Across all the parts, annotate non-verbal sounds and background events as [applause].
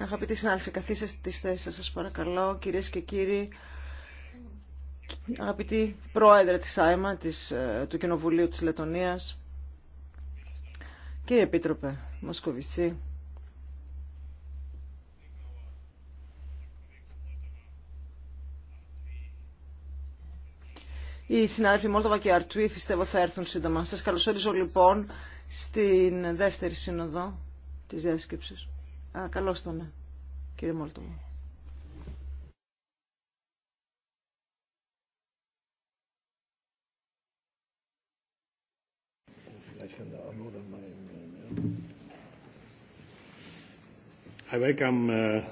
Αγαπητοί συνάδελφοι, καθίστε στις θέσεις σα παρακαλώ, Κυρίε και κύριοι. αγαπητοί πρόεδρε τη ΑΕΜΑ, ε, του Κοινοβουλίου της Λετωνίας, κύριε Επίτροπε Μοσκοβισή, Οι συνάδελφοι Μόλτοβα και Αρτουή πιστεύω θα έρθουν σύντομα. Σας καλωσορίζω λοιπόν στην δεύτερη σύνοδο της διάσκεψης. Α, καλώς ήταν, κύριε μου. I welcome uh,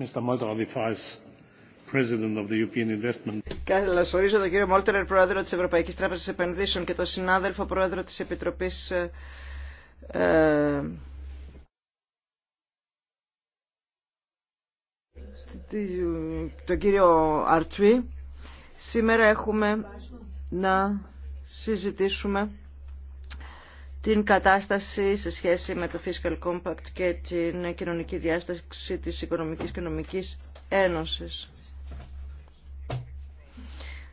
Mr. the Vice President of the European Investment. ορίζω τον κύριο Μόλτερ, πρόεδρο της Ευρωπαϊκής Τράπεζας Επενδύσεων και τον συνάδελφο πρόεδρο της Επιτροπής ε, ε, τον κύριο Αρτσουή. Σήμερα έχουμε να συζητήσουμε την κατάσταση σε σχέση με το Fiscal Compact και την κοινωνική διάσταση της Οικονομικής και Νομικής Ένωσης.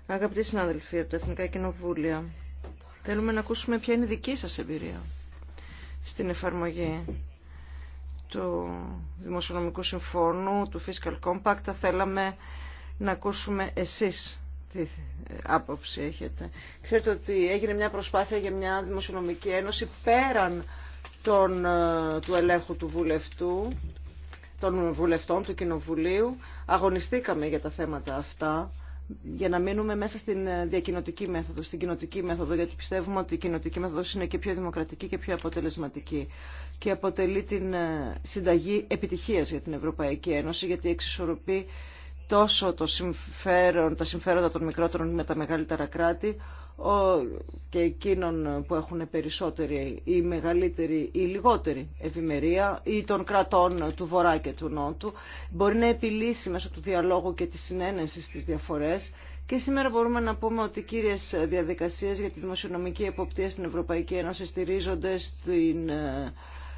Αγαπητοί συναδελφοί από τα Εθνικά Κοινοβούλια, θέλουμε να ακούσουμε ποια είναι η δική σας εμπειρία στην εφαρμογή του Δημοσιονομικού Συμφώνου, του Fiscal Compact. Θα θέλαμε να ακούσουμε εσείς τι άποψη έχετε. Ξέρετε ότι έγινε μια προσπάθεια για μια Δημοσιονομική Ένωση πέραν τον, ε, του ελέγχου του βουλευτού, των βουλευτών του Κοινοβουλίου. Αγωνιστήκαμε για τα θέματα αυτά για να μείνουμε μέσα στην ε, διακοινωτική μέθοδο, στην κοινοτική μέθοδο, γιατί πιστεύουμε ότι η κοινοτική μέθοδος είναι και πιο δημοκρατική και πιο αποτελεσματική και αποτελεί την ε, συνταγή επιτυχίας για την Ευρωπαϊκή Ένωση, γιατί εξισορροπεί τόσο το συμφέρον, τα συμφέροντα των μικρότερων με τα μεγαλύτερα κράτη, και εκείνων που έχουν περισσότερη ή μεγαλύτερη ή λιγότερη ευημερία ή των κρατών του Βορρά και του Νότου μπορεί να επιλύσει μέσω του διαλόγου και της συνένεσης τις διαφορές και σήμερα μπορούμε να πούμε ότι οι κύριες διαδικασίες για τη δημοσιονομική εποπτεία στην Ευρωπαϊκή Ένωση στηρίζονται στην ε,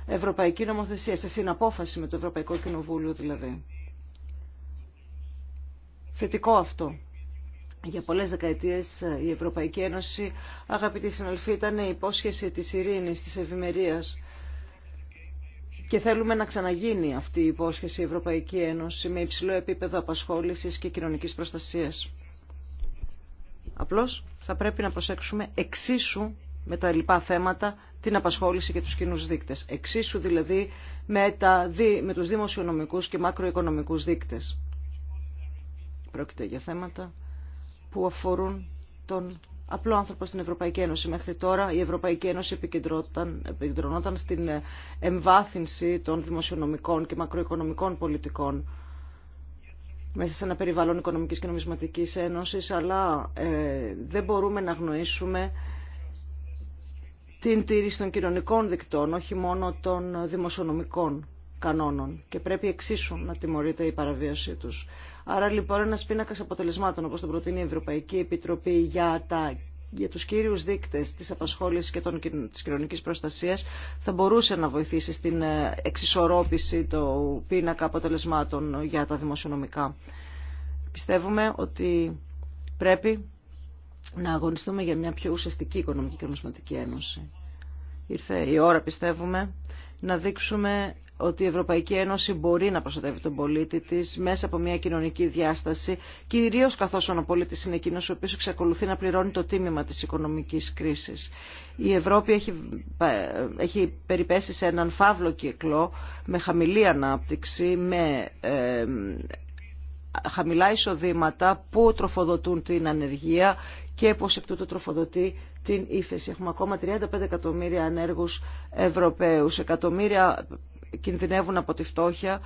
Ευρωπαϊκή Νομοθεσία, σε συναπόφαση με το Ευρωπαϊκό Κοινοβούλιο δηλαδή. Θετικό αυτό για πολλές δεκαετίες ε, η Ευρωπαϊκή Ένωση, αγαπητοί συναλφοί, ήταν η υπόσχεση της ειρήνης, της ευημερία. Και θέλουμε να ξαναγίνει αυτή η υπόσχεση η Ευρωπαϊκή Ένωση με υψηλό επίπεδο απασχόλησης και κοινωνικής προστασίας. Απλώς θα πρέπει να προσέξουμε εξίσου με τα λοιπά θέματα την απασχόληση και τους κοινού δείκτες. Εξίσου δηλαδή με, τα, με τους δημοσιονομικούς και μακροοικονομικούς δείκτες. Πρόκειται για θέματα που αφορούν τον απλό άνθρωπο στην Ευρωπαϊκή Ένωση. Μέχρι τώρα η Ευρωπαϊκή Ένωση επικεντρωνόταν στην εμβάθυνση των δημοσιονομικών και μακροοικονομικών πολιτικών μέσα σε ένα περιβάλλον οικονομικής και νομισματικής ένωσης, αλλά ε, δεν μπορούμε να γνωρίσουμε την τήρηση των κοινωνικών δικτών, όχι μόνο των δημοσιονομικών κανόνων και πρέπει εξίσου να τιμωρείται η παραβίασή τους. Άρα λοιπόν ένας πίνακας αποτελεσμάτων όπως τον προτείνει η Ευρωπαϊκή Επιτροπή για τα για τους κύριους δείκτες της απασχόλησης και των, της κοινωνικής προστασίας θα μπορούσε να βοηθήσει στην ε, εξισορρόπηση του πίνακα αποτελεσμάτων για τα δημοσιονομικά. Πιστεύουμε ότι πρέπει να αγωνιστούμε για μια πιο ουσιαστική οικονομική και νομισματική ένωση. Ήρθε η ώρα, πιστεύουμε, να δείξουμε ότι η Ευρωπαϊκή Ένωση μπορεί να προστατεύει τον πολίτη τη μέσα από μια κοινωνική διάσταση, κυρίως καθώ ο πολιτή είναι Εκείνο, ο οποίο εξακολουθεί να πληρώνει το τίμημα τη οικονομική κρίση. Η Ευρώπη έχει, έχει περιπέσει σε έναν φαύλο κύκλο με χαμηλή ανάπτυξη, με ε, χαμηλά εισοδήματα που τροφοδοτούν την ανεργία και πως εκ τούτου τροφοδοτεί την ύφεση. Έχουμε ακόμα 35 εκατομμύρια ανέργους Ευρωπαίους, εκατομμύρια κινδυνεύουν από τη φτώχεια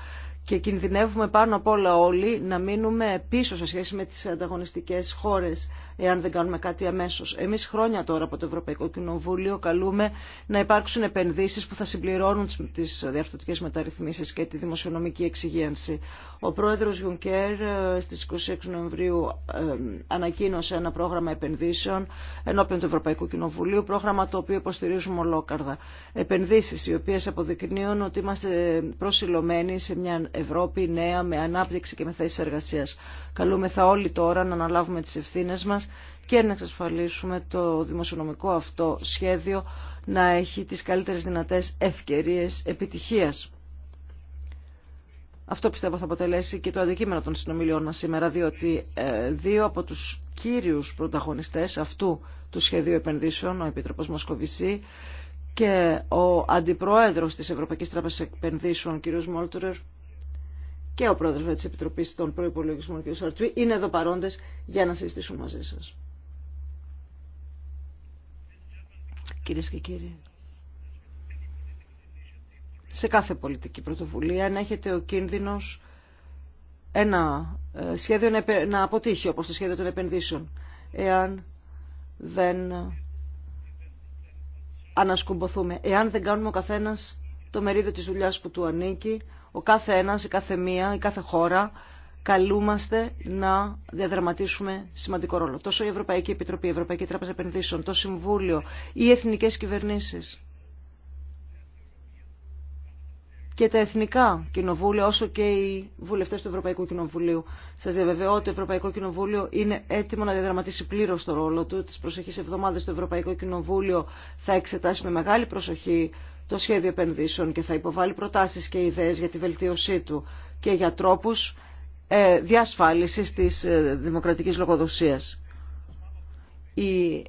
και κινδυνεύουμε πάνω απ' όλα όλοι να μείνουμε πίσω σε σχέση με τις ανταγωνιστικές χώρες εάν δεν κάνουμε κάτι αμέσως. Εμείς χρόνια τώρα από το Ευρωπαϊκό Κοινοβούλιο καλούμε να υπάρξουν επενδύσεις που θα συμπληρώνουν τις διαρθρωτικές μεταρρυθμίσεις και τη δημοσιονομική εξυγίανση. Ο πρόεδρος Γιουνκέρ ε, στις 26 Νοεμβρίου ε, ανακοίνωσε ένα πρόγραμμα επενδύσεων ενώπιον του Ευρωπαϊκού Κοινοβουλίου, πρόγραμμα το οποίο υποστηρίζουμε ολόκαρδα. Επενδύσεις οι οποίες αποδεικνύουν ότι είμαστε προσιλωμένοι σε μια Ευρώπη νέα με ανάπτυξη και με θέσει εργασίας. Καλούμεθα όλοι τώρα να αναλάβουμε τις ευθύνε μας και να εξασφαλίσουμε το δημοσιονομικό αυτό σχέδιο να έχει τις καλύτερες δυνατές ευκαιρίε επιτυχίας. Αυτό πιστεύω θα αποτελέσει και το αντικείμενο των συνομιλιών μα σήμερα, διότι ε, δύο από τους κύριους πρωταγωνιστέ αυτού του σχεδίου επενδύσεων, ο Επίτροπο Μοσκοβισή και ο Αντιπρόεδρος της Ευρωπαϊκής Τράπεζας Επενδύσεων, κ. Μόλτουρερ, και ο πρόεδρος της Επιτροπής των Προϋπολογισμών κ. Σαρτουή είναι εδώ παρόντες για να συζητήσουν μαζί σας. Κυρίε και κύριοι, σε κάθε πολιτική πρωτοβουλία αν έχετε ο κίνδυνος ένα ε, σχέδιο να αποτύχει όπως το σχέδιο των επενδύσεων εάν δεν ε, ανασκουμποθούμε, εάν δεν κάνουμε ο καθένας το μερίδιο της δουλειάς που του ανήκει ο κάθε ένας, η κάθε μία, η κάθε χώρα καλούμαστε να διαδραματίσουμε σημαντικό ρόλο. Τόσο η Ευρωπαϊκή Επιτροπή, η Ευρωπαϊκή Τράπεζα Επενδύσεων, το Συμβούλιο, οι εθνικές κυβερνήσεις και τα εθνικά κοινοβούλια, όσο και οι βουλευτές του Ευρωπαϊκού Κοινοβουλίου. Σας διαβεβαιώ ότι το Ευρωπαϊκό Κοινοβούλιο είναι έτοιμο να διαδραματίσει πλήρως το ρόλο του. Τις προσεχείς εβδομάδες το Ευρωπαϊκό Κοινοβούλιο θα εξετάσει με μεγάλη προσοχή το σχέδιο επενδύσεων και θα υποβάλει προτάσεις και ιδέες για τη βελτίωσή του και για τρόπους ε, διασφάλισης της ε, δημοκρατικής λογοδοσίας. Η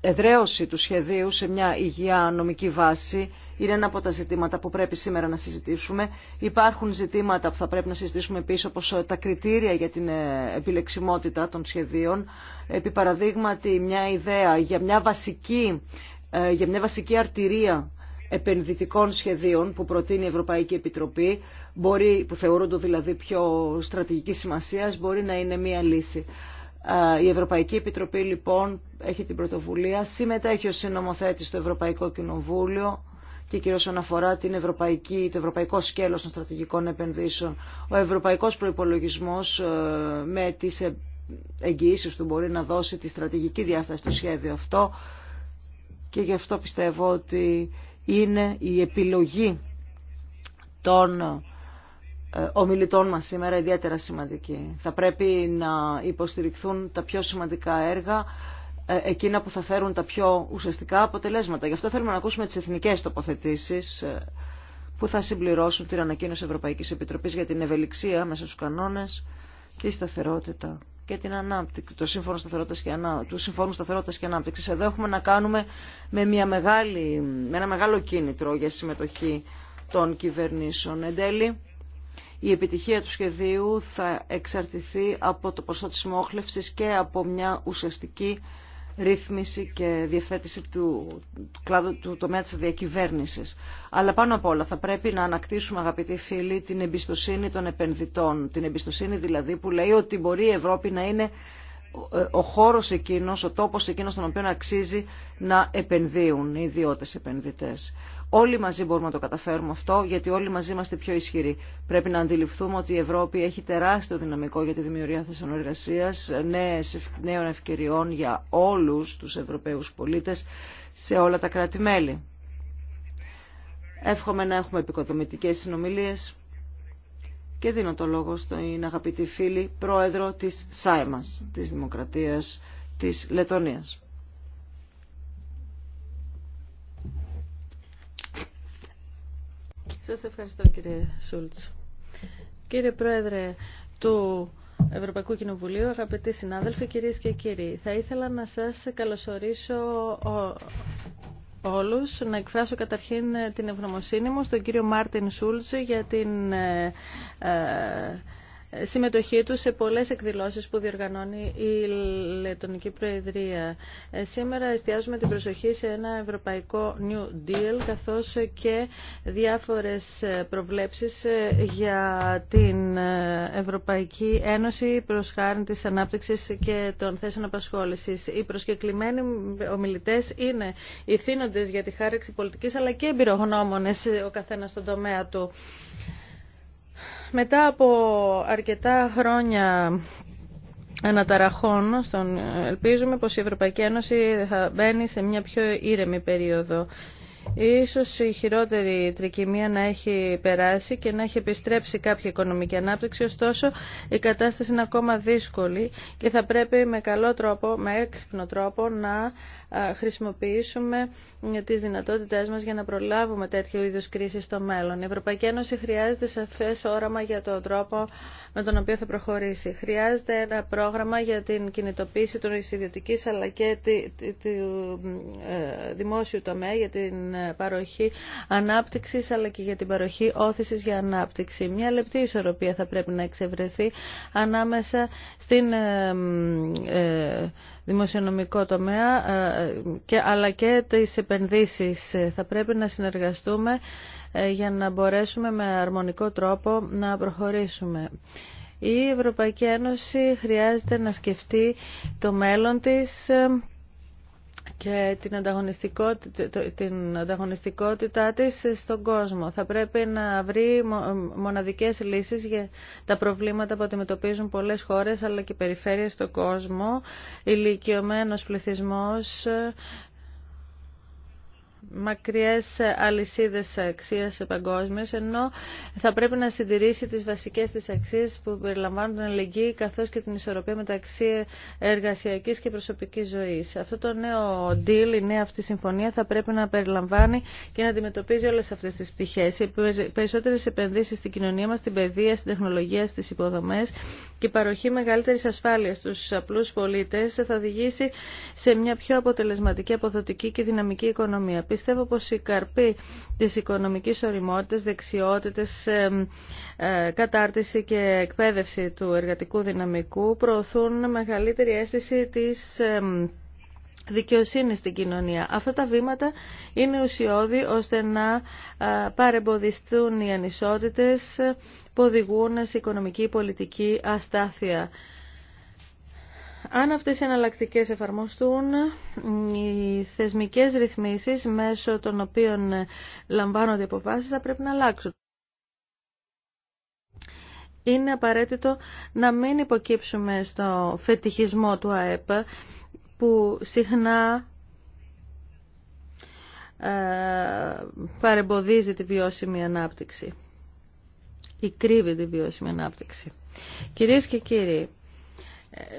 εδραίωση του σχεδίου σε μια υγεία νομική βάση είναι ένα από τα ζητήματα που πρέπει σήμερα να συζητήσουμε. Υπάρχουν ζητήματα που θα πρέπει να συζητήσουμε πίσω, όπως ε, τα κριτήρια για την ε, επιλεξιμότητα των σχεδίων. Επί παραδείγματι, μια ιδέα για μια βασική, για μια βασική αρτηρία επενδυτικών σχεδίων που προτείνει η Ευρωπαϊκή Επιτροπή, μπορεί, που θεωρούνται δηλαδή πιο στρατηγική σημασία, μπορεί να είναι μία λύση. Η Ευρωπαϊκή Επιτροπή λοιπόν έχει την πρωτοβουλία, συμμετέχει ως συνομοθέτης στο Ευρωπαϊκό Κοινοβούλιο και κυρίως όσον αφορά την ευρωπαϊκή, το ευρωπαϊκό σκέλος των στρατηγικών επενδύσεων. Ο ευρωπαϊκός προϋπολογισμός ε, με τις ε, εγγυήσεις του μπορεί να δώσει τη στρατηγική διάσταση στο σχέδιο αυτό και γι' αυτό πιστεύω ότι είναι η επιλογή των ε, ομιλητών μας σήμερα ιδιαίτερα σημαντική. Θα πρέπει να υποστηριχθούν τα πιο σημαντικά έργα, ε, εκείνα που θα φέρουν τα πιο ουσιαστικά αποτελέσματα. Γι' αυτό θέλουμε να ακούσουμε τις εθνικές τοποθετήσεις ε, που θα συμπληρώσουν την ανακοίνωση Ευρωπαϊκής Επιτροπής για την ευελιξία μέσα στους κανόνες, τη σταθερότητα και την ανάπτυξη, το Σύμφωνο Σταθερότητας και Ανά, του Συμφώνου Σταθερότητας και Ανάπτυξης. Εδώ έχουμε να κάνουμε με, μια μεγάλη, με ένα μεγάλο κίνητρο για συμμετοχή των κυβερνήσεων. Εν τέλει, η επιτυχία του σχεδίου θα εξαρτηθεί από το ποσό της μόχλευσης και από μια ουσιαστική ρύθμιση και διευθέτηση του, κλάδου, του τομέα της διακυβέρνησης. Αλλά πάνω απ' όλα θα πρέπει να ανακτήσουμε αγαπητοί φίλοι την εμπιστοσύνη των επενδυτών. Την εμπιστοσύνη δηλαδή που λέει ότι μπορεί η Ευρώπη να είναι ο χώρος εκείνος, ο τόπος εκείνος στον οποίο αξίζει να επενδύουν οι ιδιώτες επενδυτές. Όλοι μαζί μπορούμε να το καταφέρουμε αυτό, γιατί όλοι μαζί είμαστε πιο ισχυροί. Πρέπει να αντιληφθούμε ότι η Ευρώπη έχει τεράστιο δυναμικό για τη δημιουργία θέσεων εργασία, νέων ευκαιριών για όλους τους Ευρωπαίους πολίτες σε όλα τα κράτη-μέλη. Εύχομαι να έχουμε επικοδομητικές συνομιλίες και δίνω το λόγο στον αγαπητή φίλη πρόεδρο της ΣΑΕΜΑΣ, της Δημοκρατίας της Λετωνίας. Σας ευχαριστώ κύριε Σούλτς. Κύριε Πρόεδρε του Ευρωπαϊκού Κοινοβουλίου, αγαπητοί συνάδελφοι, κυρίες και κύριοι, θα ήθελα να σας καλωσορίσω όλους. Να εκφράσω καταρχήν ε, την ευγνωμοσύνη μου στον κύριο Μάρτιν Σούλτζ για την ε, ε, συμμετοχή του σε πολλές εκδηλώσεις που διοργανώνει η Λετωνική Προεδρία. Ε, σήμερα εστιάζουμε την προσοχή σε ένα ευρωπαϊκό New Deal καθώς και διάφορες προβλέψεις ε, για την ε, Ευρωπαϊκή Ένωση προς χάρη της ανάπτυξης και των θέσεων απασχόλησης. Οι προσκεκλημένοι ομιλητές είναι οι για τη χάρεξη πολιτικής αλλά και εμπειρογνώμονες ο καθένα στον τομέα του μετά από αρκετά χρόνια αναταραχών, στον, ελπίζουμε πως η Ευρωπαϊκή Ένωση θα μπαίνει σε μια πιο ήρεμη περίοδο Ίσως η χειρότερη τρικυμία να έχει περάσει και να έχει επιστρέψει κάποια οικονομική ανάπτυξη, ωστόσο η κατάσταση είναι ακόμα δύσκολη και θα πρέπει με καλό τρόπο, με έξυπνο τρόπο να χρησιμοποιήσουμε τις δυνατότητές μας για να προλάβουμε τέτοιου είδους κρίσεις στο μέλλον. Η Ευρωπαϊκή Ένωση χρειάζεται σαφές όραμα για τον τρόπο με τον οποίο θα προχωρήσει. Χρειάζεται ένα πρόγραμμα για την κινητοποίηση των ιδιωτική αλλά και του ε, δημόσιου τομέα για την ε, παροχή ανάπτυξη, αλλά και για την παροχή όθησης για ανάπτυξη. Μια λεπτή ισορροπία θα πρέπει να εξευρεθεί ανάμεσα στην ε, δημοσιονομικό τομέα αλλά και τις επενδύσεις. Θα πρέπει να συνεργαστούμε ε, για να μπορέσουμε με αρμονικό τρόπο να προχωρήσουμε. Η Ευρωπαϊκή Ένωση χρειάζεται να σκεφτεί το μέλλον της ε, και την ανταγωνιστικότητα, την ανταγωνιστικότητά της στον κόσμο. Θα πρέπει να βρει μοναδικές λύσεις για τα προβλήματα που αντιμετωπίζουν πολλές χώρες αλλά και περιφέρειες στον κόσμο, ηλικιωμένος πληθυσμός, ε, μακριές αλυσίδες αξίας παγκόσμια, ενώ θα πρέπει να συντηρήσει τις βασικές της αξίες που περιλαμβάνουν την αλληλεγγύη καθώς και την ισορροπία μεταξύ εργασιακής και προσωπικής ζωής. Αυτό το νέο deal, η νέα αυτή συμφωνία θα πρέπει να περιλαμβάνει και να αντιμετωπίζει όλες αυτές τις πτυχές. Οι περισσότερες επενδύσεις στην κοινωνία μας, στην παιδεία, στην τεχνολογία, στις υποδομές και η παροχή μεγαλύτερης ασφάλειας στους απλούς πολίτες θα οδηγήσει σε μια πιο αποτελεσματική, αποδοτική και δυναμική οικονομία πιστεύω πως οι καρποί της οικονομικής οριμότητας, δεξιότητες, ε, κατάρτιση και εκπαίδευση του εργατικού δυναμικού προωθούν μεγαλύτερη αίσθηση της δικαιοσύνη στην κοινωνία. Αυτά τα βήματα είναι ουσιώδη ώστε να ε, παρεμποδιστούν οι ανισότητες που οδηγούν σε οικονομική πολιτική αστάθεια. Αν αυτές οι εναλλακτικές εφαρμοστούν, οι θεσμικές ρυθμίσεις μέσω των οποίων λαμβάνονται αποφάσεις θα πρέπει να αλλάξουν. Είναι απαραίτητο να μην υποκύψουμε στο φετιχισμό του ΑΕΠ που συχνά ε, παρεμποδίζει τη βιώσιμη ανάπτυξη ή κρύβει τη βιώσιμη ανάπτυξη. Κυρίες και κύριοι,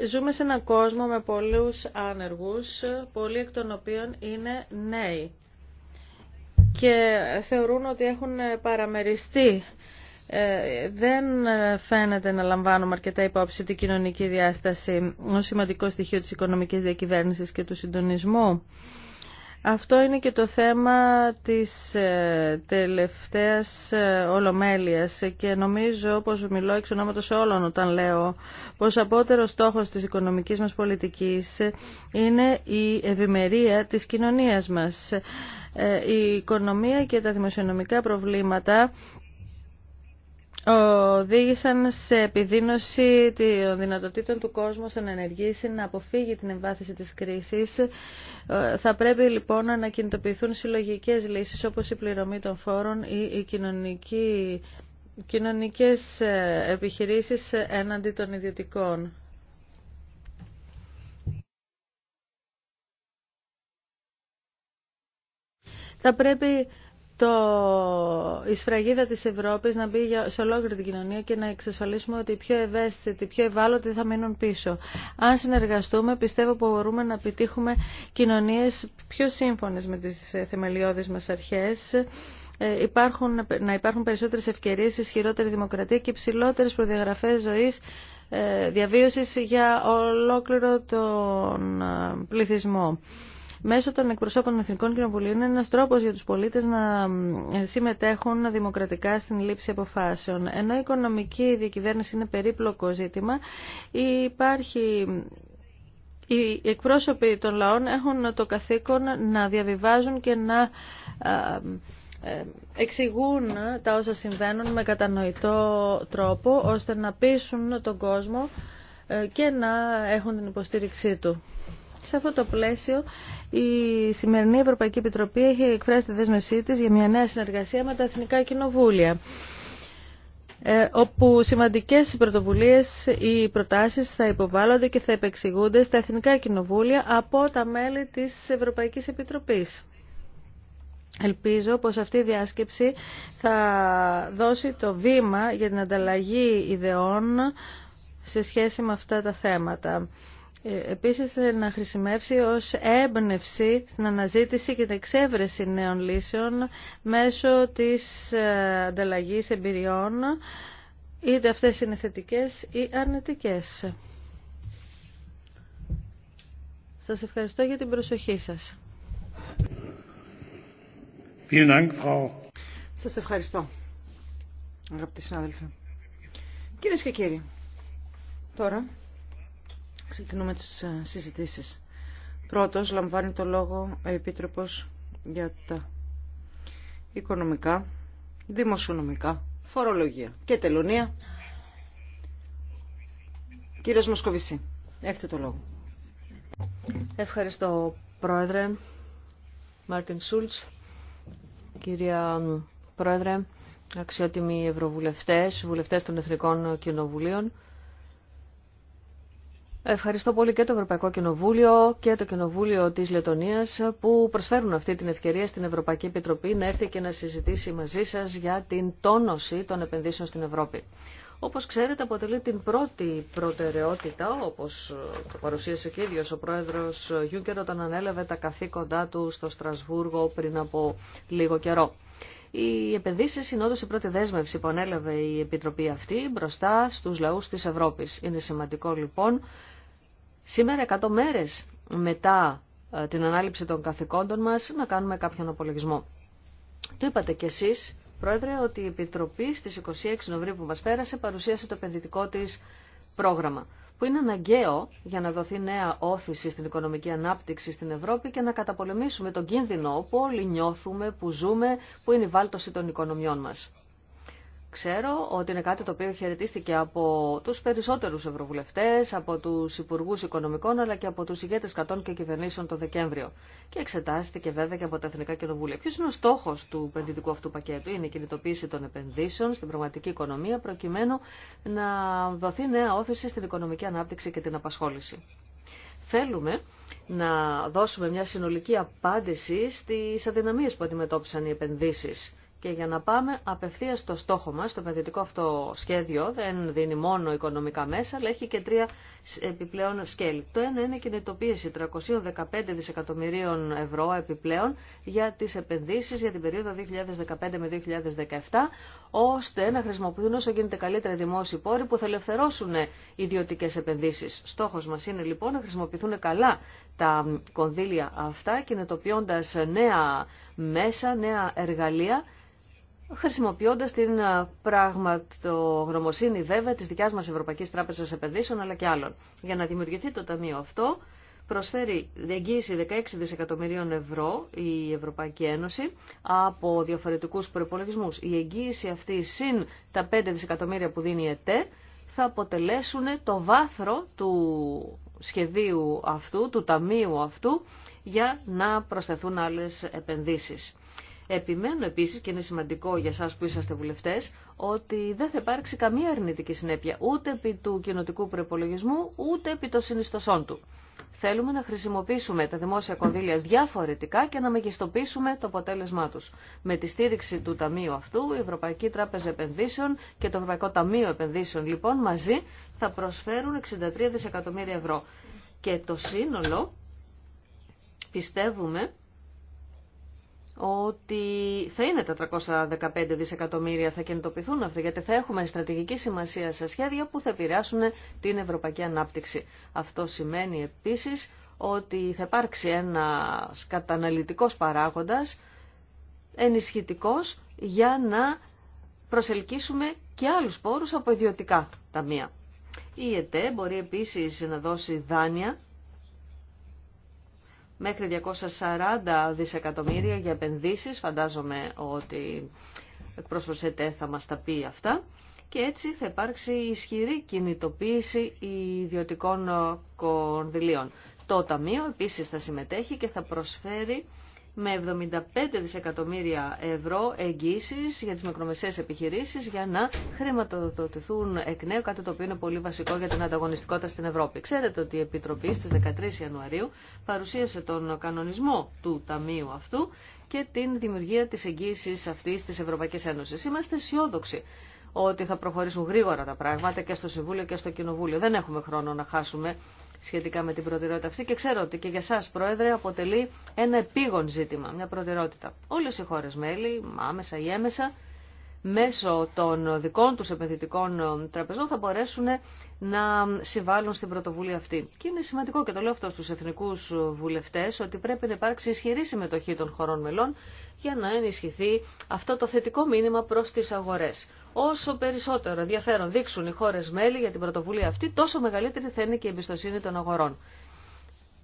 Ζούμε σε έναν κόσμο με πολλούς άνεργους, πολλοί εκ των οποίων είναι νέοι και θεωρούν ότι έχουν παραμεριστεί. Ε, δεν φαίνεται να λαμβάνουμε αρκετά υπόψη την κοινωνική διάσταση ως σημαντικό στοιχείο της οικονομικής διακυβέρνησης και του συντονισμού. Αυτό είναι και το θέμα της ε, τελευταίας ε, ολομέλειας και νομίζω πως μιλώ εξ ονόματος όλων όταν λέω πως απότερο στόχος της οικονομικής μας πολιτικής είναι η ευημερία της κοινωνίας μας. Ε, η οικονομία και τα δημοσιονομικά προβλήματα οδήγησαν σε επιδείνωση των δυνατοτήτων του κόσμου να ενεργήσει, να αποφύγει την εμβάθυνση της κρίσης. Ε, θα πρέπει λοιπόν να κινητοποιηθούν συλλογικές λύσεις όπως η πληρωμή των φόρων ή η οι κοινωνικη κοινωνικές ε, επιχειρήσεις έναντι των ιδιωτικών. Θα πρέπει το, η σφραγίδα της Ευρώπης να μπει σε ολόκληρη την κοινωνία και να εξασφαλίσουμε ότι οι πιο ευαίσθητοι, οι πιο ευάλωτοι θα μείνουν πίσω. Αν συνεργαστούμε, πιστεύω που μπορούμε να επιτύχουμε κοινωνίες πιο σύμφωνες με τις ε, θεμελιώδεις μας αρχές, ε, υπάρχουν, να υπάρχουν περισσότερες ευκαιρίες, ισχυρότερη δημοκρατία και υψηλότερε προδιαγραφές ζωής ε, διαβίωσης για ολόκληρο τον πληθυσμό μέσω των εκπροσώπων Εθνικών Κοινοβουλίων είναι ένας τρόπος για τους πολίτες να ε, συμμετέχουν δημοκρατικά στην λήψη αποφάσεων. Ενώ η οικονομική διακυβέρνηση είναι περίπλοκο ζήτημα, οι εκπρόσωποι των λαών έχουν το καθήκον να διαβιβάζουν και να ε, εξηγούν τα όσα συμβαίνουν με κατανοητό τρόπο, ώστε να πείσουν τον κόσμο ε, και να έχουν την υποστήριξή του. Σε αυτό το πλαίσιο, η σημερινή Ευρωπαϊκή Επιτροπή έχει εκφράσει τη δέσμευσή της για μια νέα συνεργασία με τα Εθνικά Κοινοβούλια ε, όπου σημαντικές πρωτοβουλίες ή προτάσεις θα υποβάλλονται και θα επεξηγούνται στα Εθνικά Κοινοβούλια από τα μέλη της Ευρωπαϊκής Επιτροπής. Ελπίζω πως αυτή η διάσκεψη θα δώσει το βήμα για την ανταλλαγή ιδεών σε σχέση με αυτά τα θέματα. Ε, επίσης ε, να χρησιμεύσει ως έμπνευση στην αναζήτηση και την εξέβρεση νέων λύσεων μέσω της ε, ανταλλαγής εμπειριών, είτε αυτές είναι θετικές ή αρνητικές. Σας ευχαριστώ για την προσοχή σας. Σας ευχαριστώ, αγαπητοί συνάδελφοι. Κυρίες και κύριοι, τώρα... Ξεκινούμε τις ε, συζητήσεις. Πρώτος λαμβάνει το λόγο ο Επίτροπος για τα οικονομικά, δημοσιονομικά, φορολογία και τελωνία. Κύριος Μοσκοβισή, έχετε το λόγο. Ευχαριστώ Πρόεδρε Μάρτιν Σούλτς, κυρία Πρόεδρε, αξιότιμοι ευρωβουλευτές, βουλευτές των Εθνικών Κοινοβουλίων, Ευχαριστώ πολύ και το Ευρωπαϊκό Κοινοβούλιο και το Κοινοβούλιο της Λετωνίας που προσφέρουν αυτή την ευκαιρία στην Ευρωπαϊκή Επιτροπή να έρθει και να συζητήσει μαζί σας για την τόνωση των επενδύσεων στην Ευρώπη. Όπως ξέρετε αποτελεί την πρώτη προτεραιότητα, όπως το παρουσίασε και ίδιος ο πρόεδρος Γιούγκερ όταν ανέλαβε τα καθήκοντά του στο Στρασβούργο πριν από λίγο καιρό. Οι επενδύσει είναι όντω η πρώτη δέσμευση που ανέλαβε η Επιτροπή αυτή μπροστά στου λαού τη Ευρώπη. Είναι σημαντικό λοιπόν Σήμερα, 100 μέρες μετά ε, την ανάληψη των καθηκόντων μας, να κάνουμε κάποιον απολογισμό. Το είπατε κι εσείς, Πρόεδρε, ότι η Επιτροπή στις 26 Νοεμβρίου που μας πέρασε παρουσίασε το επενδυτικό της πρόγραμμα, που είναι αναγκαίο για να δοθεί νέα όθηση στην οικονομική ανάπτυξη στην Ευρώπη και να καταπολεμήσουμε τον κίνδυνο που όλοι νιώθουμε, που ζούμε, που είναι η βάλτωση των οικονομιών μας. Ξέρω ότι είναι κάτι το οποίο χαιρετίστηκε από τους περισσότερους ευρωβουλευτές, από τους υπουργούς οικονομικών αλλά και από τους ηγέτες κατών και κυβερνήσεων το Δεκέμβριο. Και εξετάστηκε βέβαια και από τα Εθνικά Κοινοβούλια. Ποιος είναι ο στόχος του επενδυτικού αυτού πακέτου. Είναι η κινητοποίηση των επενδύσεων στην πραγματική οικονομία προκειμένου να δοθεί νέα όθηση στην οικονομική ανάπτυξη και την απασχόληση. Θέλουμε να δώσουμε μια συνολική απάντηση στις αδυναμίες που αντιμετώπισαν οι επενδύσεις και για να πάμε απευθεία στο στόχο μας, το επενδυτικό αυτό σχέδιο δεν δίνει μόνο οικονομικά μέσα, αλλά έχει και τρία επιπλέον σκέλη. Το ένα είναι η κινητοποίηση 315 δισεκατομμυρίων ευρώ επιπλέον για τις επενδύσεις για την περίοδο 2015 με 2017, ώστε να χρησιμοποιούν όσο γίνεται καλύτερα δημόσιοι πόροι που θα ελευθερώσουν ιδιωτικές επενδύσεις. Στόχος μας είναι λοιπόν να χρησιμοποιηθούν καλά τα κονδύλια αυτά, κινητοποιώντας νέα μέσα, νέα εργαλεία, χρησιμοποιώντας την ε, πραγματογνωμοσύνη βέβαια της δικιάς μας Ευρωπαϊκής Τράπεζας Επενδύσεων αλλά και άλλων. Για να δημιουργηθεί το ταμείο αυτό προσφέρει εγγύηση 16 δισεκατομμυρίων ευρώ η Ευρωπαϊκή Ένωση από διαφορετικούς προϋπολογισμούς. Η εγγύηση αυτή συν τα 5 δισεκατομμύρια που δίνει η ΕΤΕ θα αποτελέσουν το βάθρο του σχεδίου αυτού, του ταμείου αυτού για να προσθεθούν άλλες επενδύσεις. Επιμένω επίση, και είναι σημαντικό για εσά που είσαστε βουλευτέ, ότι δεν θα υπάρξει καμία αρνητική συνέπεια ούτε επί του κοινοτικού προπολογισμού, ούτε επί των συνιστοσών του. Θέλουμε να χρησιμοποιήσουμε τα δημόσια κονδύλια διαφορετικά και να μεγιστοποιήσουμε το αποτέλεσμά του. Με τη στήριξη του Ταμείου αυτού, η Ευρωπαϊκή Τράπεζα Επενδύσεων και το Ευρωπαϊκό Ταμείο Επενδύσεων, λοιπόν, μαζί θα προσφέρουν 63 δισεκατομμύρια ευρώ. Και το σύνολο πιστεύουμε ότι θα είναι τα 315 δισεκατομμύρια θα κινητοποιηθούν αυτά, γιατί θα έχουμε στρατηγική σημασία σε σχέδια που θα επηρεάσουν την ευρωπαϊκή ανάπτυξη. Αυτό σημαίνει επίσης ότι θα υπάρξει ένας καταναλυτικός παράγοντας, ενισχυτικός, για να προσελκύσουμε και άλλους πόρους από ιδιωτικά ταμεία. Η ΕΤΕ μπορεί επίσης να δώσει δάνεια μέχρι 240 δισεκατομμύρια για επενδύσεις. Φαντάζομαι ότι εκπρόσωπος θα μας τα πει αυτά. Και έτσι θα υπάρξει ισχυρή κινητοποίηση ιδιωτικών κονδυλίων. Το Ταμείο επίσης θα συμμετέχει και θα προσφέρει με 75 δισεκατομμύρια ευρώ εγγύσεις για τις μικρομεσαίες επιχειρήσεις για να χρηματοδοτηθούν εκ νέου, κάτι το οποίο είναι πολύ βασικό για την ανταγωνιστικότητα στην Ευρώπη. Ξέρετε ότι η Επιτροπή στις 13 Ιανουαρίου παρουσίασε τον κανονισμό του Ταμείου αυτού και την δημιουργία της εγγύησης αυτής της Ευρωπαϊκής Ένωσης. Είμαστε αισιόδοξοι ότι θα προχωρήσουν γρήγορα τα πράγματα και στο Συμβούλιο και στο Κοινοβούλιο. Δεν έχουμε χρόνο να χάσουμε σχετικά με την προτεραιότητα αυτή και ξέρω ότι και για σας Πρόεδρε αποτελεί ένα επίγον ζήτημα, μια προτεραιότητα. Όλε οι χώρε μέλη, άμεσα ή έμεσα, μέσω των δικών τους επενδυτικών τραπεζών θα μπορέσουν να συμβάλλουν στην πρωτοβουλία αυτή. Και είναι σημαντικό και το λέω αυτό στους εθνικούς βουλευτές ότι πρέπει να υπάρξει ισχυρή συμμετοχή των χωρών μελών για να ενισχυθεί αυτό το θετικό μήνυμα προς τις αγορές. Όσο περισσότερο ενδιαφέρον δείξουν οι χώρες μέλη για την πρωτοβουλία αυτή, τόσο μεγαλύτερη θα είναι και η εμπιστοσύνη των αγορών.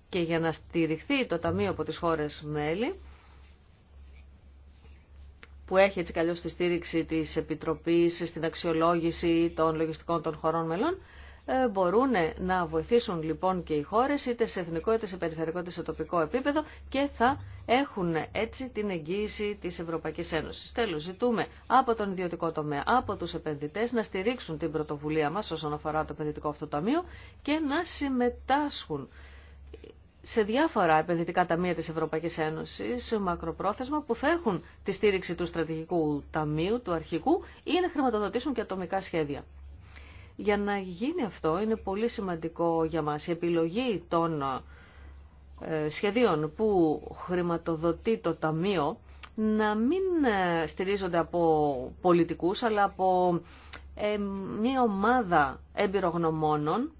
Και για να στηριχθεί το Ταμείο από τις χώρες μέλη, που έχει έτσι καλώς τη στήριξη της Επιτροπής στην αξιολόγηση των λογιστικών των χωρών μελών, ε, μπορούν να βοηθήσουν λοιπόν και οι χώρες είτε σε εθνικό είτε σε περιφερειακό είτε σε τοπικό επίπεδο και θα έχουν έτσι την εγγύηση της Ευρωπαϊκής Ένωσης. Τέλος, ζητούμε από τον ιδιωτικό τομέα, από τους επενδυτές να στηρίξουν την πρωτοβουλία μας όσον αφορά το επενδυτικό αυτό και να συμμετάσχουν σε διάφορα επενδυτικά ταμεία της Ευρωπαϊκής Ένωσης μακροπρόθεσμα που θα έχουν τη στήριξη του στρατηγικού ταμείου, του αρχικού ή να χρηματοδοτήσουν και ατομικά σχέδια. Για να γίνει αυτό είναι πολύ σημαντικό για μας η επιλογή των ε, σχεδίων που χρηματοδοτεί το ταμείο να μην ε, στηρίζονται από πολιτικούς αλλά από ε, μια ομάδα εμπειρογνωμόνων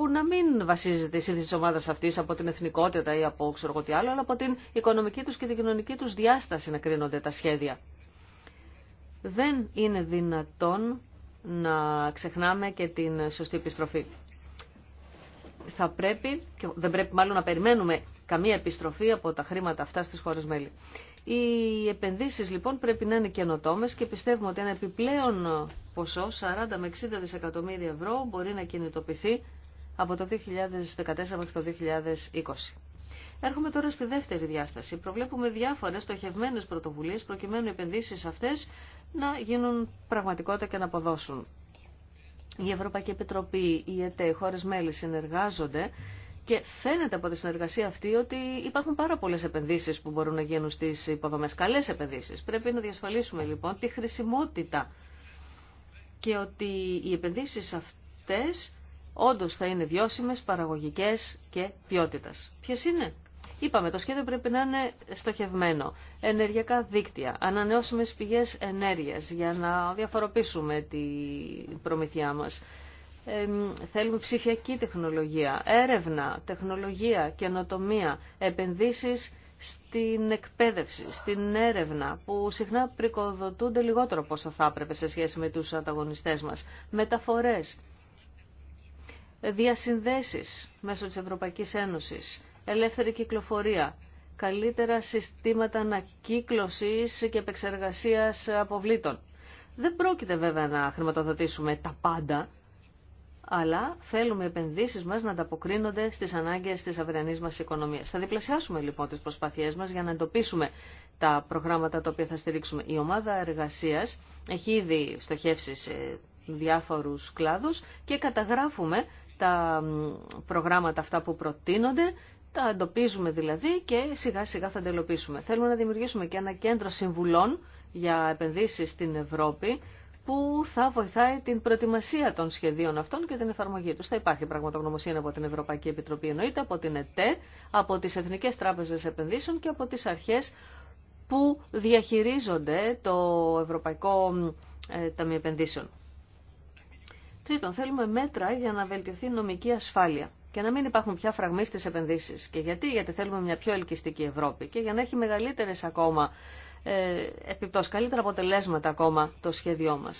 που να μην βασίζεται η σύνθεση τη ομάδα αυτή από την εθνικότητα ή από ξέρω εγώ τι άλλο, αλλά από την οικονομική του και την κοινωνική του διάσταση να κρίνονται τα σχέδια. Δεν είναι δυνατόν να ξεχνάμε και την σωστή επιστροφή. Θα πρέπει, και δεν πρέπει μάλλον να περιμένουμε καμία επιστροφή από τα χρήματα αυτά στις χώρες μέλη. Οι επενδύσεις λοιπόν πρέπει να είναι καινοτόμε και πιστεύουμε ότι ένα επιπλέον ποσό, 40 με 60 δισεκατομμύρια ευρώ, μπορεί να κινητοποιηθεί από το 2014 μέχρι το 2020. Έρχομαι τώρα στη δεύτερη διάσταση. Προβλέπουμε διάφορες στοχευμένες πρωτοβουλίες προκειμένου οι επενδύσεις αυτές να γίνουν πραγματικότητα και να αποδώσουν. Η Ευρωπαϊκή Επιτροπή, η ΕΤΕ, οι χώρες μέλη συνεργάζονται και φαίνεται από τη συνεργασία αυτή ότι υπάρχουν πάρα πολλέ επενδύσει που μπορούν να γίνουν στι υποδομέ. Καλέ επενδύσει. Πρέπει να διασφαλίσουμε λοιπόν τη χρησιμότητα και ότι οι επενδύσει αυτέ όντως θα είναι βιώσιμες, παραγωγικές και ποιότητας. Ποιες είναι? Είπαμε, το σχέδιο πρέπει να είναι στοχευμένο. Ενεργειακά δίκτυα, ανανεώσιμες πηγές ενέργειας για να διαφοροποιήσουμε την προμηθειά μας. Ε, θέλουμε ψηφιακή τεχνολογία, έρευνα, τεχνολογία, καινοτομία, επενδύσεις στην εκπαίδευση, στην έρευνα, που συχνά πρικοδοτούνται λιγότερο πόσο θα έπρεπε σε σχέση με τους ανταγωνιστές μας. Μεταφορές, διασυνδέσεις μέσω της Ευρωπαϊκής Ένωσης, ελεύθερη κυκλοφορία, καλύτερα συστήματα ανακύκλωσης και επεξεργασίας αποβλήτων. Δεν πρόκειται βέβαια να χρηματοδοτήσουμε τα πάντα, αλλά θέλουμε οι επενδύσεις μας να ανταποκρίνονται στις ανάγκες της αυριανής μας οικονομίας. Θα διπλασιάσουμε λοιπόν τις προσπάθειές μας για να εντοπίσουμε τα προγράμματα τα οποία θα στηρίξουμε. Η ομάδα εργασίας έχει ήδη στοχεύσει σε διάφορους κλάδους και καταγράφουμε τα προγράμματα αυτά που προτείνονται, τα εντοπίζουμε δηλαδή και σιγά σιγά θα τα Θέλουμε να δημιουργήσουμε και ένα κέντρο συμβουλών για επενδύσεις στην Ευρώπη που θα βοηθάει την προετοιμασία των σχεδίων αυτών και την εφαρμογή τους. Θα υπάρχει πραγματογνωμοσία από την Ευρωπαϊκή Επιτροπή εννοείται, από την ΕΤΕ, από τις Εθνικές Τράπεζες Επενδύσεων και από τις αρχές που διαχειρίζονται το Ευρωπαϊκό ε, Ταμείο Επενδύσεων. Τρίτον, θέλουμε μέτρα για να βελτιωθεί η νομική ασφάλεια και να μην υπάρχουν πια φραγμοί στι επενδύσει. Και γιατί, γιατί θέλουμε μια πιο ελκυστική Ευρώπη και για να έχει μεγαλύτερε ακόμα ε, επιπτώσει, καλύτερα αποτελέσματα ακόμα το σχέδιό μα.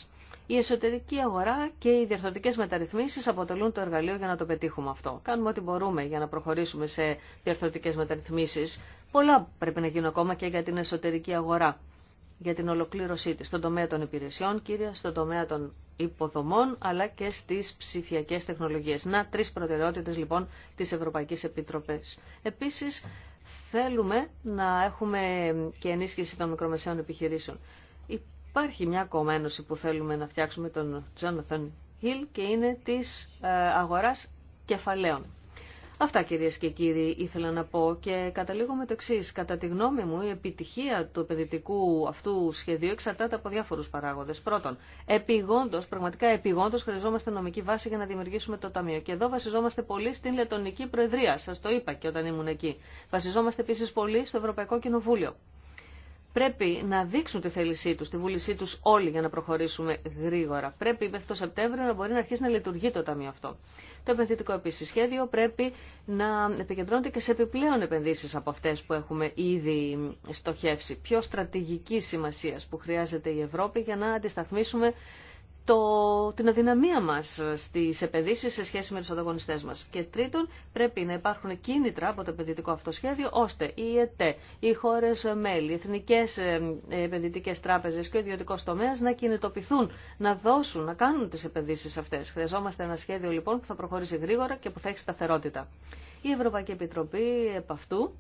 Η εσωτερική αγορά και οι διορθωτικέ μεταρρυθμίσει αποτελούν το εργαλείο για να το πετύχουμε αυτό. Κάνουμε ό,τι μπορούμε για να προχωρήσουμε σε διορθωτικέ μεταρρυθμίσει. Πολλά πρέπει να γίνουν ακόμα και για την εσωτερική αγορά για την ολοκλήρωσή της στον τομέα των υπηρεσιών, κύρια, στον τομέα των υποδομών, αλλά και στις ψηφιακές τεχνολογίες. Να, τρεις προτεραιότητες λοιπόν της Ευρωπαϊκής Επιτροπής. Επίσης, θέλουμε να έχουμε και ενίσχυση των μικρομεσαίων επιχειρήσεων. Υπάρχει μια ακόμα που θέλουμε να φτιάξουμε τον Τζόναθον Χιλ και είναι της ε, αγοράς κεφαλαίων. Αυτά κυρίες και κύριοι ήθελα να πω και καταλήγω με το εξή. Κατά τη γνώμη μου η επιτυχία του παιδιτικού αυτού σχεδίου εξαρτάται από διάφορους παράγοντες. Πρώτον, επιγόντως, πραγματικά επιγόντως χρειαζόμαστε νομική βάση για να δημιουργήσουμε το Ταμείο. Και εδώ βασιζόμαστε πολύ στην Λετωνική Προεδρία, σας το είπα και όταν ήμουν εκεί. Βασιζόμαστε επίσης πολύ στο Ευρωπαϊκό Κοινοβούλιο. Πρέπει να δείξουν τη θέλησή του, τη βούλησή τους όλοι για να προχωρήσουμε γρήγορα. Πρέπει μέχρι το Σεπτέμβριο να μπορεί να αρχίσει να λειτουργεί το Ταμείο αυτό. Το επενδυτικό επίση σχέδιο πρέπει να επικεντρώνεται και σε επιπλέον επενδύσεις από αυτές που έχουμε ήδη στοχεύσει. Πιο στρατηγική σημασία που χρειάζεται η Ευρώπη για να αντισταθμίσουμε το, την αδυναμία μας στις επενδύσεις σε σχέση με τους ανταγωνιστές μας. Και τρίτον, πρέπει να υπάρχουν κίνητρα από το επενδυτικό αυτό σχέδιο, ώστε οι ΕΤΕ, οι χώρες μέλη, οι εθνικές ε, επενδυτικές τράπεζες και ο ιδιωτικό τομέα να κινητοποιηθούν, να δώσουν, να κάνουν τις επενδύσεις αυτές. Χρειαζόμαστε ένα σχέδιο λοιπόν που θα προχωρήσει γρήγορα και που θα έχει σταθερότητα. Η Ευρωπαϊκή Επιτροπή επ' αυτού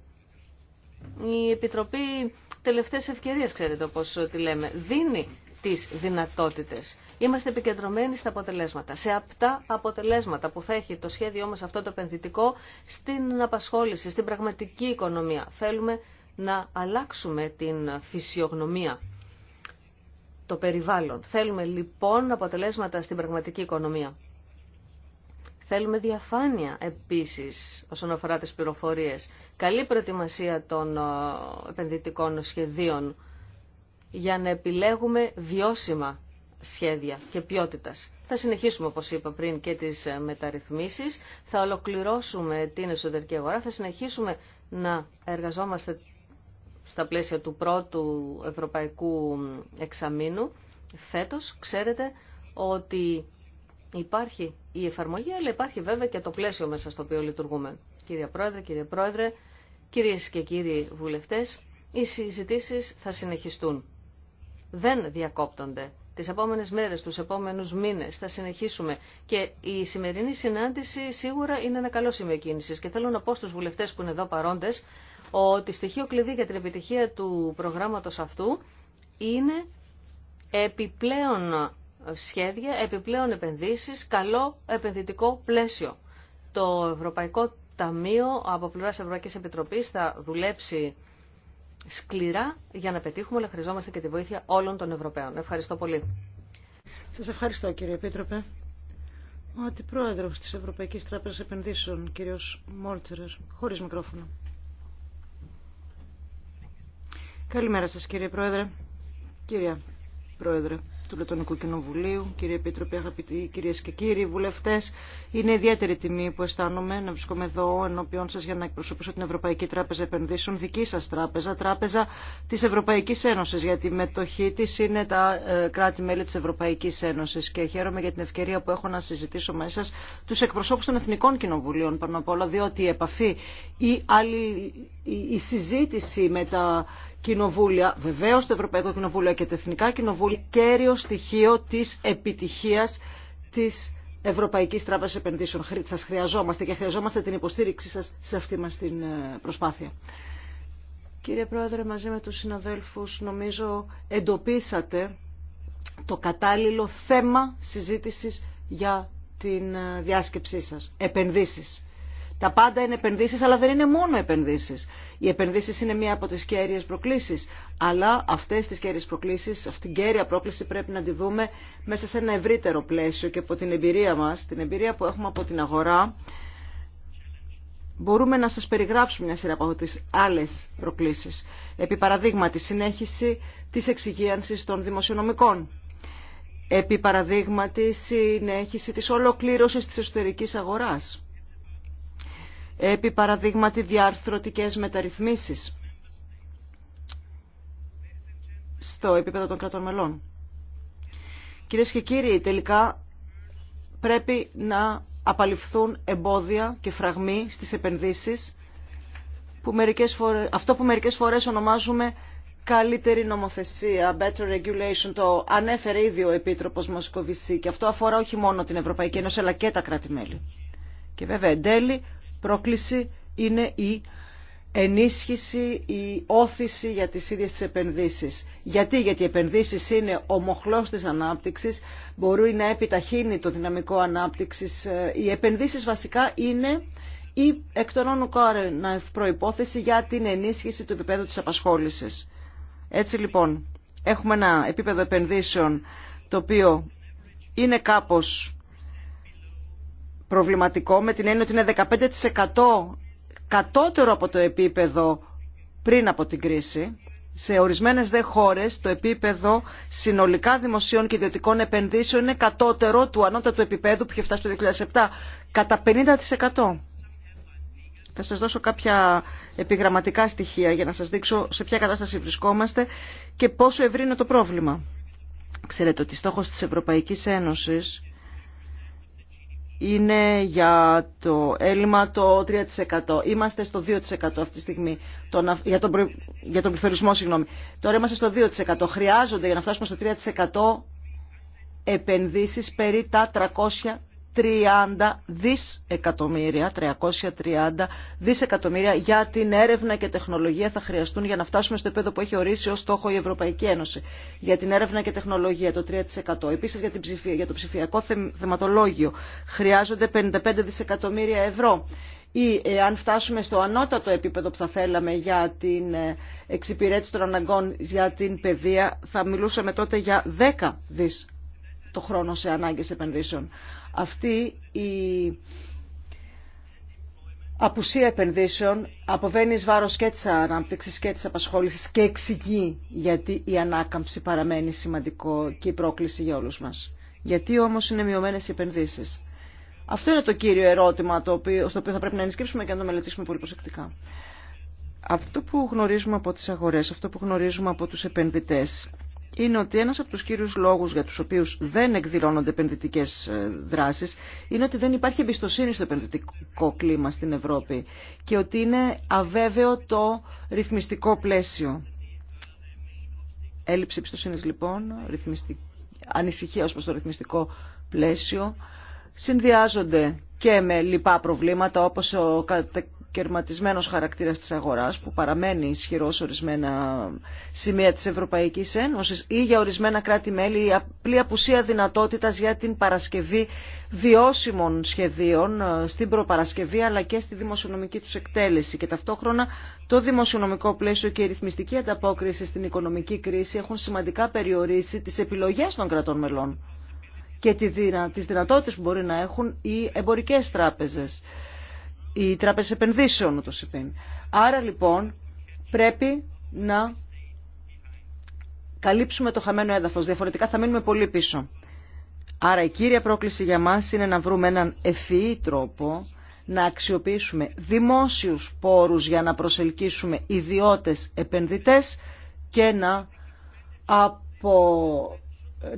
η Επιτροπή Τελευταίες Ευκαιρίες, ξέρετε όπως τη λέμε, δίνει τις δυνατότητες. Είμαστε επικεντρωμένοι στα αποτελέσματα, σε απτά αποτελέσματα που θα έχει το σχέδιό μας αυτό το επενδυτικό στην απασχόληση, στην πραγματική οικονομία. Θέλουμε να αλλάξουμε την φυσιογνωμία, το περιβάλλον. Θέλουμε λοιπόν αποτελέσματα στην πραγματική οικονομία. Θέλουμε διαφάνεια επίσης όσον αφορά τις πληροφορίες, καλή προετοιμασία των ε, επενδυτικών σχεδίων για να επιλέγουμε βιώσιμα σχέδια και ποιότητας. Θα συνεχίσουμε, όπως είπα πριν, και τις ε, μεταρρυθμίσεις. Θα ολοκληρώσουμε την εσωτερική αγορά. Θα συνεχίσουμε να εργαζόμαστε στα πλαίσια του πρώτου ευρωπαϊκού εξαμήνου. Φέτος, ξέρετε ότι υπάρχει η εφαρμογή, αλλά υπάρχει βέβαια και το πλαίσιο μέσα στο οποίο λειτουργούμε. Κύριε Πρόεδρε, κύριε Πρόεδρε, κυρίες και κύριοι βουλευτές, οι συζητήσεις θα συνεχιστούν δεν διακόπτονται. Τις επόμενες μέρες, τους επόμενους μήνες θα συνεχίσουμε και η σημερινή συνάντηση σίγουρα είναι ένα καλό σημείο κίνησης και θέλω να πω στους βουλευτές που είναι εδώ παρόντες ότι στοιχείο κλειδί για την επιτυχία του προγράμματος αυτού είναι επιπλέον σχέδια, επιπλέον επενδύσεις, καλό επενδυτικό πλαίσιο. Το Ευρωπαϊκό Ταμείο από πλευράς Ευρωπαϊκής Επιτροπής θα δουλέψει σκληρά για να πετύχουμε, αλλά χρειαζόμαστε και τη βοήθεια όλων των Ευρωπαίων. Ευχαριστώ πολύ. Σας ευχαριστώ κύριε Επίτροπε. Ο Αντιπρόεδρος της Ευρωπαϊκής Τράπεζας Επενδύσεων, κύριος Μόλτσερερ, χωρίς μικρόφωνο. Καλημέρα σας κύριε Πρόεδρε. Κύρια Πρόεδρε του Λετωνικού Κοινοβουλίου, κύριε Επίτροπε, αγαπητοί κυρίε και κύριοι βουλευτέ, είναι ιδιαίτερη τιμή που αισθάνομαι να βρίσκομαι εδώ ενώπιον σα για να εκπροσωπήσω την Ευρωπαϊκή Τράπεζα Επενδύσεων, δική σα τράπεζα, τράπεζα τη Ευρωπαϊκή Ένωση, γιατί η μετοχή τη είναι τα ε, κράτη-μέλη τη Ευρωπαϊκή Ένωση και χαίρομαι για την ευκαιρία που έχω να συζητήσω μέσα του εκπροσώπου των Εθνικών Κοινοβουλίων πάνω απ' όλα, διότι η επαφή ή άλλη η συζήτηση με τα κοινοβούλια, βεβαίως το Ευρωπαϊκό Κοινοβούλιο και τα Εθνικά Κοινοβούλια, κέριο στοιχείο της επιτυχίας της Ευρωπαϊκής Τράπεζας Επενδύσεων. Σας χρειαζόμαστε και χρειαζόμαστε την υποστήριξή σας σε αυτή μας την ε, προσπάθεια. Κύριε Πρόεδρε, μαζί με τους συναδέλφους νομίζω εντοπίσατε το κατάλληλο θέμα συζήτησης για την ε, διάσκεψή σας. Επενδύσεις. Τα πάντα είναι επενδύσει, αλλά δεν είναι μόνο επενδύσει. Οι επενδύσει είναι μία από τι κέρυε προκλήσει. αλλά αυτέ τι κέρυε προκλήσει, αυτή την κέρια πρόκληση πρέπει να τη δούμε μέσα σε ένα ευρύτερο πλαίσιο και από την εμπειρία μα, την εμπειρία που έχουμε από την αγορά, μπορούμε να σας περιγράψουμε μια σειρά από τις άλλες προκλήσεις. Επί παραδείγμα, τη συνέχιση της εξυγίανσης των δημοσιονομικών. Επί παραδείγμα, τη συνέχιση της ολοκλήρωσης της εσωτερικής αγοράς επί παραδείγματι διαρθρωτικές μεταρρυθμίσεις στο επίπεδο των κρατών μελών. Κυρίε και κύριοι, τελικά πρέπει να απαλληφθούν εμπόδια και φραγμοί στις επενδύσεις που μερικές φορές, αυτό που μερικές φορές ονομάζουμε καλύτερη νομοθεσία, better regulation, το ανέφερε ήδη ο Επίτροπος Μοσκοβισή και αυτό αφορά όχι μόνο την Ευρωπαϊκή Ένωση αλλά και τα κράτη-μέλη. Και βέβαια εν τέλει πρόκληση είναι η ενίσχυση, η όθηση για τις ίδιες τις επενδύσεις. Γιατί, γιατί οι επενδύσεις είναι ο μοχλός της ανάπτυξης, μπορεί να επιταχύνει το δυναμικό ανάπτυξης. Ε, οι επενδύσεις βασικά είναι η εκ των όνου προϋπόθεση για την ενίσχυση του επίπεδου της απασχόλησης. Έτσι λοιπόν, έχουμε ένα επίπεδο επενδύσεων το οποίο είναι κάπως προβληματικό με την έννοια ότι είναι 15% κατώτερο από το επίπεδο πριν από την κρίση. Σε ορισμένες δε χώρες το επίπεδο συνολικά δημοσίων και ιδιωτικών επενδύσεων είναι κατώτερο του ανώτατου επίπεδου που είχε φτάσει το 2007 κατά 50%. Θα σας δώσω κάποια επιγραμματικά στοιχεία για να σας δείξω σε ποια κατάσταση βρισκόμαστε και πόσο ευρύ είναι το πρόβλημα. Ξέρετε ότι στόχος της Ευρωπαϊκής Ένωσης είναι για το έλλειμμα το 3%. Είμαστε στο 2% αυτή τη στιγμή για, τον για τον πληθωρισμό. Συγγνώμη. Τώρα είμαστε στο 2%. Χρειάζονται για να φτάσουμε στο 3% επενδύσεις περί τα 300 30 δισεκατομμύρια, 330 δισεκατομμύρια για την έρευνα και τεχνολογία θα χρειαστούν για να φτάσουμε στο επίπεδο που έχει ορίσει ω στόχο η Ευρωπαϊκή Ένωση. Για την έρευνα και τεχνολογία το 3%. Επίσης για, για το ψηφιακό θεματολόγιο χρειάζονται 55 δισεκατομμύρια ευρώ ή ε, αν φτάσουμε στο ανώτατο επίπεδο που θα θέλαμε για την ε, εξυπηρέτηση των αναγκών για την παιδεία, θα μιλούσαμε τότε για 10 δισεκατομμύρια το χρόνο σε ανάγκες επενδύσεων. Αυτή η απουσία επενδύσεων αποβαίνει εις βάρος και της ανάπτυξης και της απασχόλησης και εξηγεί γιατί η ανάκαμψη παραμένει σημαντικό και η πρόκληση για όλους μας. Γιατί όμως είναι μειωμένες οι επενδύσεις. Αυτό είναι το κύριο ερώτημα το οποίο, στο οποίο θα πρέπει να ενσκύψουμε και να το μελετήσουμε πολύ προσεκτικά. Αυτό που γνωρίζουμε από τις αγορές, αυτό που γνωρίζουμε από τους επενδυτές είναι ότι ένας από τους κύριους λόγους για τους οποίους δεν εκδηλώνονται επενδυτικέ ε, δράσεις είναι ότι δεν υπάρχει εμπιστοσύνη στο επενδυτικό κλίμα στην Ευρώπη και ότι είναι αβέβαιο το ρυθμιστικό πλαίσιο. Έλλειψη εμπιστοσύνη λοιπόν, ανησυχία ως προς το ρυθμιστικό πλαίσιο, συνδυάζονται και με λοιπά προβλήματα όπως ο κερματισμένος χαρακτήρας της αγοράς που παραμένει ισχυρό σε ορισμένα σημεία της Ευρωπαϊκής Ένωσης ή για ορισμένα κράτη-μέλη η απλή απουσία δυνατότητας για την παρασκευή βιώσιμων σχεδίων ε, στην προπαρασκευή αλλά και στη δημοσιονομική τους εκτέλεση και ταυτόχρονα το δημοσιονομικό πλαίσιο και η ρυθμιστική ανταπόκριση στην οικονομική κρίση έχουν σημαντικά περιορίσει τις επιλογές των κρατών μελών και τις δυνατότητες που μπορεί να έχουν οι εμπορικές τράπεζες οι τράπεζες επενδύσεων ούτως Άρα λοιπόν πρέπει να καλύψουμε το χαμένο έδαφος, διαφορετικά θα μείνουμε πολύ πίσω. Άρα η κύρια πρόκληση για μας είναι να βρούμε έναν ευφυή τρόπο να αξιοποιήσουμε δημόσιους πόρους για να προσελκύσουμε ιδιώτες επενδυτές και να, απο...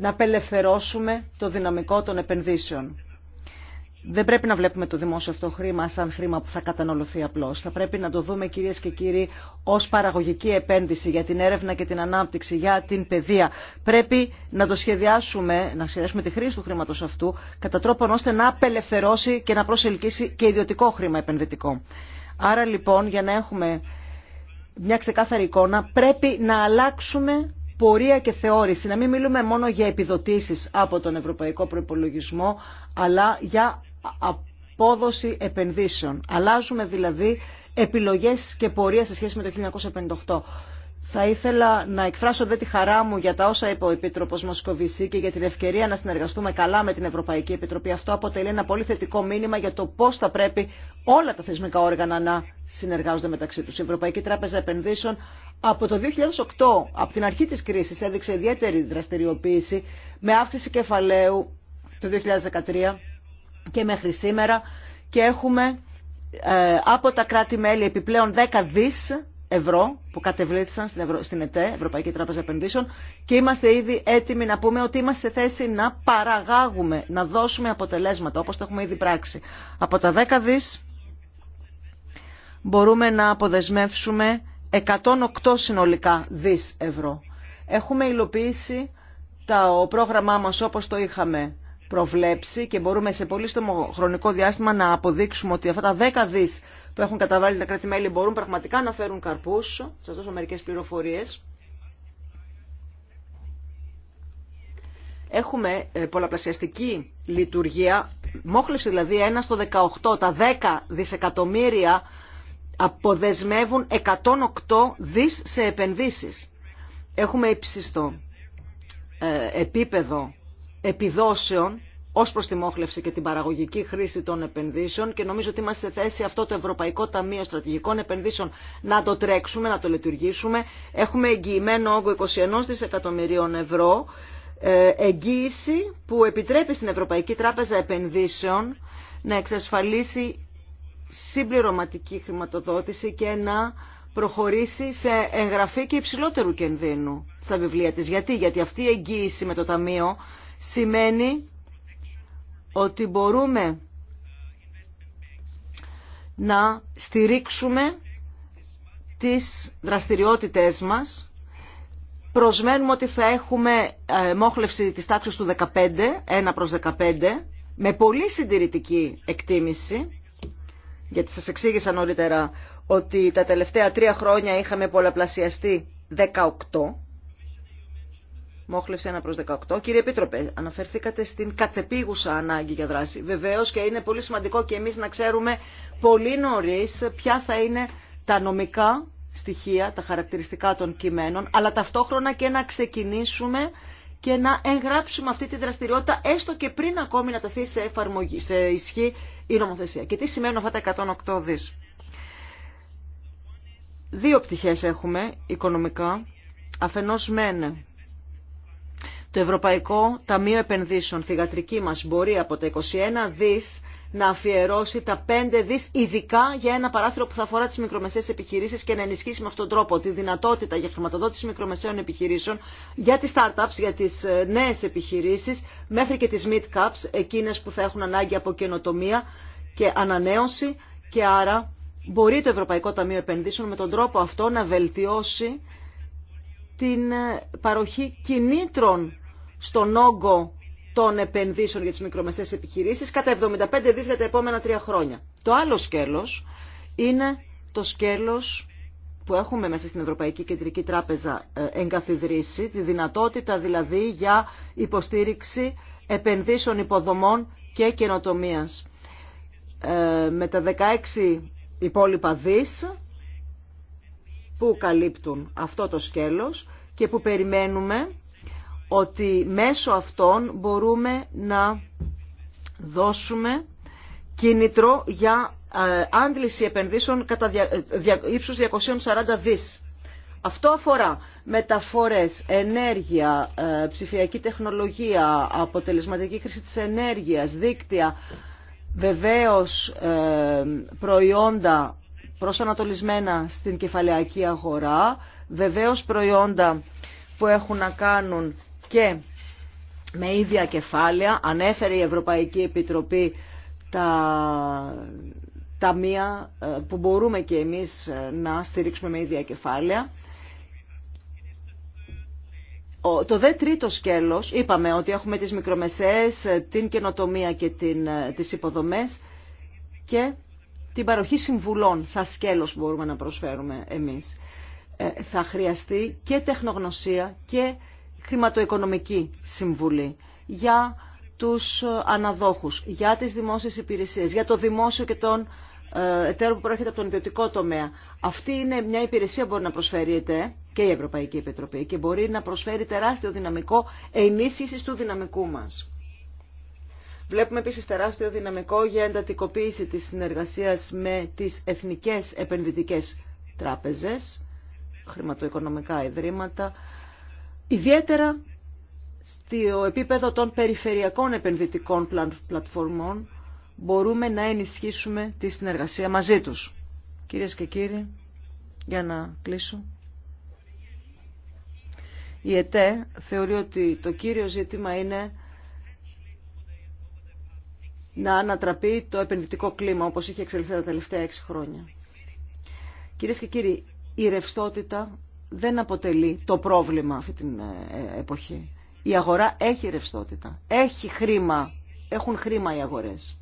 να απελευθερώσουμε το δυναμικό των επενδύσεων δεν πρέπει να βλέπουμε το δημόσιο αυτό χρήμα σαν χρήμα που θα καταναλωθεί απλώ. Θα πρέπει να το δούμε, κυρίε και κύριοι, ω παραγωγική επένδυση για την έρευνα και την ανάπτυξη, για την παιδεία. Πρέπει να το σχεδιάσουμε, να σχεδιάσουμε τη χρήση του χρήματο αυτού, κατά τρόπον ώστε να απελευθερώσει και να προσελκύσει και ιδιωτικό χρήμα επενδυτικό. Άρα λοιπόν, για να έχουμε μια ξεκάθαρη εικόνα, πρέπει να αλλάξουμε πορεία και θεώρηση. Να μην μιλούμε μόνο για επιδοτήσεις από τον Ευρωπαϊκό Προπολογισμό, αλλά για απόδοση επενδύσεων. Αλλάζουμε δηλαδή επιλογές και πορεία σε σχέση με το 1958. Θα ήθελα να εκφράσω δε τη χαρά μου για τα όσα είπε ο Επίτροπο Μοσκοβισή και για την ευκαιρία να συνεργαστούμε καλά με την Ευρωπαϊκή Επιτροπή. Αυτό αποτελεί ένα πολύ θετικό μήνυμα για το πώ θα πρέπει όλα τα θεσμικά όργανα να συνεργάζονται μεταξύ του. Η Ευρωπαϊκή Τράπεζα Επενδύσεων από το 2008, από την αρχή τη κρίση, έδειξε ιδιαίτερη δραστηριοποίηση με αύξηση κεφαλαίου το 2013 και μέχρι σήμερα και έχουμε ε, από τα κράτη-μέλη επιπλέον 10 δις ευρώ που κατεβλήθησαν στην, Ευρω... ΕΤΕ, Ευρωπαϊκή Τράπεζα Επενδύσεων και είμαστε ήδη έτοιμοι να πούμε ότι είμαστε σε θέση να παραγάγουμε, να δώσουμε αποτελέσματα όπως το έχουμε ήδη πράξει. Από τα 10 δις μπορούμε να αποδεσμεύσουμε 108 συνολικά δις ευρώ. Έχουμε υλοποιήσει το πρόγραμμά μας όπως το είχαμε προβλέψει και μπορούμε σε πολύ στο χρονικό διάστημα να αποδείξουμε ότι αυτά τα 10 δις που έχουν καταβάλει τα κρατη μπορούν πραγματικά να φέρουν καρπούς. Σας δώσω μερικές πληροφορίες. Έχουμε ε, πολλαπλασιαστική λειτουργία, μόχλευση δηλαδή 1 στο 18, τα 10 δισεκατομμύρια αποδεσμεύουν 108 δις σε επενδύσεις. Έχουμε υψιστό ε, επίπεδο επιδόσεων ως προς τη μόχλευση και την παραγωγική χρήση των επενδύσεων και νομίζω ότι είμαστε σε θέση αυτό το Ευρωπαϊκό Ταμείο Στρατηγικών Επενδύσεων να το τρέξουμε, να το λειτουργήσουμε. Έχουμε εγγυημένο όγκο 21 δισεκατομμυρίων ευρώ, ε, εγγύηση που επιτρέπει στην Ευρωπαϊκή Τράπεζα Επενδύσεων να εξασφαλίσει συμπληρωματική χρηματοδότηση και να προχωρήσει σε εγγραφή και υψηλότερου κενδύνου στα βιβλία της. Γιατί, Γιατί αυτή η εγγύηση με το Ταμείο σημαίνει ότι μπορούμε να στηρίξουμε τις δραστηριότητες μας. Προσμένουμε ότι θα έχουμε ε, μόχλευση της τάξης του 15, 1 προς 15, με πολύ συντηρητική εκτίμηση γιατί σας εξήγησα νωρίτερα ότι τα τελευταία τρία χρόνια είχαμε πολλαπλασιαστεί 18, μόχλευση ένα προς 18. Κύριε Επίτροπε, αναφερθήκατε στην κατεπίγουσα ανάγκη για δράση. Βεβαίως και είναι πολύ σημαντικό και εμείς να ξέρουμε πολύ νωρί ποια θα είναι τα νομικά στοιχεία, τα χαρακτηριστικά των κειμένων, αλλά ταυτόχρονα και να ξεκινήσουμε και να εγγράψουμε αυτή τη δραστηριότητα έστω και πριν ακόμη να τεθεί σε, εφαρμογή, σε ισχύ η νομοθεσία. Και τι σημαίνουν αυτά τα 108 δις. Δύο πτυχές έχουμε οικονομικά. Αφενός μεν το Ευρωπαϊκό Ταμείο Επενδύσεων θηγατρική μας μπορεί από τα 21 δις να αφιερώσει τα 5 δις ειδικά για ένα παράθυρο που θα αφορά τις μικρομεσαίες επιχειρήσεις και να ενισχύσει με αυτόν τον τρόπο τη δυνατότητα για χρηματοδότηση μικρομεσαίων επιχειρήσεων για τις startups, για τις ε, νέες επιχειρήσεις μέχρι και τις mid caps, εκείνες που θα έχουν ανάγκη από καινοτομία και ανανέωση και άρα μπορεί το Ευρωπαϊκό Ταμείο Επενδύσεων με τον τρόπο αυτό να βελτιώσει την ε, παροχή κινήτρων στον όγκο των επενδύσεων για τις μικρομεσαίες επιχειρήσεις κατά 75 δις για τα επόμενα τρία χρόνια. Το άλλο σκέλος είναι το σκέλος που έχουμε μέσα στην Ευρωπαϊκή Κεντρική Τράπεζα ε, εγκαθιδρύσει, τη δυνατότητα δηλαδή για υποστήριξη επενδύσεων υποδομών και καινοτομία. Ε, με τα 16 υπόλοιπα δις που καλύπτουν αυτό το σκέλος και που περιμένουμε ότι μέσω αυτών μπορούμε να δώσουμε κίνητρο για ε, άντληση επενδύσεων κατά ε, ύψους 240 δις. Αυτό αφορά μεταφορές, ενέργεια, ε, ψηφιακή τεχνολογία, αποτελεσματική χρήση της ενέργειας, δίκτυα, βεβαίως προϊόντα προσανατολισμένα στην κεφαλαιακή αγορά, βεβαίως προϊόντα που έχουν να κάνουν και με ίδια κεφάλαια ανέφερε η Ευρωπαϊκή Επιτροπή τα μία ε, που μπορούμε και εμείς ε, να στηρίξουμε με ίδια κεφάλαια. Το δε τρίτο σκέλος, είπαμε ότι έχουμε τις μικρομεσαίες, ε, την καινοτομία και την, τις υποδομές και την παροχή συμβουλών, σαν σκέλος μπορούμε να προσφέρουμε εμείς. θα χρειαστεί και τεχνογνωσία και χρηματοοικονομική συμβουλή για τους αναδόχους, για τις δημόσιες υπηρεσίες, για το δημόσιο και τον ε, εταίρο που προέρχεται από τον ιδιωτικό τομέα. Αυτή είναι μια υπηρεσία που μπορεί να προσφέρει και η Ευρωπαϊκή Επιτροπή και μπορεί να προσφέρει τεράστιο δυναμικό ενίσχυση του δυναμικού μας. Βλέπουμε επίσης τεράστιο δυναμικό για εντατικοποίηση της συνεργασίας με τις εθνικές επενδυτικές τράπεζες, χρηματοοικονομικά ιδρύματα, ιδιαίτερα στο επίπεδο των περιφερειακών επενδυτικών πλατφορμών μπορούμε να ενισχύσουμε τη συνεργασία μαζί τους. Κυρίες και κύριοι, για να κλείσω. Η ΕΤΕ θεωρεί ότι το κύριο ζήτημα είναι να ανατραπεί το επενδυτικό κλίμα όπως είχε εξελιχθεί τα τελευταία έξι χρόνια. Κυρίες και κύριοι, η ρευστότητα δεν αποτελεί το πρόβλημα αυτή την ε, εποχή. Η αγορά έχει ρευστότητα, έχει χρήμα, έχουν χρήμα οι αγορές.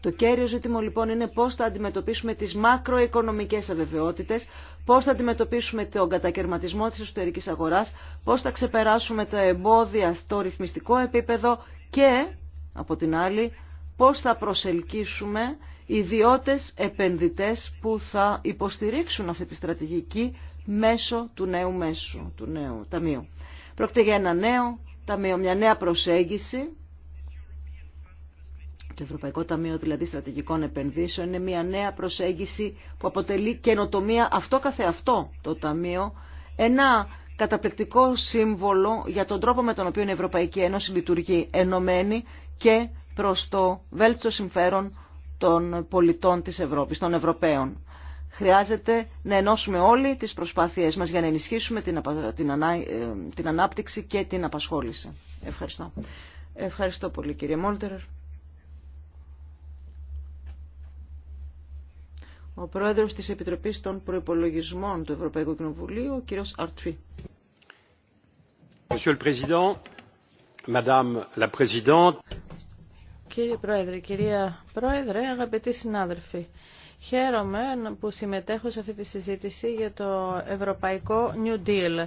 Το κέριο ζήτημα λοιπόν είναι πώς θα αντιμετωπίσουμε τις μακροοικονομικές αβεβαιότητες, πώς θα αντιμετωπίσουμε τον κατακαιρματισμό της εσωτερικής αγοράς, πώς θα ξεπεράσουμε τα εμπόδια στο ρυθμιστικό επίπεδο και, από την άλλη, πώς θα προσελκύσουμε ιδιώτες επενδυτές που θα υποστηρίξουν αυτή τη στρατηγική μέσω του νέου μέσου, του νέου ταμείου. Πρόκειται για ένα νέο ταμείο, μια νέα προσέγγιση. Το Ευρωπαϊκό Ταμείο δηλαδή Στρατηγικών Επενδύσεων είναι μια νέα προσέγγιση που αποτελεί καινοτομία αυτό καθεαυτό το ταμείο. Ένα καταπληκτικό σύμβολο για τον τρόπο με τον οποίο η Ευρωπαϊκή Ένωση λειτουργεί ενωμένη και προς το βέλτιστο συμφέρον των πολιτών της Ευρώπης, των Ευρωπαίων. Χρειάζεται να ενώσουμε όλοι τις προσπάθειές μας για να ενισχύσουμε την, την, ε, την ανάπτυξη και την απασχόληση. Ευχαριστώ. Ευχαριστώ πολύ κύριε Μόλτερερ. Ο πρόεδρος της Επιτροπής των Προϋπολογισμών του Ευρωπαϊκού Κοινοβουλίου, ο κύριος Αρτφή. Κύριε Πρόεδρε, κυρία Πρόεδρε, αγαπητοί συνάδελφοι. Χαίρομαι που συμμετέχω σε αυτή τη συζήτηση για το Ευρωπαϊκό New Deal.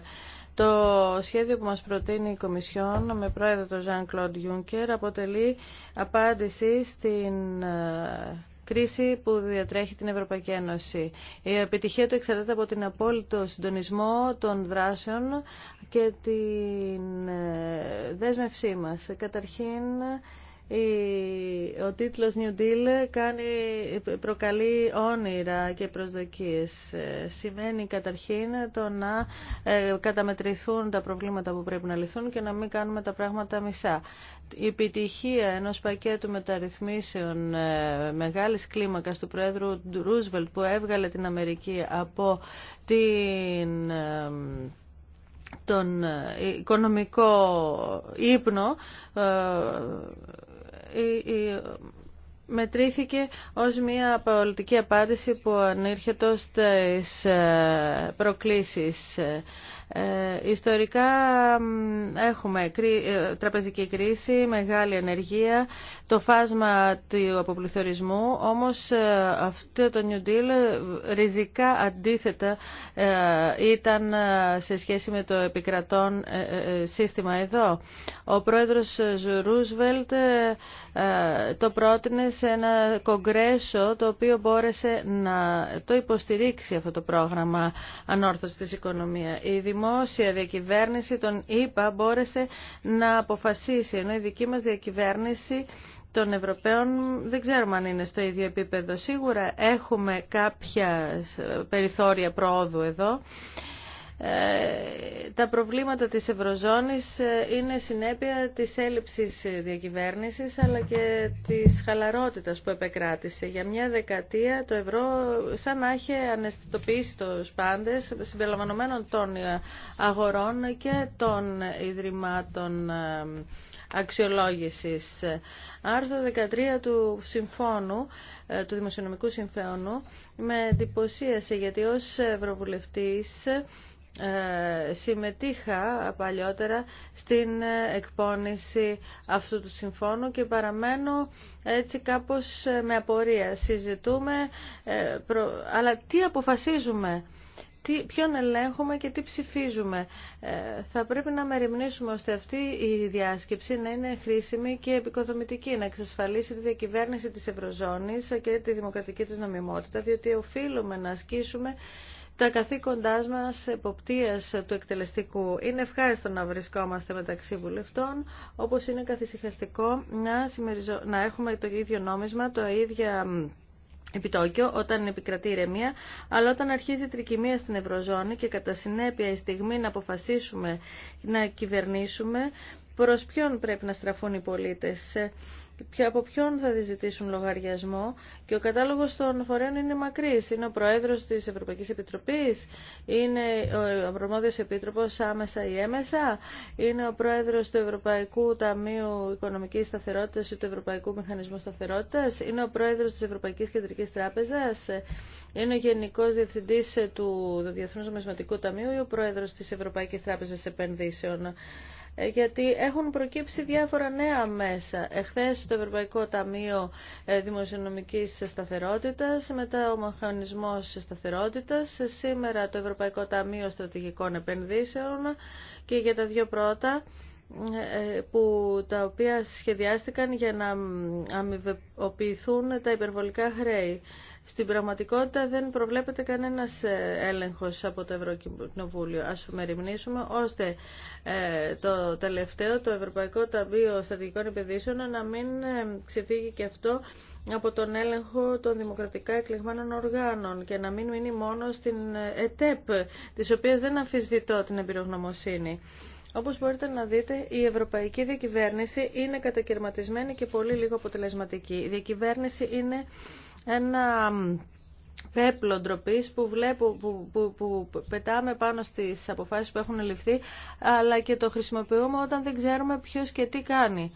Το σχέδιο που μας προτείνει η Κομισιόν με πρόεδρο τον Ζαν Κλοντ Juncker αποτελεί απάντηση στην ε, κρίση που διατρέχει την Ευρωπαϊκή Ένωση. Η επιτυχία του εξαρτάται από την απόλυτο συντονισμό των δράσεων και την ε, δέσμευσή μας. Καταρχήν, ο τίτλος New Deal κάνει, προκαλεί όνειρα και προσδοκίες. Ε, σημαίνει καταρχήν το να ε, καταμετρηθούν τα προβλήματα που πρέπει να λυθούν και να μην κάνουμε τα πράγματα μισά. Η επιτυχία ενός πακέτου μεταρρυθμίσεων ε, μεγάλης κλίμακας του Πρόεδρου Ρούσβελτ που έβγαλε την Αμερική από την τον οικονομικό ύπνο μετρήθηκε ως μια πολιτική απάντηση που ανήρχεται στις ε, προκλήσεις ε, ιστορικά έχουμε ε, τραπεζική κρίση, μεγάλη ενεργεία, το φάσμα του αποπληθωρισμού, όμως ε, αυτό το New Deal ριζικά αντίθετα ήταν σε σχέση με το επικρατών σύστημα εδώ. Ο πρόεδρος Ρούσβελτ το πρότεινε σε ένα κογκρέσο το οποίο μπόρεσε να το υποστηρίξει αυτό το πρόγραμμα ανόρθωσης της οικονομίας δημόσια διακυβέρνηση των ΗΠΑ μπόρεσε να αποφασίσει, ενώ η δική μας διακυβέρνηση των Ευρωπαίων δεν ξέρουμε αν είναι στο ίδιο επίπεδο. Σίγουρα έχουμε κάποια ε, περιθώρια προόδου εδώ. Ε, τα προβλήματα της Ευρωζώνης ε, είναι συνέπεια της έλλειψης ε, διακυβέρνησης αλλά και της χαλαρότητας που επεκράτησε. Για μια δεκαετία το ευρώ σαν να είχε αναισθητοποιήσει τους πάντες συμπεριλαμβανομένων των αγορών και των ιδρυμάτων αξιολόγησης. Άρθρο 13 του συμφώνου, του Δημοσιονομικού Συμφώνου, με εντυπωσίασε γιατί ως Ευρωβουλευτής ε, συμμετείχα παλιότερα στην ε, εκπόνηση αυτού του συμφώνου και παραμένω έτσι κάπως ε, με απορία. Συζητούμε, ε, αλλά τι αποφασίζουμε τι, ποιον ελέγχουμε και τι ψηφίζουμε. θα πρέπει να μεριμνήσουμε ώστε αυτή η διάσκεψη να είναι χρήσιμη και επικοδομητική, να εξασφαλίσει τη διακυβέρνηση της Ευρωζώνης και τη δημοκρατική της νομιμότητα, διότι οφείλουμε να ασκήσουμε τα καθήκοντά μα εποπτείας του εκτελεστικού. Είναι ευχάριστο να βρισκόμαστε μεταξύ βουλευτών, όπως είναι καθησυχαστικό να, να έχουμε το ίδιο νόμισμα, το ίδιο επιτόκιο όταν επικρατεί ηρεμία, αλλά όταν αρχίζει η τρικυμία στην Ευρωζώνη και κατά συνέπεια η στιγμή να αποφασίσουμε να κυβερνήσουμε, προς ποιον πρέπει να στραφούν οι πολίτες, από ποιον θα διζητήσουν λογαριασμό και ο κατάλογος των φορέων είναι μακρύς. Είναι ο Πρόεδρος της Ευρωπαϊκής Επιτροπής, είναι ο Προμόδιος Επίτροπος άμεσα ή έμεσα, είναι ο Πρόεδρος του Ευρωπαϊκού Ταμείου Οικονομικής Σταθερότητας ή του Ευρωπαϊκού Μηχανισμού Σταθερότητας, είναι ο Πρόεδρος της Ευρωπαϊκής Κεντρικής Τράπεζας, είναι ο Γενικός Διευθυντής του Διεθνούς Νομισματικού Ταμείου ή ο Πρόεδρος της Ευρωπαϊκής Τράπεζας Επενδύσεων γιατί έχουν προκύψει διάφορα νέα μέσα. Εχθές το Ευρωπαϊκό Ταμείο ε, Δημοσιονομικής Σταθερότητας, μετά ο Μηχανισμός Σταθερότητας, σήμερα το Ευρωπαϊκό Ταμείο Στρατηγικών Επενδύσεων και για τα δύο πρώτα ε, ε, που τα οποία σχεδιάστηκαν για να αμοιβοποιηθούν τα υπερβολικά χρέη. Στην πραγματικότητα δεν προβλέπεται κανένας ε, έλεγχος από το Ευρωκοινοβούλιο. Ας μεριμνήσουμε ώστε ε, το τελευταίο, το Ευρωπαϊκό Ταμείο Στρατηγικών Επιδίσεων, να μην ε, ξεφύγει και αυτό από τον έλεγχο των δημοκρατικά εκλεγμένων οργάνων και να μην μείνει μόνο στην ΕΤΕΠ, της οποίας δεν αμφισβητώ την εμπειρογνωμοσύνη. Όπως μπορείτε να δείτε, η ευρωπαϊκή διακυβέρνηση είναι κατακαιρματισμένη και πολύ λίγο αποτελεσματική. Η διακυβέρνηση είναι ένα πέπλο ντροπή που, που, πετάμε πάνω στις αποφάσεις που έχουν ληφθεί, αλλά και το χρησιμοποιούμε όταν δεν ξέρουμε ποιος και τι κάνει.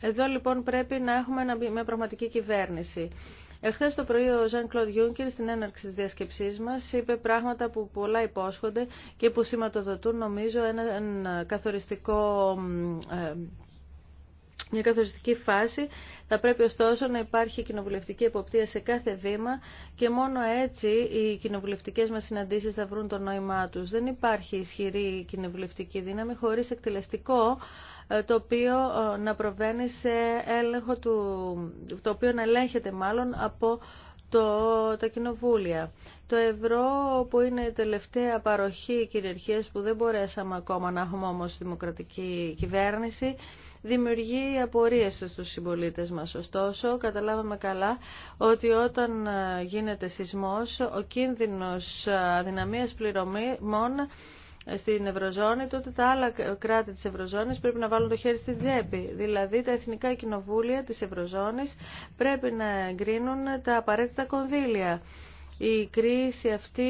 Εδώ λοιπόν πρέπει να έχουμε μια πραγματική κυβέρνηση. Εχθές το πρωί ο Ζαν Κλοντ Γιούγκερ στην έναρξη της διασκεψής μας είπε πράγματα που πολλά υπόσχονται και που σηματοδοτούν νομίζω ένα καθοριστικό ε, μια καθοριστική φάση. Θα πρέπει ωστόσο να υπάρχει κοινοβουλευτική εποπτεία σε κάθε βήμα και μόνο έτσι οι κοινοβουλευτικέ μα συναντήσει θα βρουν το νόημά του. Δεν υπάρχει ισχυρή κοινοβουλευτική δύναμη χωρί εκτελεστικό ε, το οποίο ε, να προβαίνει σε έλεγχο του, το οποίο να ελέγχεται μάλλον από το, τα κοινοβούλια. Το ευρώ που είναι η τελευταία παροχή κυριαρχίας που δεν μπορέσαμε ακόμα να έχουμε όμως δημοκρατική κυβέρνηση δημιουργεί απορίες στους συμπολίτε μας. Ωστόσο, καταλάβαμε καλά ότι όταν ε, γίνεται σεισμός, ο κίνδυνος ε, αδυναμίας πληρωμών ε, στην Ευρωζώνη, τότε τα άλλα κράτη της Ευρωζώνης πρέπει να βάλουν το χέρι στην τσέπη. Δηλαδή τα εθνικά κοινοβούλια της Ευρωζώνης πρέπει να εγκρίνουν τα απαραίτητα κονδύλια. Η κρίση αυτή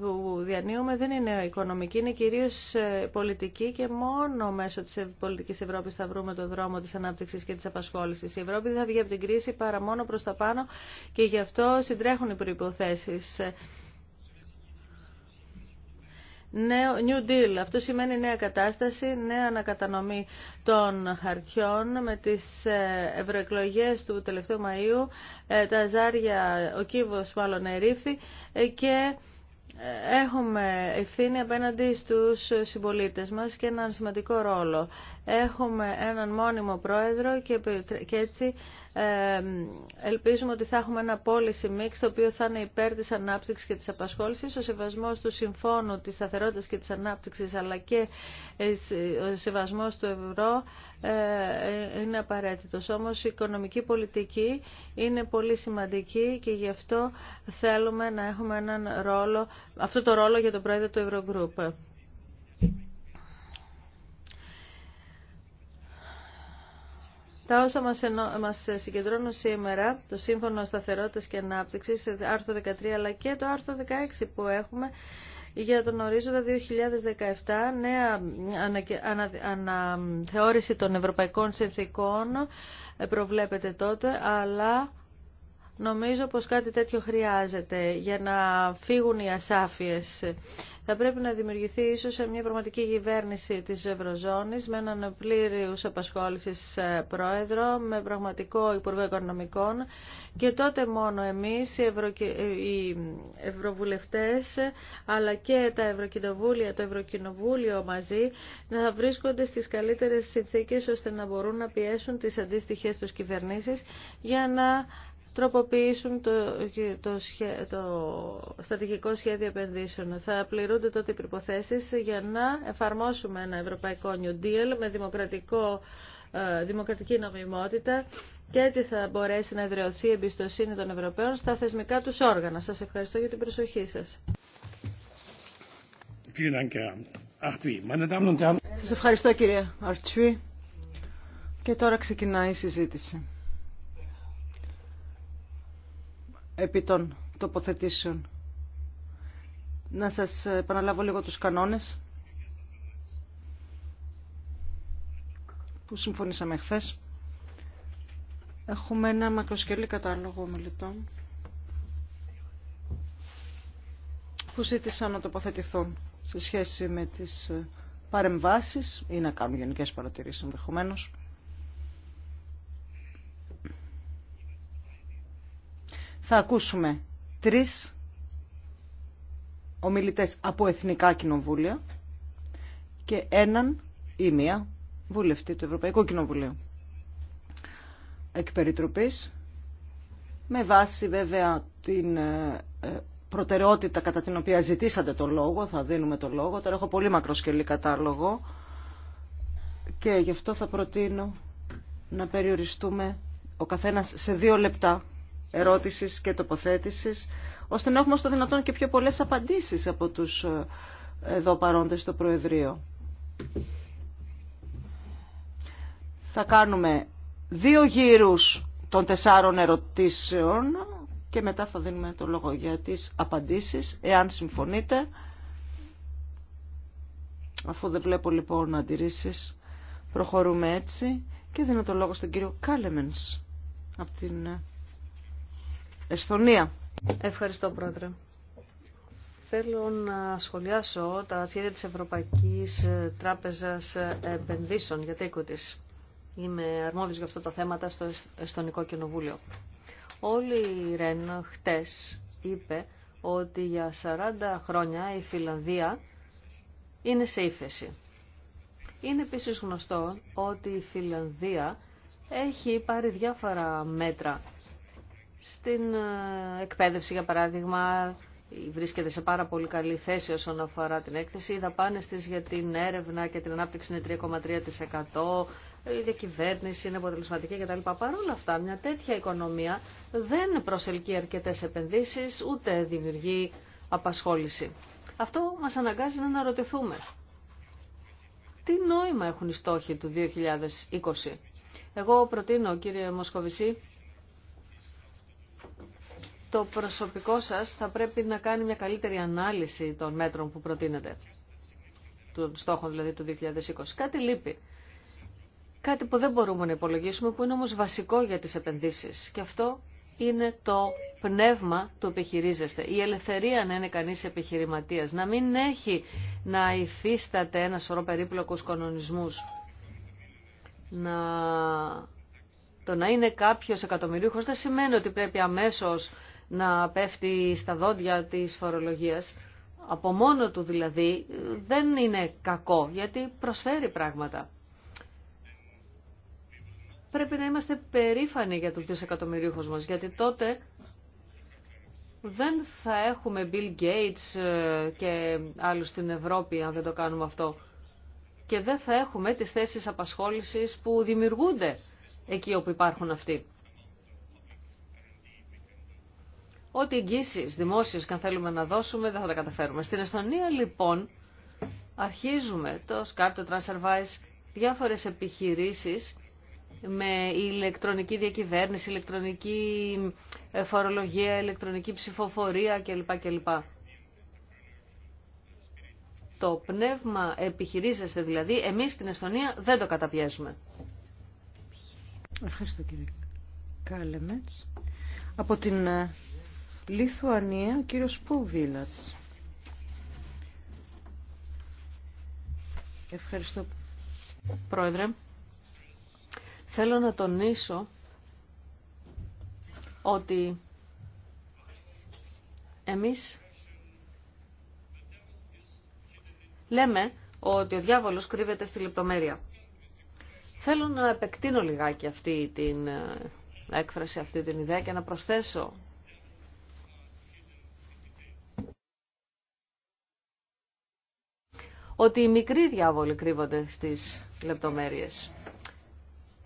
που διανύουμε δεν είναι οικονομική, είναι κυρίως ε, πολιτική και μόνο μέσω της πολιτικής Ευρώπης θα βρούμε τον δρόμο της ανάπτυξης και της απασχόλησης. Η Ευρώπη δεν θα βγει από την κρίση παρά μόνο προς τα πάνω και γι' αυτό συντρέχουν οι προϋποθέσεις νέο, New Deal. Αυτό σημαίνει νέα κατάσταση, νέα ανακατανομή των χαρτιών με τις ε, ευρωεκλογέ του τελευταίου Μαΐου, ε, τα ζάρια, ο κύβος μάλλον ερήφθη ε, και έχουμε ευθύνη απέναντι στους συμπολίτες μας και έναν σημαντικό ρόλο έχουμε έναν μόνιμο πρόεδρο και έτσι ε, ελπίζουμε ότι θα έχουμε ένα πόληση μίξ το οποίο θα είναι υπέρ της ανάπτυξης και της απασχόλησης, ο σεβασμός του συμφώνου της σταθερότητας και της ανάπτυξης αλλά και ο σεβασμός του ευρώ ε, είναι απαραίτητος. Όμως η οικονομική πολιτική είναι πολύ σημαντική και γι' αυτό θέλουμε να έχουμε έναν ρόλο, αυτό το ρόλο για τον πρόεδρο του Eurogroup. Τα όσα μας, μας συγκεντρώνουν σήμερα, το Σύμφωνο Σταθερότητας και Ανάπτυξης, άρθρο 13 αλλά και το άρθρο 16 που έχουμε, για τον ορίζοντα 2017, νέα αναθεώρηση των ευρωπαϊκών συνθήκων ε, προβλέπεται τότε, αλλά νομίζω πως κάτι τέτοιο χρειάζεται για να φύγουν οι ασάφειες θα πρέπει να δημιουργηθεί ίσως μια πραγματική κυβέρνηση της Ευρωζώνης με έναν πλήρους απασχόλησης ε, πρόεδρο, με πραγματικό Υπουργό Οικονομικών και τότε μόνο εμείς οι, Ευρω... οι Ευρωβουλευτές αλλά και τα Ευρωκοινοβούλια, το Ευρωκοινοβούλιο μαζί να βρίσκονται στις καλύτερες συνθήκες ώστε να μπορούν να πιέσουν τις αντίστοιχες τους κυβερνήσεις για να τροποποιήσουν το, το, το στρατηγικό σχέδιο επενδύσεων. Θα πληρούνται τότε οι προϋποθέσεις για να εφαρμόσουμε ένα ευρωπαϊκό New Deal με δημοκρατικό ε, δημοκρατική νομιμότητα και έτσι θα μπορέσει να εδραιωθεί η εμπιστοσύνη των Ευρωπαίων στα θεσμικά τους όργανα. Σας ευχαριστώ για την προσοχή σας. Σας ευχαριστώ κύριε Αρτσουή. Και τώρα ξεκινάει η συζήτηση. επί των τοποθετήσεων. Να σας επαναλάβω λίγο τους κανόνες που συμφωνήσαμε χθε. Έχουμε ένα μακροσκελή κατάλογο ομιλητών που ζήτησαν να τοποθετηθούν σε σχέση με τις παρεμβάσεις ή να κάνουν γενικές παρατηρήσεις ενδεχομένως. θα ακούσουμε τρεις ομιλητές από εθνικά κοινοβούλια και έναν ή μία βουλευτή του Ευρωπαϊκού Κοινοβουλίου. Εκ με βάση βέβαια την ε, ε, προτεραιότητα κατά την οποία ζητήσατε το λόγο, θα δίνουμε το λόγο. Τώρα έχω πολύ μακροσκελή κατάλογο και γι' αυτό θα προτείνω να περιοριστούμε ο καθένας σε δύο λεπτά ερώτησης και τοποθέτησης, ώστε να έχουμε στο δυνατόν και πιο πολλές απαντήσεις από τους ε, εδώ παρόντες στο Προεδρείο. Θα κάνουμε δύο γύρους των τεσσάρων ερωτήσεων και μετά θα δίνουμε το λόγο για τις απαντήσεις, εάν συμφωνείτε. Αφού δεν βλέπω λοιπόν αντιρρήσεις, προχωρούμε έτσι και δίνω το λόγο στον κύριο Κάλεμενς από Εσθονία. Ευχαριστώ, Πρόεδρε. Θέλω να σχολιάσω τα σχέδια της Ευρωπαϊκής Τράπεζας Επενδύσεων για το της. Είμαι αρμόδιος για αυτά τα θέματα στο Εστονικό Κοινοβούλιο. Όλοι η Ρεν χτες είπε ότι για 40 χρόνια η Φιλανδία είναι σε ύφεση. Είναι επίσης γνωστό ότι η Φιλανδία έχει πάρει διάφορα μέτρα στην ε, εκπαίδευση για παράδειγμα βρίσκεται σε πάρα πολύ καλή θέση όσον αφορά την έκθεση. Οι δαπάνε της για την έρευνα και την ανάπτυξη είναι 3,3%. Η διακυβέρνηση είναι αποτελεσματική κτλ. Παρ' όλα αυτά, μια τέτοια οικονομία δεν προσελκύει αρκετέ επενδύσει ούτε δημιουργεί απασχόληση. Αυτό μας αναγκάζει να αναρωτηθούμε. Τι νόημα έχουν οι στόχοι του 2020. Εγώ προτείνω, κύριε Μοσκοβισή, το προσωπικό σας θα πρέπει να κάνει μια καλύτερη ανάλυση των μέτρων που προτείνετε, των στόχων δηλαδή του 2020. Κάτι λείπει. Κάτι που δεν μπορούμε να υπολογίσουμε, που είναι όμως βασικό για τις επενδύσεις. Και αυτό είναι το πνεύμα του επιχειρίζεστε. Η ελευθερία να είναι κανείς επιχειρηματίας, να μην έχει να υφίσταται ένα σωρό περίπλοκους κανονισμούς. Να... Το να είναι κάποιος εκατομμυρίουχος δεν σημαίνει ότι πρέπει αμέσως να πέφτει στα δόντια της φορολογίας. Από μόνο του δηλαδή δεν είναι κακό γιατί προσφέρει πράγματα. Πρέπει να είμαστε περήφανοι για τους δισεκατομμυρίχους μας γιατί τότε δεν θα έχουμε Bill Gates ε, και άλλους στην Ευρώπη αν δεν το κάνουμε αυτό. Και δεν θα έχουμε τις θέσεις απασχόλησης που δημιουργούνται εκεί όπου υπάρχουν αυτοί. ό,τι εγγύσεις δημόσιες και αν θέλουμε να δώσουμε δεν θα τα καταφέρουμε. Στην Εστονία λοιπόν αρχίζουμε το Skype, το TransferWise, διάφορες επιχειρήσεις με ηλεκτρονική διακυβέρνηση, ηλεκτρονική ε, φορολογία, ηλεκτρονική ψηφοφορία κλπ. κλπ. Το πνεύμα επιχειρίζεστε δηλαδή, εμείς στην Εστονία δεν το καταπιέζουμε. Ευχαριστώ κύριε Κάλεμετς. Από την ε, Λιθουανία, ο κύριος Πούβιλατς. Ευχαριστώ, Πρόεδρε. Θέλω να τονίσω ότι εμείς λέμε ότι ο διάβολος κρύβεται στη λεπτομέρεια. Θέλω να επεκτείνω λιγάκι αυτή την ε, έκφραση, αυτή την ιδέα και να προσθέσω ότι οι μικροί διάβολοι κρύβονται στις λεπτομέρειες.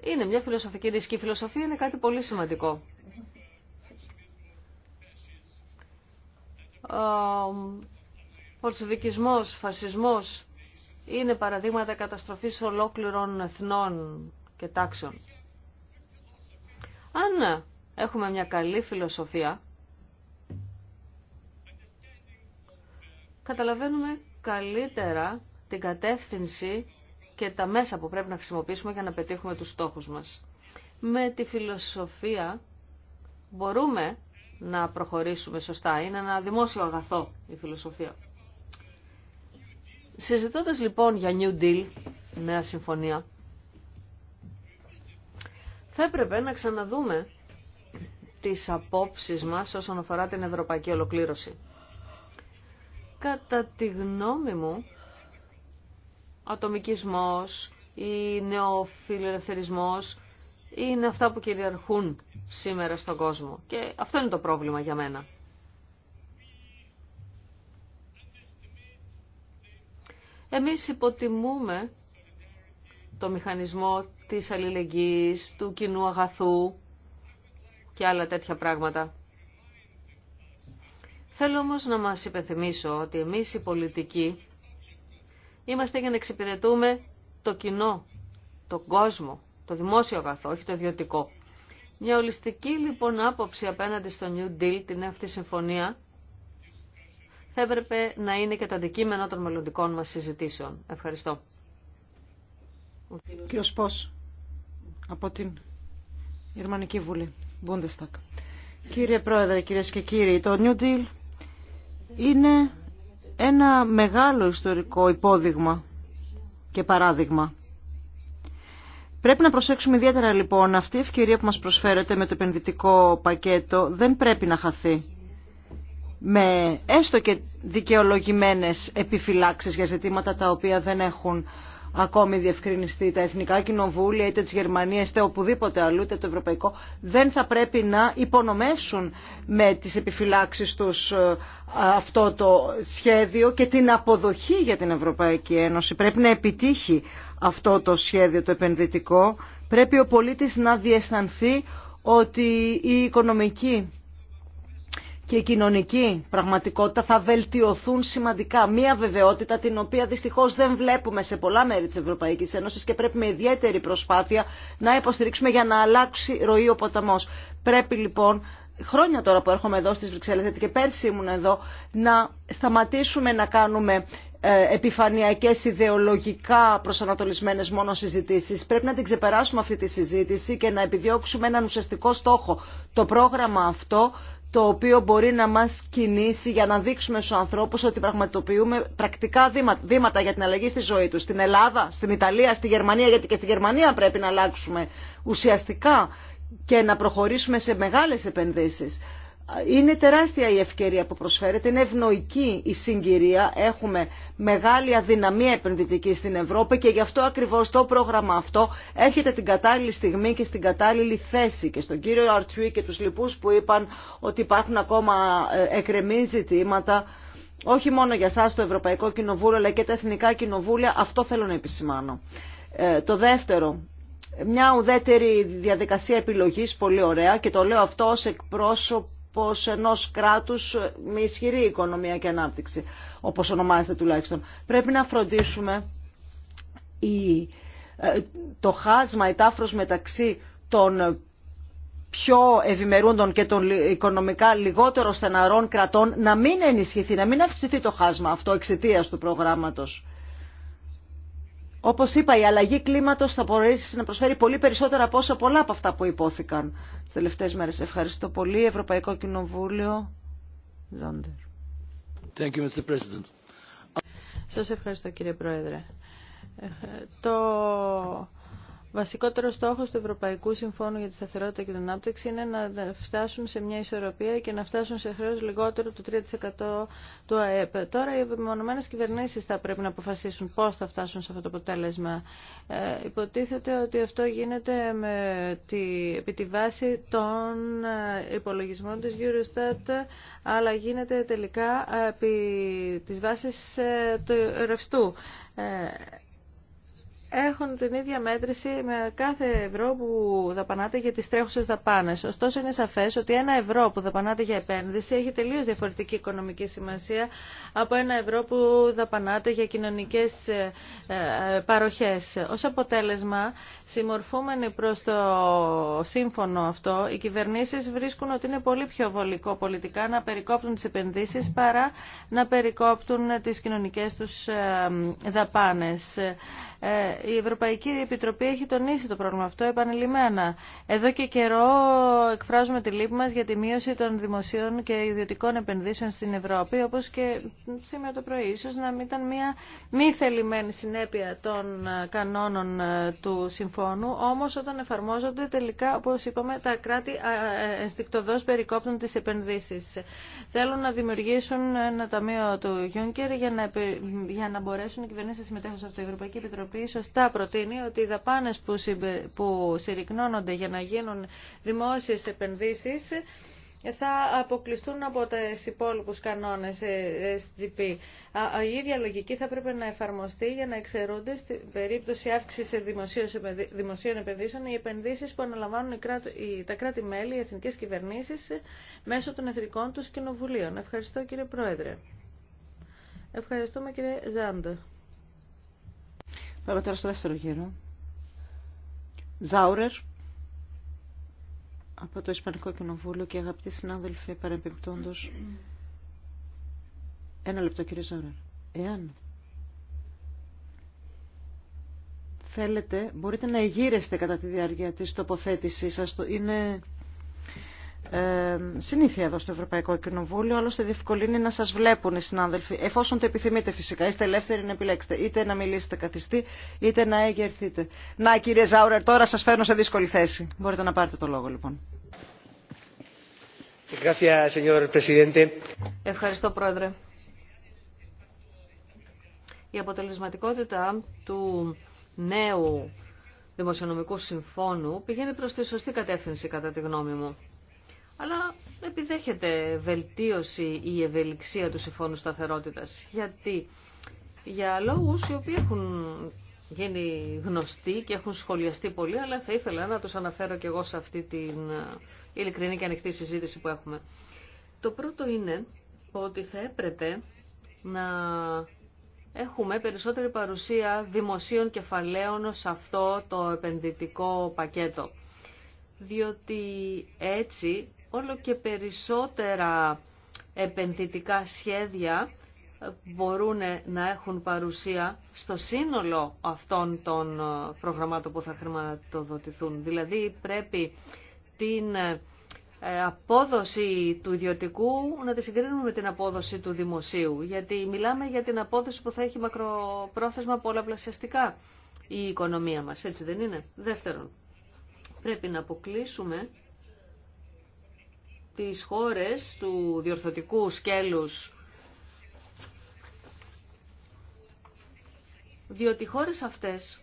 Είναι μια φιλοσοφική ρίσκη. Η φιλοσοφία είναι κάτι πολύ σημαντικό. Ο φασισμός είναι παραδείγματα καταστροφής ολόκληρων εθνών και τάξεων. Αν έχουμε μια καλή φιλοσοφία, καταλαβαίνουμε καλύτερα την κατεύθυνση και τα μέσα που πρέπει να χρησιμοποιήσουμε για να πετύχουμε τους στόχους μας. Με τη φιλοσοφία μπορούμε να προχωρήσουμε σωστά. Είναι ένα δημόσιο αγαθό η φιλοσοφία. Συζητώντας λοιπόν για New Deal, νέα συμφωνία, θα έπρεπε να ξαναδούμε τις απόψεις μας όσον αφορά την ευρωπαϊκή ολοκλήρωση. Κατά τη γνώμη μου, ατομικισμός ή νεοφιλελευθερισμός είναι αυτά που κυριαρχούν σήμερα στον κόσμο. Και αυτό είναι το πρόβλημα για μένα. Εμείς υποτιμούμε το μηχανισμό της αλληλεγγύης, του κοινού αγαθού και άλλα τέτοια πράγματα. Θέλω όμως να μας υπενθυμίσω ότι εμείς οι πολιτικοί είμαστε για να εξυπηρετούμε το κοινό, τον κόσμο, το δημόσιο αγαθό, όχι το ιδιωτικό. Μια ολιστική λοιπόν άποψη απέναντι στο New Deal, την αυτή συμφωνία, θα έπρεπε να είναι και το αντικείμενο των μελλοντικών μας συζητήσεων. Ευχαριστώ. κύριος από την Γερμανική Βουλή, Bundestag. Κύριε Πρόεδρε, κυρίες και κύριοι, το New Deal είναι ένα μεγάλο ιστορικό υπόδειγμα και παράδειγμα. Πρέπει να προσέξουμε ιδιαίτερα λοιπόν αυτή η ευκαιρία που μας προσφέρεται με το επενδυτικό πακέτο δεν πρέπει να χαθεί με έστω και δικαιολογημένες επιφυλάξεις για ζητήματα τα οποία δεν έχουν ακόμη διευκρινιστεί. Τα εθνικά κοινοβούλια, είτε τη Γερμανία, είτε οπουδήποτε αλλού, είτε το ευρωπαϊκό, δεν θα πρέπει να υπονομεύσουν με τι επιφυλάξει του ε, αυτό το σχέδιο και την αποδοχή για την Ευρωπαϊκή Ένωση. Πρέπει να επιτύχει αυτό το σχέδιο το επενδυτικό. Πρέπει ο πολίτης να διαισθανθεί ότι η οικονομική και η κοινωνική πραγματικότητα θα βελτιωθούν σημαντικά. Μία βεβαιότητα την οποία δυστυχώ δεν βλέπουμε σε πολλά μέρη τη Ευρωπαϊκή Ένωση και πρέπει με ιδιαίτερη προσπάθεια να υποστηρίξουμε για να αλλάξει ροή ο ποταμό. Πρέπει λοιπόν χρόνια τώρα που έρχομαι εδώ στις Βρυξέλλες, γιατί και πέρσι ήμουν εδώ, να σταματήσουμε να κάνουμε ε, επιφανειακές ιδεολογικά προσανατολισμένες μόνο συζητήσεις. Πρέπει να την ξεπεράσουμε αυτή τη συζήτηση και να επιδιώξουμε έναν ουσιαστικό στόχο. Το πρόγραμμα αυτό το οποίο μπορεί να μας κινήσει για να δείξουμε στους ανθρώπους ότι πραγματοποιούμε πρακτικά βήματα για την αλλαγή στη ζωή τους. Στην Ελλάδα, στην Ιταλία, στη Γερμανία, γιατί και στη Γερμανία πρέπει να αλλάξουμε ουσιαστικά και να προχωρήσουμε σε μεγάλες επενδύσεις. Είναι τεράστια η ευκαιρία που προσφέρεται, είναι ευνοϊκή η συγκυρία, έχουμε μεγάλη αδυναμία επενδυτική στην Ευρώπη και γι' αυτό ακριβώς το πρόγραμμα αυτό έχετε την κατάλληλη στιγμή και στην κατάλληλη θέση. Και στον κύριο Αρτσουή και τους λοιπούς που είπαν ότι υπάρχουν ακόμα ε, εκρεμή ζητήματα, όχι μόνο για εσά το Ευρωπαϊκό Κοινοβούλιο αλλά και τα Εθνικά Κοινοβούλια, αυτό θέλω να επισημάνω. Ε, το δεύτερο, μια ουδέτερη διαδικασία επιλογής, πολύ ωραία και το λέω αυτό ως εκπρόσωπο πως ενός κράτους με ισχυρή οικονομία και ανάπτυξη, όπως ονομάζεται τουλάχιστον. Πρέπει να φροντίσουμε η, ε, το χάσμα, η τάφρος μεταξύ των πιο ευημερούντων και των οικονομικά λιγότερο στεναρών κρατών να μην ενισχυθεί, να μην αυξηθεί το χάσμα αυτό εξαιτία του προγράμματος. Όπω είπα, η αλλαγή κλίματο θα μπορέσει να προσφέρει πολύ περισσότερα από όσα πολλά από αυτά που υπόθηκαν τι τελευταίε μέρε. Ευχαριστώ πολύ. Ευρωπαϊκό Κοινοβούλιο. Σα ευχαριστώ κύριε Πρόεδρε. Ε, το Βασικότερο στόχο του Ευρωπαϊκού Συμφώνου για τη Σταθερότητα και την Ανάπτυξη είναι να φτάσουν σε μια ισορροπία και να φτάσουν σε χρέο λιγότερο του 3% του ΑΕΠ. Τώρα οι επιμονωμένε κυβερνήσει θα πρέπει να αποφασίσουν πώ θα φτάσουν σε αυτό το αποτέλεσμα. Ε, υποτίθεται ότι αυτό γίνεται με τη, επί τη βάση των ε, υπολογισμών τη Eurostat, αλλά γίνεται τελικά επί τη βάση ε, του ρευστού. Ε, έχουν την ίδια μέτρηση με κάθε ευρώ που δαπανάτε για τις τρέχουσες δαπάνες. Ωστόσο είναι σαφές ότι ένα ευρώ που δαπανάτε για επένδυση έχει τελείως διαφορετική οικονομική σημασία από ένα ευρώ που δαπανάτε για κοινωνικές ε, ε, παροχές. Ως αποτέλεσμα, συμμορφούμενοι προς το σύμφωνο αυτό, οι κυβερνήσεις βρίσκουν ότι είναι πολύ πιο βολικό πολιτικά να περικόπτουν τις επενδύσεις παρά να περικόπτουν τις κοινωνικές τους ε, δαπάνες η Ευρωπαϊκή Επιτροπή έχει τονίσει το πρόβλημα αυτό επανειλημμένα. Εδώ και καιρό εκφράζουμε τη λύπη μας για τη μείωση των δημοσίων και ιδιωτικών επενδύσεων στην Ευρώπη, όπως και σήμερα το πρωί. Ίσως να μην ήταν μια μη θελημένη συνέπεια των ε, κανόνων ε, του συμφώνου, όμως όταν εφαρμόζονται τελικά, όπως είπαμε, τα κράτη ε, ενστικτοδός περικόπτουν τις επενδύσεις. Θέλουν να δημιουργήσουν ένα ταμείο του Γιούνκερ για να, για να μπορέσουν οι κυβερνήσεις να συμμετέχουν σε αυτή την Ευρωπαϊκή Επιτροπή θα προτείνει ότι οι δαπάνες που, συμπε... συρρυκνώνονται για να γίνουν δημόσιες επενδύσεις θα αποκλειστούν από τις υπόλοιπους κανόνες ε, SGP. Η ίδια λογική θα πρέπει να εφαρμοστεί για να εξαιρούνται στην περίπτωση αύξηση δημοσίων επενδύσεων οι επενδύσεις που αναλαμβάνουν τα κράτη-μέλη, οι εθνικές κυβερνήσεις μέσω των εθνικών τους κοινοβουλίων. Ευχαριστώ κύριε Πρόεδρε. Ευχαριστούμε κύριε Ζάντα. Πάμε τώρα στο δεύτερο γύρο. Ζάουρερ από το Ισπανικό Κοινοβούλιο και αγαπητοί συνάδελφοι παρεμπιπτόντος. Ένα λεπτό κύριε Ζάουρερ. Εάν θέλετε μπορείτε να εγείρεστε κατά τη διάρκεια της τοποθέτησής σας. Είναι ε, συνήθεια εδώ στο Ευρωπαϊκό Κοινοβούλιο. Άλλωστε, διευκολύνει να σα βλέπουν οι συνάδελφοι. Εφόσον το επιθυμείτε, φυσικά. Είστε ελεύθεροι να επιλέξετε. Είτε να μιλήσετε καθιστή, είτε να εγερθείτε. Να, κύριε Ζάουρερ, τώρα σα φέρνω σε δύσκολη θέση. Μπορείτε να πάρετε το λόγο, λοιπόν. Ευχαριστώ, Πρόεδρε. Η αποτελεσματικότητα του νέου δημοσιονομικού συμφώνου πηγαίνει προς τη σωστή κατεύθυνση κατά τη γνώμη μου αλλά επιδέχεται βελτίωση η ευελιξία του συμφώνου σταθερότητας. Γιατί για λόγους οι οποίοι έχουν γίνει γνωστοί και έχουν σχολιαστεί πολύ, αλλά θα ήθελα να τους αναφέρω και εγώ σε αυτή την ε, ειλικρινή και ανοιχτή συζήτηση που έχουμε. Το πρώτο είναι ότι θα έπρεπε να έχουμε περισσότερη παρουσία δημοσίων κεφαλαίων σε αυτό το επενδυτικό πακέτο. Διότι έτσι όλο και περισσότερα επενδυτικά σχέδια μπορούν να έχουν παρουσία στο σύνολο αυτών των ε, προγραμμάτων που θα χρηματοδοτηθούν. Δηλαδή πρέπει την ε, απόδοση του ιδιωτικού να τη συγκρίνουμε με την απόδοση του δημοσίου. Γιατί μιλάμε για την απόδοση που θα έχει μακροπρόθεσμα πολλαπλασιαστικά η οικονομία μας. Έτσι δεν είναι. Δεύτερον, πρέπει να αποκλείσουμε τις χώρες του διορθωτικού σκέλους διότι οι χώρες αυτές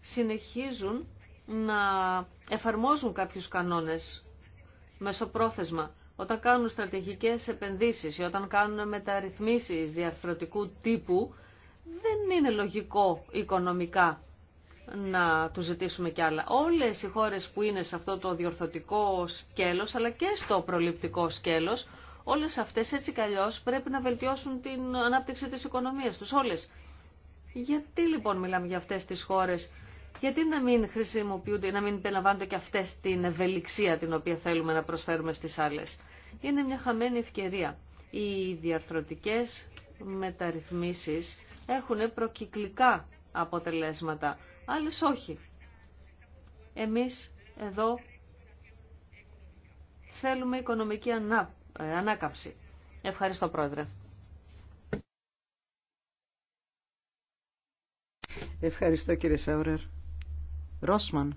συνεχίζουν να εφαρμόζουν κάποιους κανόνες μεσοπρόθεσμα όταν κάνουν στρατηγικές επενδύσεις ή όταν κάνουν μεταρρυθμίσεις διαρθρωτικού τύπου δεν είναι λογικό οικονομικά να του ζητήσουμε κι άλλα. Όλες οι χώρες που είναι σε αυτό το διορθωτικό σκέλος, αλλά και στο προληπτικό σκέλος, όλες αυτές έτσι κι πρέπει να βελτιώσουν την ανάπτυξη της οικονομίας τους, όλες. Γιατί λοιπόν μιλάμε για αυτές τις χώρες, γιατί να μην χρησιμοποιούνται, να μην περιλαμβάνονται και αυτές την ευελιξία την οποία θέλουμε να προσφέρουμε στις άλλες. Είναι μια χαμένη ευκαιρία. Οι διαρθρωτικές μεταρρυθμίσεις έχουν προκυκλικά αποτελέσματα άλλες όχι. Εμείς εδώ θέλουμε οικονομική ε, ανά... Ευχαριστώ Πρόεδρε. Ευχαριστώ κύριε Σάουρερ. Ρόσμαν,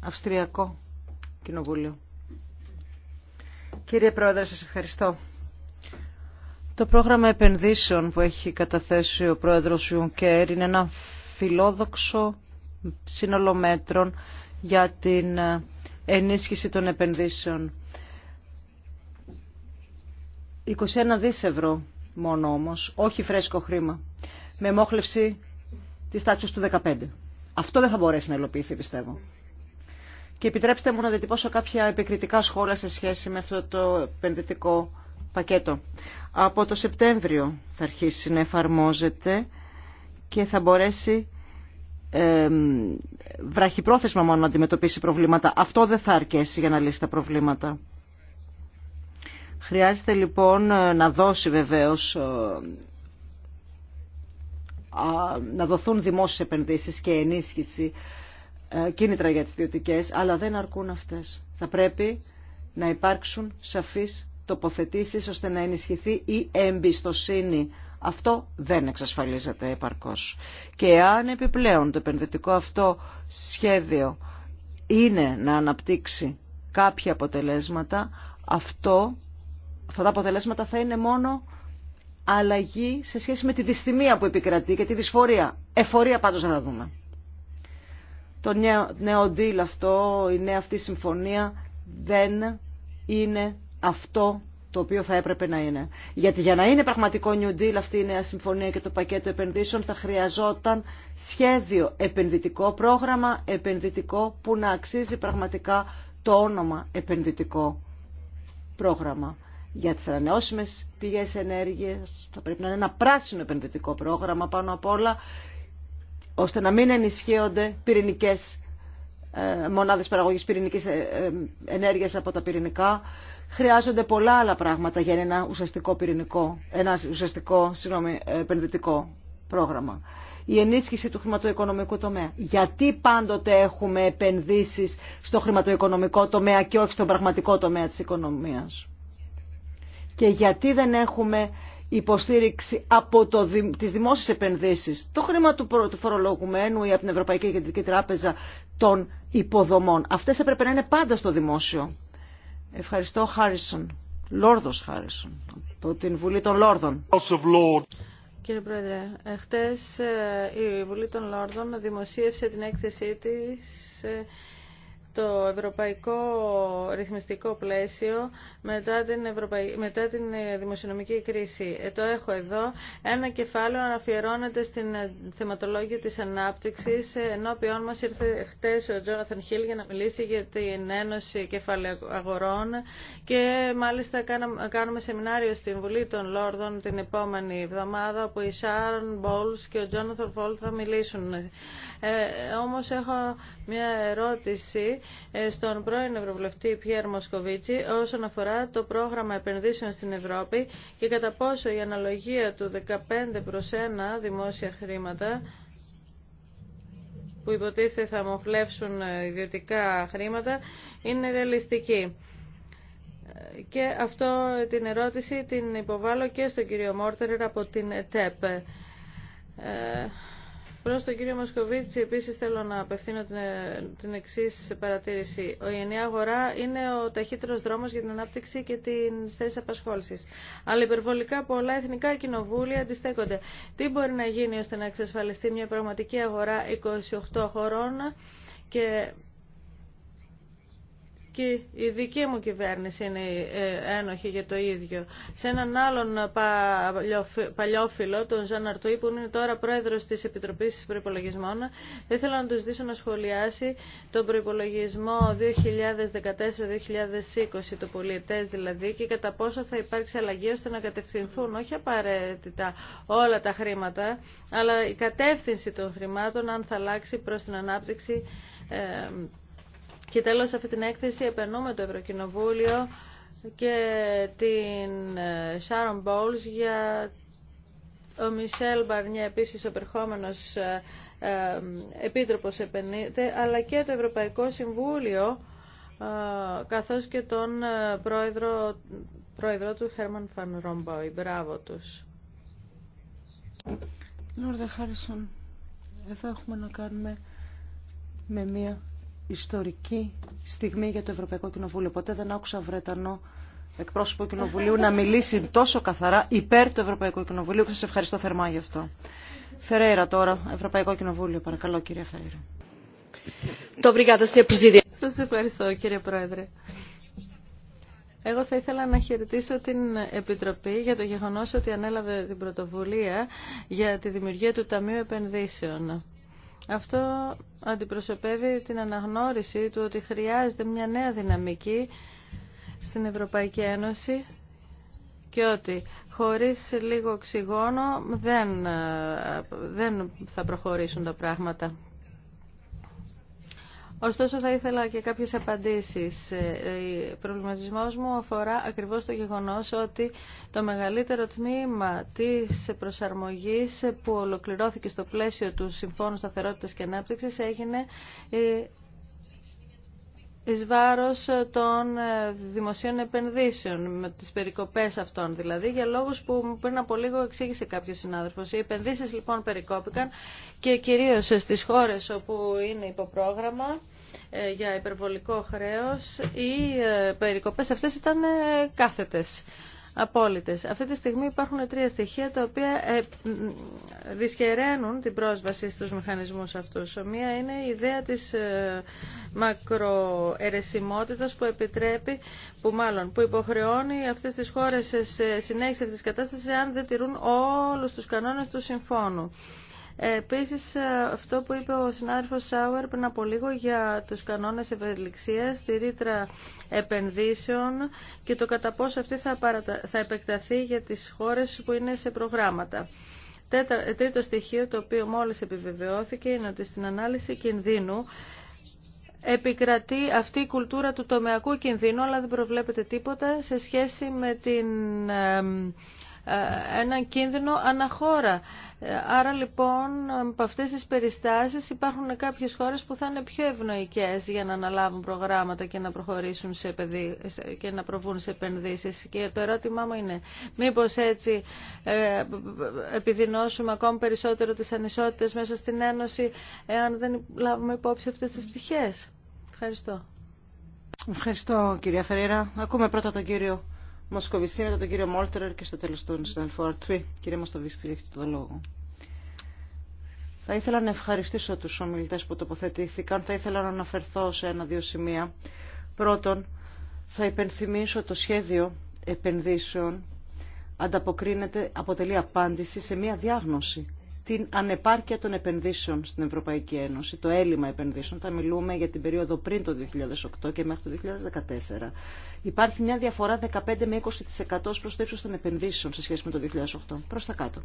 Αυστριακό Κοινοβούλιο. Κύριε Πρόεδρε, σας ευχαριστώ. Το πρόγραμμα επενδύσεων που έχει καταθέσει ο Πρόεδρος Ιουνκέρ είναι ένα φιλόδοξο σύνολο μέτρων για την ενίσχυση των επενδύσεων. 21 δις ευρώ μόνο όμως, όχι φρέσκο χρήμα, με μόχλευση της τάξης του 15. Αυτό δεν θα μπορέσει να υλοποιηθεί πιστεύω. Και επιτρέψτε μου να διατυπώσω κάποια επικριτικά σχόλια σε σχέση με αυτό το επενδυτικό πακέτο. Από το Σεπτέμβριο θα αρχίσει να εφαρμόζεται και θα μπορέσει ε, βραχυπρόθεσμα μόνο να αντιμετωπίσει προβλήματα. Αυτό δεν θα αρκέσει για να λύσει τα προβλήματα. Χρειάζεται λοιπόν να δώσει βεβαίως να δοθούν δημόσιες επενδύσεις και ενίσχυση ε, κίνητρα για τις ιδιωτικέ, αλλά δεν αρκούν αυτές. Θα πρέπει να υπάρξουν σαφείς τοποθετήσεις ώστε να ενισχυθεί η εμπιστοσύνη αυτό δεν εξασφαλίζεται επαρκώς. Και αν επιπλέον το επενδυτικό αυτό σχέδιο είναι να αναπτύξει κάποια αποτελέσματα, αυτό, αυτά τα αποτελέσματα θα είναι μόνο αλλαγή σε σχέση με τη δυστημία που επικρατεί και τη δυσφορία. Εφορία πάντως θα θα δούμε. Το νέο, νέο deal αυτό, η νέα αυτή συμφωνία δεν είναι αυτό το οποίο θα έπρεπε να είναι. Γιατί για να είναι πραγματικό New Deal αυτή η νέα συμφωνία και το πακέτο επενδύσεων θα χρειαζόταν σχέδιο επενδυτικό, πρόγραμμα επενδυτικό που να αξίζει πραγματικά το όνομα επενδυτικό πρόγραμμα. Για τις ανανεώσιμες πηγές ενέργειας θα πρέπει να είναι ένα πράσινο επενδυτικό πρόγραμμα πάνω απ' όλα ώστε να μην ενισχύονται πυρηνικές ε, μονάδες παραγωγής πυρηνικής ε, ε, ενέργειας από τα πυρηνικά χρειάζονται πολλά άλλα πράγματα για ένα ουσιαστικό πυρηνικό, ένα ουσιαστικό συγγνώμη, ε, επενδυτικό πρόγραμμα. Η ενίσχυση του χρηματοοικονομικού τομέα. Γιατί πάντοτε έχουμε επενδύσεις στο χρηματοοικονομικό τομέα και όχι στον πραγματικό τομέα της οικονομίας. Και γιατί δεν έχουμε υποστήριξη από το, τις δημόσιες επενδύσεις, το χρήμα του, του φορολογουμένου ή από την Ευρωπαϊκή Κεντρική Τράπεζα των υποδομών. Αυτές έπρεπε να είναι πάντα στο δημόσιο. Ευχαριστώ Χάρισον, Λόρδο Χάρισον, από την Βουλή των Λόρδων. Κύριε Πρόεδρε, χτες ε, η Βουλή των Λόρδων δημοσίευσε την έκθεσή της ε, το ευρωπαϊκό ρυθμιστικό πλαίσιο μετά την, Ευρωπαϊ... μετά την δημοσιονομική κρίση. Ε, το έχω εδώ. Ένα κεφάλαιο αναφιερώνεται στην ε, θεματολογία της ανάπτυξης. Ε, ποιον μας ήρθε χτες ο Τζόναθαν Χίλ για να μιλήσει για την Ένωση Κεφαλαίου Αγορών και μάλιστα κάνουμε σεμινάριο στην Βουλή των Λόρδων την επόμενη εβδομάδα που η Σάρον και ο Τζόναθαν Φόλτ θα μιλήσουν. Ε, όμως έχω μια ερώτηση ε, στον πρώην Ευρωβουλευτή Πιέρ Μοσκοβίτσι όσον αφορά το πρόγραμμα επενδύσεων στην Ευρώπη και κατά πόσο η αναλογία του 15 προς 1 δημόσια χρήματα που υποτίθεται θα μοχλεύσουν ε, ιδιωτικά χρήματα είναι ρεαλιστική. Και αυτό ε, την ερώτηση την υποβάλλω και στον κύριο Μόρτερ από την ΕΤΕΠ. Προς τον κύριο Μασκοβίτση επίσης θέλω να απευθύνω την, την εξή παρατήρηση. Ο ενιαία αγορά είναι ο ταχύτερος δρόμος για την ανάπτυξη και την θέση απασχόληση. Αλλά υπερβολικά πολλά εθνικά κοινοβούλια αντιστέκονται. Τι μπορεί να γίνει ώστε να εξασφαλιστεί μια πραγματική αγορά 28 χωρών και και η δική μου κυβέρνηση είναι ε, ένοχη για το ίδιο. Σε έναν άλλον παλιόφιλο, τον Ζαν Αρτουή, που είναι τώρα πρόεδρος της Επιτροπής Προϋπολογισμών, ήθελα να τους ζητήσω να σχολιάσει τον προϋπολογισμό 2014-2020, το πολιτές δηλαδή, και κατά πόσο θα υπάρξει αλλαγή ώστε να κατευθυνθούν όχι απαραίτητα όλα τα χρήματα, αλλά η κατεύθυνση των χρημάτων αν θα αλλάξει προς την ανάπτυξη ε, και τέλος αυτή την έκθεση επενούμε το Ευρωκοινοβούλιο και την ε, Sharon Bowles για ο Μισελ Μπαρνιέ, επίσης ο περχόμενος ε, ε, επίτροπος επενείται, αλλά και το Ευρωπαϊκό Συμβούλιο, καθώς και τον πρόεδρο, του Χέρμαν Φαν Ρόμποϊ. Μπράβο τους. Λόρδε Χάρισον, εδώ έχουμε να κάνουμε με μία ιστορική στιγμή για το Ευρωπαϊκό Κοινοβούλιο. Ποτέ δεν άκουσα Βρετανό εκπρόσωπο Κοινοβουλίου να μιλήσει τόσο καθαρά υπέρ του Ευρωπαϊκού Κοινοβουλίου και σα ευχαριστώ θερμά γι' αυτό. Φερέιρα τώρα, Ευρωπαϊκό Κοινοβούλιο, παρακαλώ κυρία Φερέιρα. Σα ευχαριστώ κύριε Πρόεδρε. Εγώ θα ήθελα να χαιρετήσω την Επιτροπή για το γεγονός ότι ανέλαβε την πρωτοβουλία για τη δημιουργία του Ταμείου Επενδύσεων. Αυτό αντιπροσωπεύει την αναγνώριση του ότι χρειάζεται μια νέα δυναμική στην Ευρωπαϊκή Ένωση και ότι χωρίς λίγο οξυγόνο δεν, ε, δεν θα προχωρήσουν τα πράγματα. Ωστόσο θα ήθελα και κάποιες απαντήσεις. Ε, ε, ο προβληματισμός μου αφορά ακριβώς το γεγονός ότι το μεγαλύτερο τμήμα της προσαρμογής που ολοκληρώθηκε στο πλαίσιο του Συμφώνου Σταθερότητας και Ανάπτυξης έγινε ε, εις βάρος ε, των ε, δημοσίων επενδύσεων, με τις περικοπές αυτών δηλαδή, για λόγους που πριν από λίγο εξήγησε κάποιος συνάδελφος. Οι επενδύσεις λοιπόν περικόπηκαν και κυρίως ε, στις χώρες όπου είναι υποπρόγραμμα για υπερβολικό χρέος, οι περικοπές αυτές ήταν κάθετες απόλυτες. Αυτή τη στιγμή υπάρχουν τρία στοιχεία τα οποία ε, δυσχεραίνουν την πρόσβαση στους μηχανισμούς αυτούς. Μία είναι η ιδέα της ε, μακροαιρεσιμότητας που επιτρέπει, που μάλλον που υποχρεώνει αυτές τις χώρες σε συνέχιση αυτής της κατάστασης αν δεν τηρούν όλους τους κανόνες του συμφώνου. Ε, Επίση, ε, αυτό που είπε ο συνάδελφο Σάουερ πριν από λίγο για τους κανόνες ευελιξία, τη ρήτρα επενδύσεων και το κατά πόσο αυτή θα, θα επεκταθεί για τις χώρες που είναι σε προγράμματα. Τέτα... Τρίτο στοιχείο το οποίο μόλις επιβεβαιώθηκε είναι ότι στην ανάλυση κινδύνου επικρατεί αυτή η κουλτούρα του τομεακού κινδύνου αλλά δεν προβλέπεται τίποτα σε σχέση με την ε, έναν κίνδυνο αναχώρα. Ε, άρα λοιπόν από αυτές τις περιστάσεις υπάρχουν κάποιες χώρες που θα είναι πιο ευνοϊκές για να αναλάβουν προγράμματα και να προχωρήσουν σε παιδι και να προβούν σε επενδύσεις. Και το ερώτημά μου είναι μήπως έτσι ε, επιδεινώσουμε ακόμη περισσότερο τις ανισότητες μέσα στην Ένωση εάν δεν λάβουμε υπόψη αυτές τις πτυχές. Ευχαριστώ. Ευχαριστώ κυρία Φερέρα. Ακούμε πρώτα τον κύριο Μοσκοβισή, μετά τον κύριο Μόλτερερ και στο τέλος τον συναδελφό Αρτουή. Κύριε Μοστοβίσκη, έχετε το λόγο. Θα ήθελα να ευχαριστήσω τους ομιλητές που τοποθετήθηκαν. Θα ήθελα να αναφερθώ σε ένα-δύο σημεία. Πρώτον, θα υπενθυμίσω το σχέδιο επενδύσεων ανταποκρίνεται, αποτελεί απάντηση σε μία διάγνωση την ανεπάρκεια των επενδύσεων στην Ευρωπαϊκή Ένωση, το έλλειμμα επενδύσεων, τα μιλούμε για την περίοδο πριν το 2008 και μέχρι το 2014. Υπάρχει μια διαφορά 15 με 20% προς το ύψος των επενδύσεων σε σχέση με το 2008, προς τα κάτω.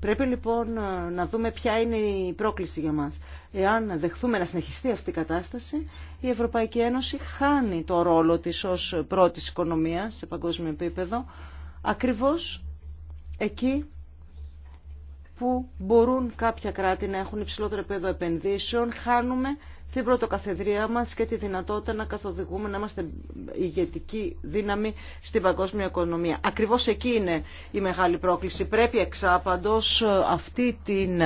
Πρέπει λοιπόν ε, να δούμε ποια είναι η πρόκληση για μας. Εάν δεχθούμε να συνεχιστεί αυτή η κατάσταση, η Ευρωπαϊκή Ένωση χάνει το ρόλο της ως πρώτης οικονομία σε παγκόσμιο επίπεδο, ακριβώς εκεί που μπορούν κάποια κράτη να έχουν υψηλότερο επίπεδο επενδύσεων, χάνουμε την πρωτοκαθεδρία μας και τη δυνατότητα να καθοδηγούμε, να είμαστε ηγετική δύναμη στην παγκόσμια οικονομία. Ακριβώς εκεί είναι η μεγάλη πρόκληση. Πρέπει εξάπαντος αυτή την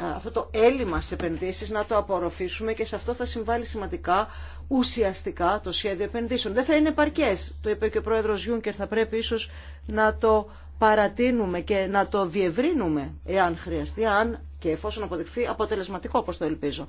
αυτό το έλλειμμα σε επενδύσεις να το απορροφήσουμε και σε αυτό θα συμβάλλει σημαντικά ουσιαστικά το σχέδιο επενδύσεων. Δεν θα είναι παρκές, το είπε και ο πρόεδρος Γιούνκερ, θα πρέπει ίσως να το παρατείνουμε και να το διευρύνουμε εάν χρειαστεί, αν και εφόσον αποδειχθεί αποτελεσματικό όπως το ελπίζω.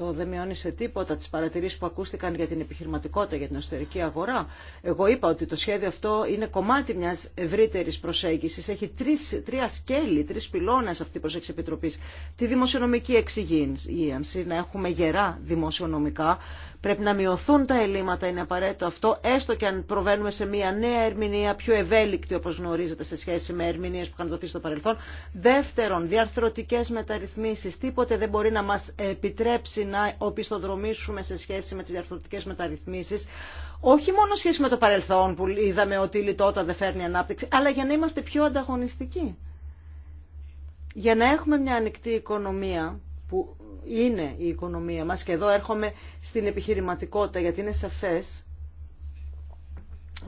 Αυτό δεν μειώνει σε τίποτα τις παρατηρήσεις που ακούστηκαν για την επιχειρηματικότητα, για την εσωτερική αγορά. Εγώ είπα ότι το σχέδιο αυτό είναι κομμάτι μιας ευρύτερης προσέγγισης. Έχει τρεις, τρία σκέλη, τρεις πυλώνες αυτή η προσέγγιση επιτροπής. Τη δημοσιονομική εξυγίανση, να έχουμε γερά δημοσιονομικά. Πρέπει να μειωθούν τα ελλείμματα, είναι απαραίτητο αυτό, έστω και αν προβαίνουμε σε μια νέα ερμηνεία, πιο ευέλικτη όπως γνωρίζετε σε σχέση με ερμηνείε που είχαν δοθεί στο παρελθόν. Δεύτερον, διαρθρωτικές μεταρρυθμίσεις. Τίποτε δεν μπορεί να μας επιτρέψει να οπισθοδρομήσουμε σε σχέση με τις διαρθρωτικές μεταρρυθμίσεις, όχι μόνο σχέση με το παρελθόν που είδαμε ότι η λιτότητα δεν φέρνει ανάπτυξη, αλλά για να είμαστε πιο ανταγωνιστικοί. Για να έχουμε μια ανοιχτή οικονομία που είναι η οικονομία μας και εδώ έρχομαι στην επιχειρηματικότητα γιατί είναι σαφές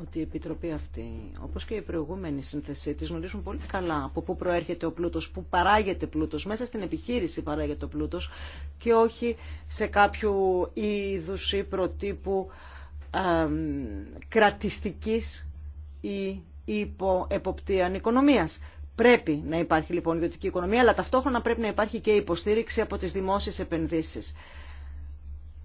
ότι η Επιτροπή αυτή, όπως και η προηγούμενη σύνθεσή της, γνωρίζουν πολύ καλά από πού προέρχεται ο πλούτος, πού παράγεται πλούτος, μέσα στην επιχείρηση παράγεται ο πλούτος και όχι σε κάποιο είδους ή προτύπου ε, κρατιστικής ή υποεποπτείαν οικονομίας. Πρέπει να υπάρχει λοιπόν ιδιωτική οικονομία, αλλά ταυτόχρονα πρέπει να υπάρχει και υποστήριξη από τις δημόσιες επενδύσεις.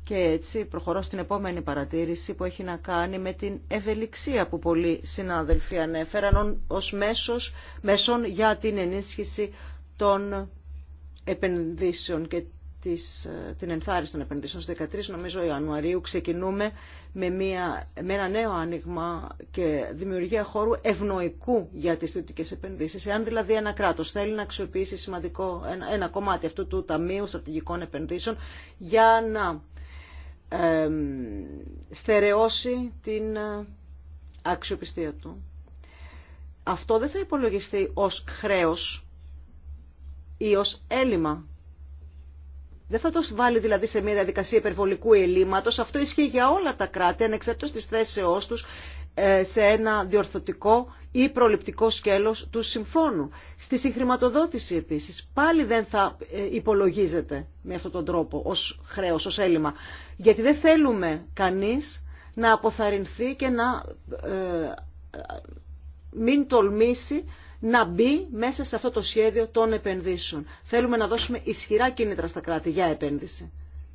Και έτσι προχωρώ στην επόμενη παρατήρηση που έχει να κάνει με την ευελιξία που πολλοί συνάδελφοι ανέφεραν ως μέσος, μέσον για την ενίσχυση των επενδύσεων και της, ε, την ενθάρρυνση των επενδύσεων. Στις 13 νομίζω Ιανουαρίου ξεκινούμε με, μια, με ένα νέο άνοιγμα και δημιουργία χώρου ευνοϊκού για τις θετικές επενδύσεις. Εάν δηλαδή ένα κράτος θέλει να αξιοποιήσει σημαντικό ένα, κομμάτι αυτού του Ταμείου Στρατηγικών Επενδύσεων για να στερεώσει την ε, αξιοπιστία του. Αυτό δεν θα υπολογιστεί ως χρέος ή ως έλλειμμα. Δεν θα το βάλει δηλαδή σε μια διαδικασία υπερβολικού ελλείμματος. Αυτό ισχύει για όλα τα κράτη, ανεξαρτήτως της θέσεώς τους, ε, σε ένα διορθωτικό ή προληπτικό σκέλος του συμφώνου. Στη συγχρηματοδότηση επίσης πάλι δεν θα ε, υπολογίζεται με αυτόν τον τρόπο ως χρέος, ως έλλειμμα. Γιατί δεν θέλουμε κανείς να αποθαρρυνθεί και να ε, μην τολμήσει να μπει μέσα σε αυτό το σχέδιο των επενδύσεων. Θέλουμε να δώσουμε ισχυρά κίνητρα στα κράτη για επένδυση.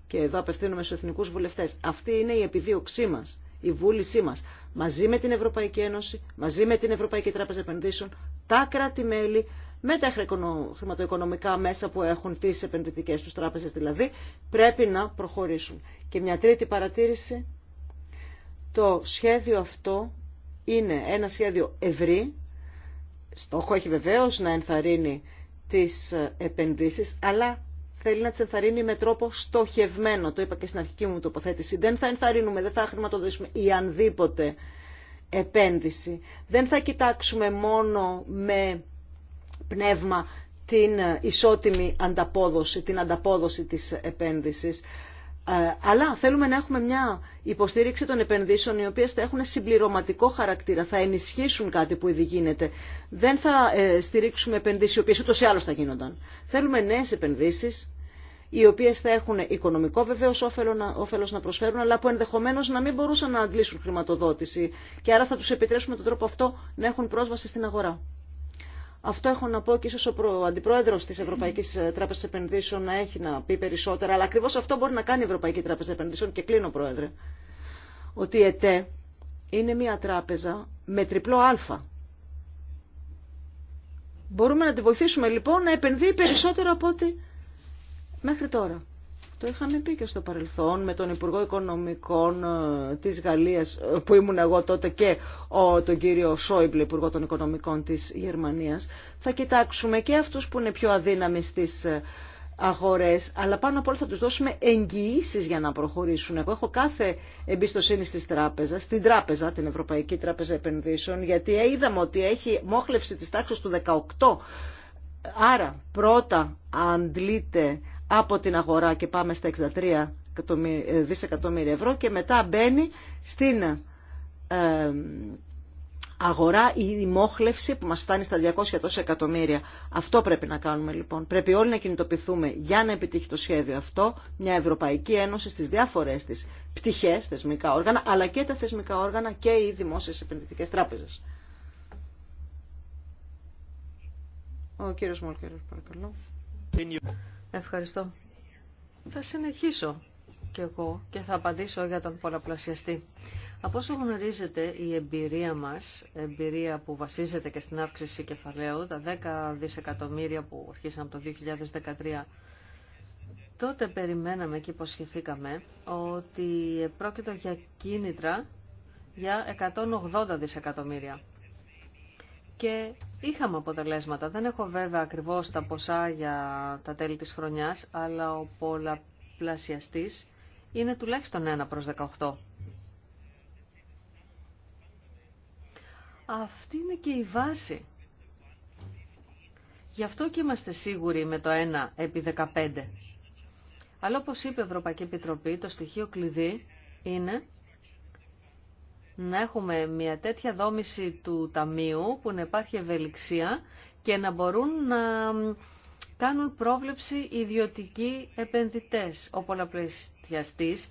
Και εδώ απευθύνουμε στους εθνικούς βουλευτές. Αυτή είναι η επιδίωξή μας η βούλησή μας μαζί με την Ευρωπαϊκή Ένωση, μαζί με την Ευρωπαϊκή Τράπεζα Επενδύσεων, τα κράτη-μέλη, με τα χρηματοοικονομικά μέσα που έχουν τις επενδυτικές τους τράπεζες δηλαδή, πρέπει να προχωρήσουν. Και μια τρίτη παρατήρηση, το σχέδιο αυτό είναι ένα σχέδιο ευρύ, στόχο έχει βεβαίως να ενθαρρύνει τις επενδύσεις, αλλά θέλει να τι ενθαρρύνει με τρόπο στοχευμένο. Το είπα και στην αρχική μου τοποθέτηση. Δεν θα ενθαρρύνουμε, δεν θα χρηματοδοτήσουμε ή ανδήποτε επένδυση. Δεν θα κοιτάξουμε μόνο με πνεύμα την ισότιμη ανταπόδοση, την ανταπόδοση της επένδυσης. Ε, αλλά θέλουμε να έχουμε μια υποστήριξη των επενδύσεων οι οποίες θα έχουν συμπληρωματικό χαρακτήρα, θα ενισχύσουν κάτι που ήδη γίνεται. Δεν θα ε, στηρίξουμε επενδύσεις οι οποίες ούτως ή άλλως θα γίνονταν. Θέλουμε νέες επενδύσεις οι οποίες θα έχουν οικονομικό βεβαίως όφελος να προσφέρουν, αλλά που ενδεχομένως να μην μπορούσαν να αντλήσουν χρηματοδότηση και άρα θα τους επιτρέψουμε τον τρόπο αυτό να έχουν πρόσβαση στην αγορά. Αυτό έχω να πω και ίσω ο Αντιπρόεδρο τη Ευρωπαϊκή ε, Τράπεζα Επενδύσεων να έχει να πει περισσότερα, αλλά ακριβώ αυτό μπορεί να κάνει η Ευρωπαϊκή Τράπεζα Επενδύσεων και κλείνω, Πρόεδρε. Ότι η ΕΤΕ είναι μια τράπεζα με τριπλό Α. Μπορούμε να τη βοηθήσουμε λοιπόν να επενδύει περισσότερο από ό,τι μέχρι τώρα. Το είχαμε πει και στο παρελθόν με τον Υπουργό Οικονομικών ε, της Γαλλίας ε, που ήμουν εγώ τότε και ο, τον κύριο Σόιμπλε, Υπουργό των Οικονομικών της Γερμανίας. Θα κοιτάξουμε και αυτούς που είναι πιο αδύναμοι στις ε, αγορές, αλλά πάνω απ' όλα θα τους δώσουμε εγγυήσει για να προχωρήσουν. Εγώ έχω κάθε εμπιστοσύνη στις τράπεζα, στην τράπεζα, την Ευρωπαϊκή Τράπεζα Επενδύσεων, γιατί είδαμε ότι έχει μόχλευση της τάξης του 18%. Άρα πρώτα αντλείται από την αγορά και πάμε στα 63 ε, δισεκατομμύρια ευρώ και μετά μπαίνει στην ε, αγορά η μόχλευση που μας φτάνει στα 200 εκατομμύρια. Αυτό πρέπει να κάνουμε λοιπόν. Πρέπει όλοι να κινητοποιηθούμε για να επιτύχει το σχέδιο αυτό μια Ευρωπαϊκή Ένωση στις διάφορες της πτυχές, θεσμικά όργανα, αλλά και τα θεσμικά όργανα και οι δημόσιες επενδυτικές τράπεζες. Ευχαριστώ. Θα συνεχίσω και εγώ και θα απαντήσω για τον πολλαπλασιαστή. Από όσο γνωρίζετε, η εμπειρία μας, εμπειρία που βασίζεται και στην αύξηση κεφαλαίου, τα 10 δισεκατομμύρια που αρχίσαμε το 2013, τότε περιμέναμε και υποσχεθήκαμε ότι πρόκειται για κίνητρα για 180 δισεκατομμύρια και είχαμε αποτελέσματα. Δεν έχω βέβαια ακριβώς τα ποσά για τα τέλη της χρονιάς, αλλά ο πολλαπλασιαστής είναι τουλάχιστον 1 προς 18. Αυτή είναι και η βάση. Γι' αυτό και είμαστε σίγουροι με το 1 επί 15. Αλλά όπως είπε η Ευρωπαϊκή Επιτροπή, το στοιχείο κλειδί είναι να έχουμε μια τέτοια δόμηση του ταμείου που να υπάρχει ευελιξία και να μπορούν να κάνουν πρόβλεψη ιδιωτικοί επενδυτές. Ο πολλαπλασιαστής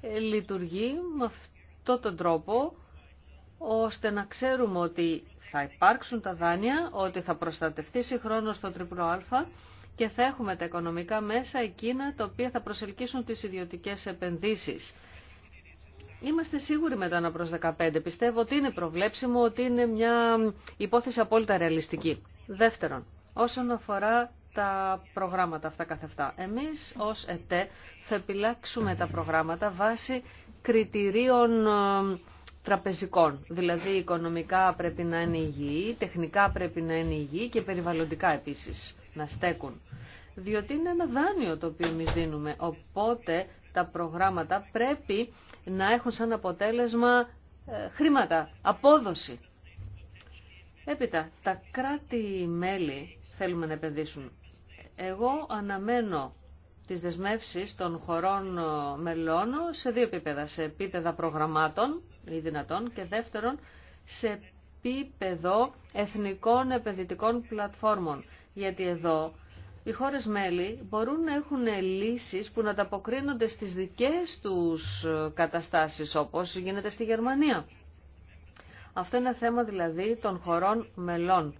ε, λειτουργεί με αυτόν τον τρόπο ώστε να ξέρουμε ότι θα υπάρξουν τα δάνεια, ότι θα προστατευτεί συγχρόνω το τριπλό Α και θα έχουμε τα οικονομικά μέσα εκείνα τα οποία θα προσελκύσουν τις ιδιωτικές επενδύσεις Είμαστε σίγουροι με το 1 προς 15. Πιστεύω ότι είναι προβλέψιμο, ότι είναι μια υπόθεση απόλυτα ρεαλιστική. Δεύτερον, όσον αφορά τα προγράμματα αυτά καθ' αυτά. Εμείς ως ΕΤΕ θα επιλέξουμε τα προγράμματα βάσει κριτηρίων ε, τραπεζικών. Δηλαδή οικονομικά πρέπει να είναι υγιή, τεχνικά πρέπει να είναι υγιή και περιβαλλοντικά επίσης να στέκουν. Διότι είναι ένα δάνειο το οποίο εμεί δίνουμε. Οπότε τα προγράμματα πρέπει να έχουν σαν αποτέλεσμα ε, χρήματα, απόδοση. Έπειτα, τα κράτη-μέλη θέλουμε να επενδύσουν. Εγώ αναμένω τις δεσμεύσεις των χωρών ε, μελών σε δύο επίπεδα. Σε επίπεδα προγραμμάτων ή δυνατών και δεύτερον σε επίπεδο εθνικών επενδυτικών πλατφόρμων. Γιατί εδώ οι χώρες μέλη μπορούν να έχουν λύσεις που να ανταποκρίνονται στις δικές τους καταστάσεις, όπως γίνεται στη Γερμανία. Αυτό είναι θέμα δηλαδή των χωρών μελών.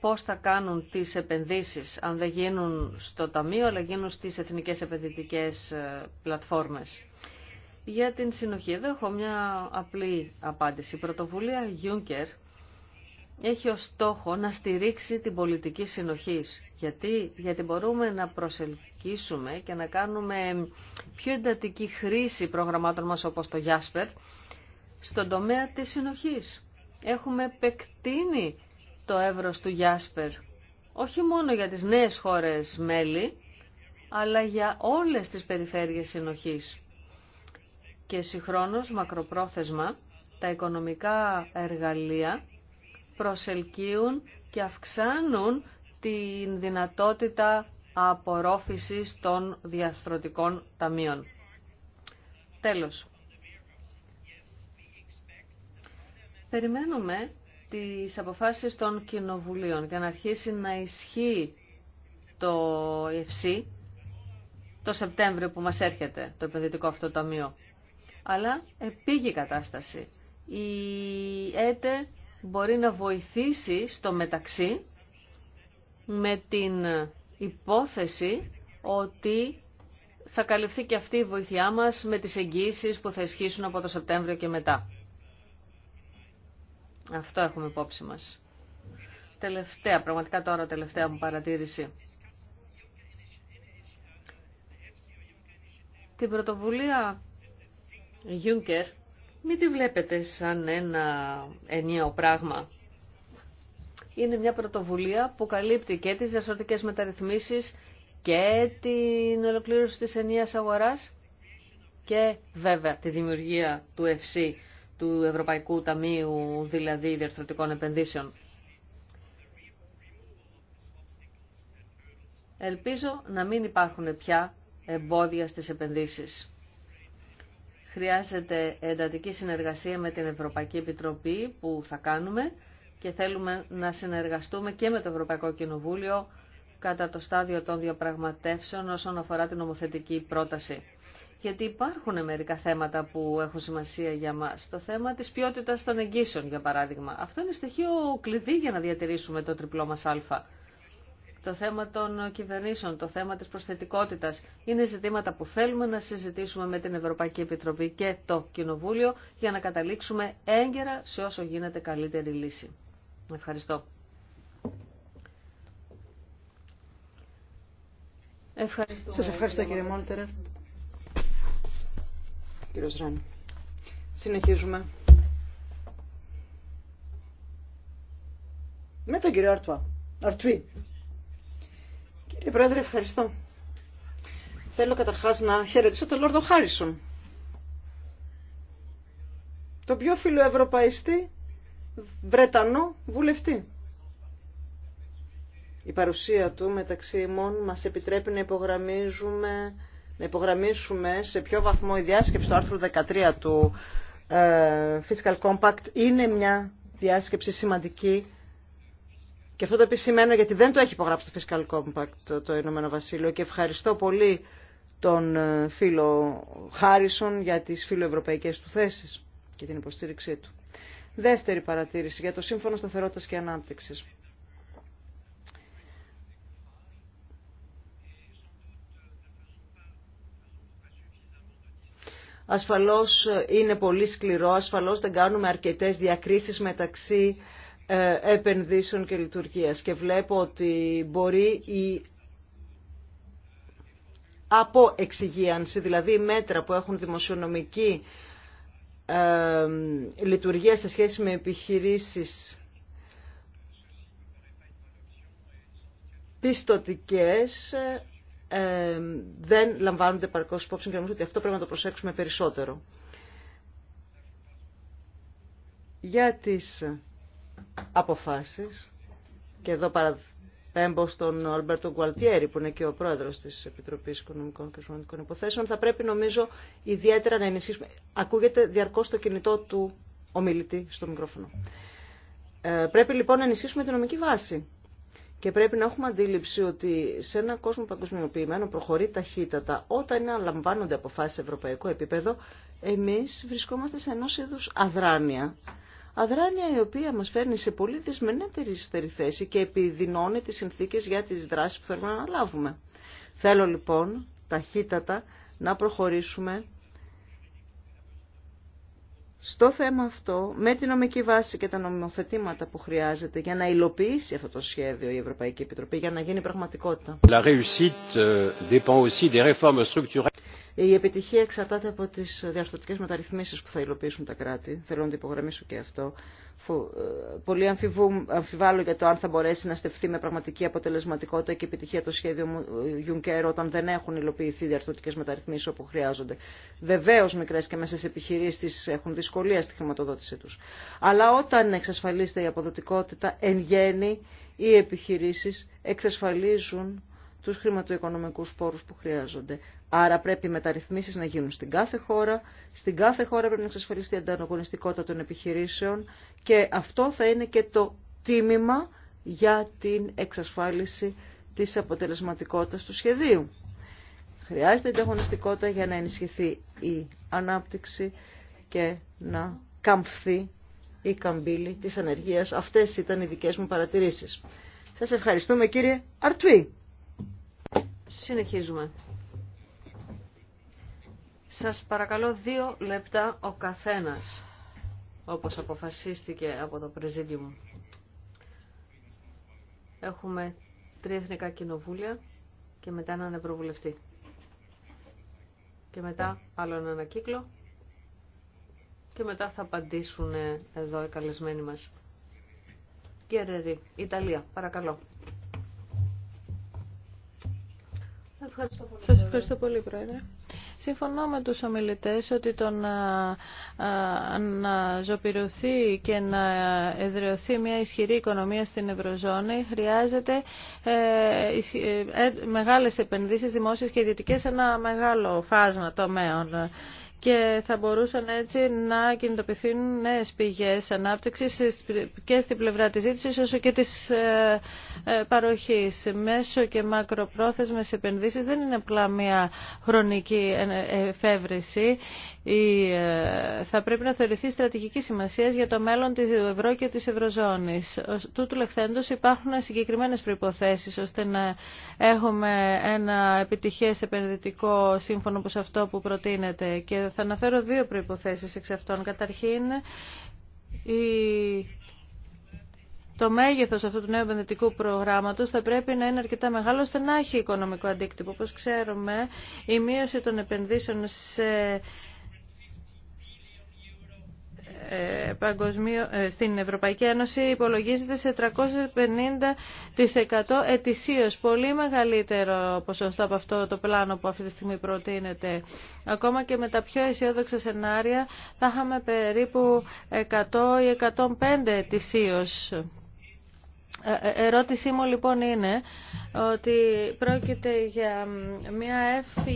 Πώς θα κάνουν τις επενδύσεις, αν δεν γίνουν στο Ταμείο, αλλά γίνουν στις εθνικές επενδυτικές ε, πλατφόρμες. Για την συνοχή, εδώ έχω μια απλή απάντηση. Η πρωτοβουλία Juncker έχει ως στόχο να στηρίξει την πολιτική συνοχής. Γιατί, Γιατί μπορούμε να προσελκύσουμε και να κάνουμε πιο εντατική χρήση προγραμμάτων μας όπως το Γιάσπερ στον τομέα της συνοχής. Έχουμε επεκτείνει το εύρος του Γιάσπερ όχι μόνο για τις νέες χώρες μέλη, αλλά για όλες τις περιφέρειες συνοχής. Και συγχρόνως μακροπρόθεσμα τα οικονομικά εργαλεία προσελκύουν και αυξάνουν την δυνατότητα απορρόφησης των διαρθρωτικών ταμείων. Τέλος. Περιμένουμε τις αποφάσεις των κοινοβουλίων για να αρχίσει να ισχύει το ΕΦΣΥ το Σεπτέμβριο που μας έρχεται το επενδυτικό αυτό ταμείο. Αλλά επίγει η κατάσταση. Η ΕΤΕ μπορεί να βοηθήσει στο μεταξύ με την υπόθεση ότι θα καλυφθεί και αυτή η βοήθειά μας με τις εγγύησεις που θα ισχύσουν από το Σεπτέμβριο και μετά. Αυτό έχουμε υπόψη μας. Τελευταία, πραγματικά τώρα τελευταία μου παρατήρηση. Την πρωτοβουλία Juncker μην τη βλέπετε σαν ένα ενιαίο πράγμα. Είναι μια πρωτοβουλία που καλύπτει και τις διασωτικές μεταρρυθμίσεις και την ολοκλήρωση της ενιαίας αγοράς και βέβαια τη δημιουργία του ΕΦΣΥ, του Ευρωπαϊκού Ταμείου δηλαδή Διαρθρωτικών Επενδύσεων. Ελπίζω να μην υπάρχουν πια εμπόδια στις επενδύσεις. Χρειάζεται εντατική συνεργασία με την Ευρωπαϊκή Επιτροπή που θα κάνουμε και θέλουμε να συνεργαστούμε και με το Ευρωπαϊκό Κοινοβούλιο κατά το στάδιο των διαπραγματεύσεων όσον αφορά την νομοθετική πρόταση. Γιατί υπάρχουν μερικά θέματα που έχουν σημασία για μας. Το θέμα της ποιότητας των εγγύσεων, για παράδειγμα. Αυτό είναι στοιχείο κλειδί για να διατηρήσουμε το τριπλό μας α το θέμα των κυβερνήσεων, το θέμα της προσθετικότητας. Είναι ζητήματα που θέλουμε να συζητήσουμε με την Ευρωπαϊκή Επιτροπή και το Κοινοβούλιο για να καταλήξουμε έγκαιρα σε όσο γίνεται καλύτερη λύση. Ευχαριστώ. Ευχαριστώ. Σας ευχαριστώ κύριε, κύριε Μόλτερερ. Κύριο Συνεχίζουμε. Με τον κύριο Αρτουά. Αρτουή. Κύριε Πρόεδρε, ευχαριστώ. Θέλω καταρχάς να χαιρετήσω τον Λόρδο Χάρισον. Το πιο φιλοευρωπαϊστή Βρετανό βουλευτή. Η παρουσία του μεταξύ ημών μας επιτρέπει να υπογραμμίζουμε, να υπογραμμίσουμε σε ποιο βαθμό η διάσκεψη του άρθρου 13 του Fiscal Compact είναι μια διάσκεψη σημαντική και αυτό το επισημαίνω γιατί δεν το έχει υπογράψει το Fiscal Compact το Ηνωμένο Βασίλειο και ευχαριστώ πολύ τον ε, φίλο Χάρισον για τις φιλοευρωπαϊκές του θέσεις και την υποστήριξή του. Δεύτερη παρατήρηση για το Σύμφωνο Σταθερότητας και Ανάπτυξης. Ασφαλώς ε, είναι πολύ σκληρό, ασφαλώς δεν κάνουμε αρκετές διακρίσεις μεταξύ ε, επενδύσεων και λειτουργίας. Και βλέπω ότι μπορεί η από δηλαδή μέτρα που έχουν δημοσιονομική ε, λειτουργία σε σχέση με επιχειρήσεις πιστοτικές ε, δεν λαμβάνονται παρκώς υπόψη και νομίζω ότι αυτό πρέπει να το προσέξουμε περισσότερο. Για τις αποφάσεις και εδώ παραπέμπω στον Αλμπέρτο Γκουαλτιέρη που είναι και ο πρόεδρος της Επιτροπής Οικονομικών και Σωματικών Υποθέσεων θα πρέπει νομίζω ιδιαίτερα να ενισχύσουμε ακούγεται διαρκώς το κινητό του ομιλητή στο μικρόφωνο ε, πρέπει λοιπόν να ενισχύσουμε την νομική βάση και πρέπει να έχουμε αντίληψη ότι σε έναν κόσμο παγκοσμιοποιημένο προχωρεί ταχύτατα όταν λαμβάνονται αποφάσεις σε ευρωπαϊκό επίπεδο εμείς βρισκόμαστε σε ενός είδους αδράνεια αδράνεια η οποία μας φέρνει σε πολύ δυσμενέτερη θέση και επιδεινώνει τις συνθήκες για τις δράσεις που θέλουμε να αναλάβουμε. Θέλω λοιπόν ταχύτατα να προχωρήσουμε στο θέμα αυτό, με την νομική βάση και τα νομιμοθετήματα που χρειάζεται για να υλοποιήσει αυτό το σχέδιο η Ευρωπαϊκή Επιτροπή, για να γίνει πραγματικότητα. Euh, η επιτυχία εξαρτάται από τι διαρθρωτικέ μεταρρυθμίσει που θα υλοποιήσουν τα κράτη. Θέλω να το υπογραμμίσω και αυτό. Ε, πολύ αμφιβάλλω για το αν θα μπορέσει να στεφθεί με πραγματική αποτελεσματικότητα και επιτυχία το σχέδιο ε, Juncker όταν δεν έχουν υλοποιηθεί διαρθρωτικέ μεταρρυθμίσει όπου χρειάζονται. Βεβαίω, μικρέ και μέσε επιχειρήσει έχουν δυσκολία στη χρηματοδότησή του. Αλλά όταν εξασφαλίζεται η αποδοτικότητα, εν γέννη οι επιχειρήσει εξασφαλίζουν του χρηματοοικονομικού πόρου που χρειάζονται. Άρα πρέπει οι μεταρρυθμίσεις να γίνουν στην κάθε χώρα. Στην κάθε χώρα πρέπει να εξασφαλιστεί η ανταγωνιστικότητα των επιχειρήσεων και αυτό θα είναι και το τίμημα για την εξασφάλιση της αποτελεσματικότητας του σχεδίου. Χρειάζεται ανταγωνιστικότητα για να ενισχυθεί η ανάπτυξη και να καμφθεί η καμπύλη της ανεργίας. Αυτές ήταν οι δικές μου παρατηρήσεις. Σας ευχαριστούμε κύριε Αρτουή. Συνεχίζουμε. Σας παρακαλώ δύο λεπτά ο καθένας, όπως αποφασίστηκε από το μου. Έχουμε τρία εθνικά κοινοβούλια και μετά έναν ευρωβουλευτή. Και μετά άλλο ένα κύκλο και μετά θα απαντήσουν εδώ οι καλεσμένοι μας. Κύριε Ρερή, Ιταλία, παρακαλώ. Σας ευχαριστώ πολύ, Πρόεδρε. Συμφωνώ με τους ομιλητές ότι το να, να ζωπηρωθεί και να εδραιωθεί μια ισχυρή οικονομία στην Ευρωζώνη χρειάζεται ε, ε, ε, μεγάλες επενδύσεις δημόσιες και ιδιωτικές σε ένα μεγάλο φάσμα τομέων και θα μπορούσαν έτσι να κινητοποιηθούν νέες πηγές ανάπτυξης και στην πλευρά της ζήτησης όσο και της ε, ε, παροχής. Μέσο και μακροπρόθεσμες επενδύσεις δεν είναι απλά μια χρονική ε, εφεύρεση. Θα πρέπει να θεωρηθεί στρατηγική σημασία για το μέλλον της ευρώ και της ευρωζώνης. Τούτου λεχθέντως υπάρχουν συγκεκριμένες προϋποθέσεις ώστε να έχουμε ένα επιτυχές επενδυτικό σύμφωνο όπως αυτό που προτείνεται θα αναφέρω δύο προϋποθέσεις εξ αυτών. Καταρχήν, η το μέγεθος αυτού του νέου επενδυτικού προγράμματος θα πρέπει να είναι αρκετά μεγάλο ώστε να έχει οικονομικό αντίκτυπο. Όπως ξέρουμε, η μείωση των επενδύσεων σε ε, ε, στην Ευρωπαϊκή Ένωση υπολογίζεται σε 350% ετησίως. Πολύ μεγαλύτερο ποσοστό από αυτό το πλάνο που αυτή τη στιγμή προτείνεται. Ακόμα και με τα πιο αισιόδοξα σενάρια θα είχαμε περίπου 100 ή 105 ετησίως. Ε, ε, ερώτησή μου λοιπόν είναι ότι πρόκειται για μια e e,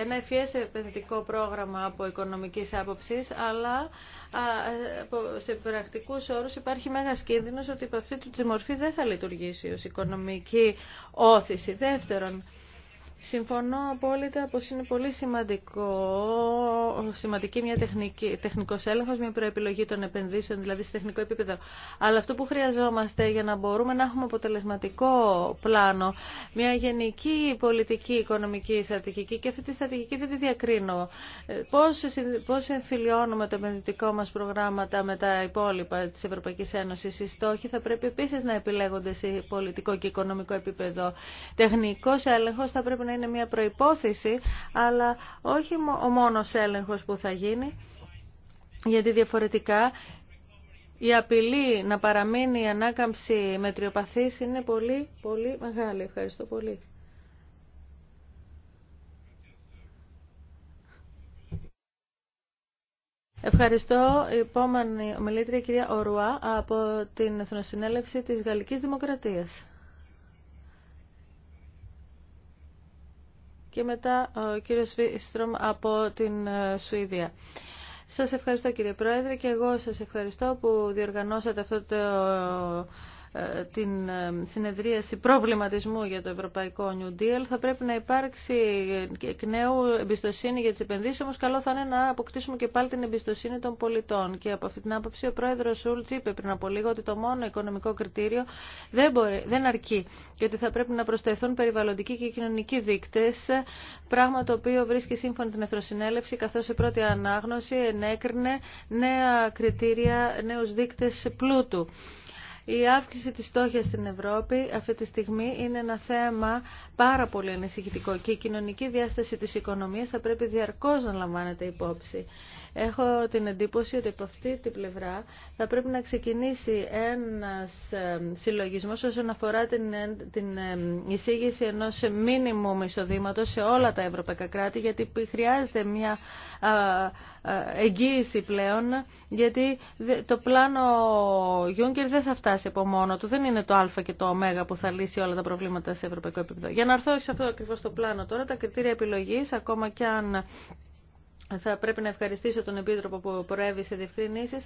ένα e ευφυές επενδυτικό πρόγραμμα από οικονομικής άποψης, αλλά σε πρακτικούς όρους υπάρχει μέγας κίνδυνος ότι από αυτή τη μορφή δεν θα λειτουργήσει ως οικονομική όθηση. Δεύτερον, Συμφωνώ απόλυτα πως είναι πολύ σημαντικό, σημαντική μια τεχνική, τεχνικός έλεγχος, μια προεπιλογή των επενδύσεων, δηλαδή σε τεχνικό επίπεδο. Αλλά αυτό που χρειαζόμαστε για να μπορούμε να έχουμε αποτελεσματικό πλάνο, μια γενική πολιτική, οικονομική, στρατηγική και αυτή τη στρατηγική δεν τη διακρίνω. Ε, πώς, πώς εμφυλιώνουμε το επενδυτικό μας προγράμματα με τα υπόλοιπα της Ευρωπαϊκής Ένωσης. Οι στόχοι θα πρέπει επίσης να επιλέγονται σε πολιτικό και οικονομικό επίπεδο. Τεχνικός έλεγχος θα πρέπει να είναι μια προϋπόθεση, αλλά όχι ο μόνος έλεγχος που θα γίνει, γιατί διαφορετικά η απειλή να παραμείνει η ανάκαμψη μετριοπαθής είναι πολύ, πολύ μεγάλη. Ευχαριστώ πολύ. Ευχαριστώ. Η επόμενη ομιλήτρια, κυρία Ορουά, από την Εθνοσυνέλευση της Γαλλικής Δημοκρατίας. και μετά ο κύριος Βίστρομ από την ε, Σουηδία. Σας ευχαριστώ κύριε Πρόεδρε και εγώ σας ευχαριστώ που διοργανώσατε αυτό το ε, την ε, συνεδρίαση προβληματισμού για το Ευρωπαϊκό New Deal. Θα πρέπει να υπάρξει εκ νέου εμπιστοσύνη για τις επενδύσεις, όμως καλό θα είναι να αποκτήσουμε και πάλι την εμπιστοσύνη των πολιτών. Και από αυτή την άποψη ο πρόεδρος Σούλτς είπε πριν από λίγο ότι το μόνο οικονομικό κριτήριο δεν, μπορεί, δεν αρκεί και ότι θα πρέπει να προσθεθούν περιβαλλοντικοί και κοινωνικοί δείκτες, πράγμα το οποίο βρίσκει σύμφωνα την Εθροσυνέλευση, καθώ σε πρώτη ανάγνωση ενέκρινε νέα κριτήρια, νέου δείκτε πλούτου. Η αύξηση της στόχιας στην Ευρώπη αυτή τη στιγμή είναι ένα θέμα πάρα πολύ ανησυχητικό και η κοινωνική διάσταση της οικονομίας θα πρέπει διαρκώς να λαμβάνεται υπόψη. Έχω την εντύπωση ότι από αυτή την πλευρά θα πρέπει να ξεκινήσει ένας συλλογισμός όσον αφορά την, την εισήγηση ενός μήνυμου εισοδήματο σε όλα τα ευρωπαϊκά κράτη, γιατί χρειάζεται μια εγγύηση πλέον, γιατί το πλάνο Juncker δεν θα φτάσει από μόνο του, δεν είναι το α και το ω που θα λύσει όλα τα προβλήματα σε ευρωπαϊκό επίπεδο. Για να έρθω σε αυτό ακριβώ το πλάνο τώρα, τα κριτήρια επιλογής, ακόμα και αν θα πρέπει να ευχαριστήσω τον Επίτροπο που προέβη σε διευκρινήσεις,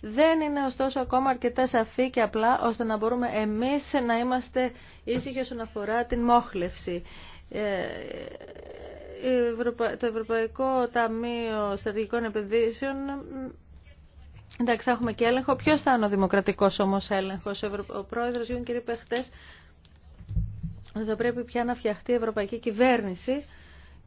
δεν είναι ωστόσο ακόμα αρκετά σαφή και απλά ώστε να μπορούμε εμείς να είμαστε ήσυχοι όσον αφορά την μόχλευση. Ε, το Ευρωπαϊκό Ταμείο Στρατηγικών Επενδύσεων Εντάξει, θα έχουμε και έλεγχο. Ποιο θα είναι ο δημοκρατικό όμω έλεγχο, ο πρόεδρο είπε χτε ότι θα πρέπει πια να φτιαχτεί η ευρωπαϊκή κυβέρνηση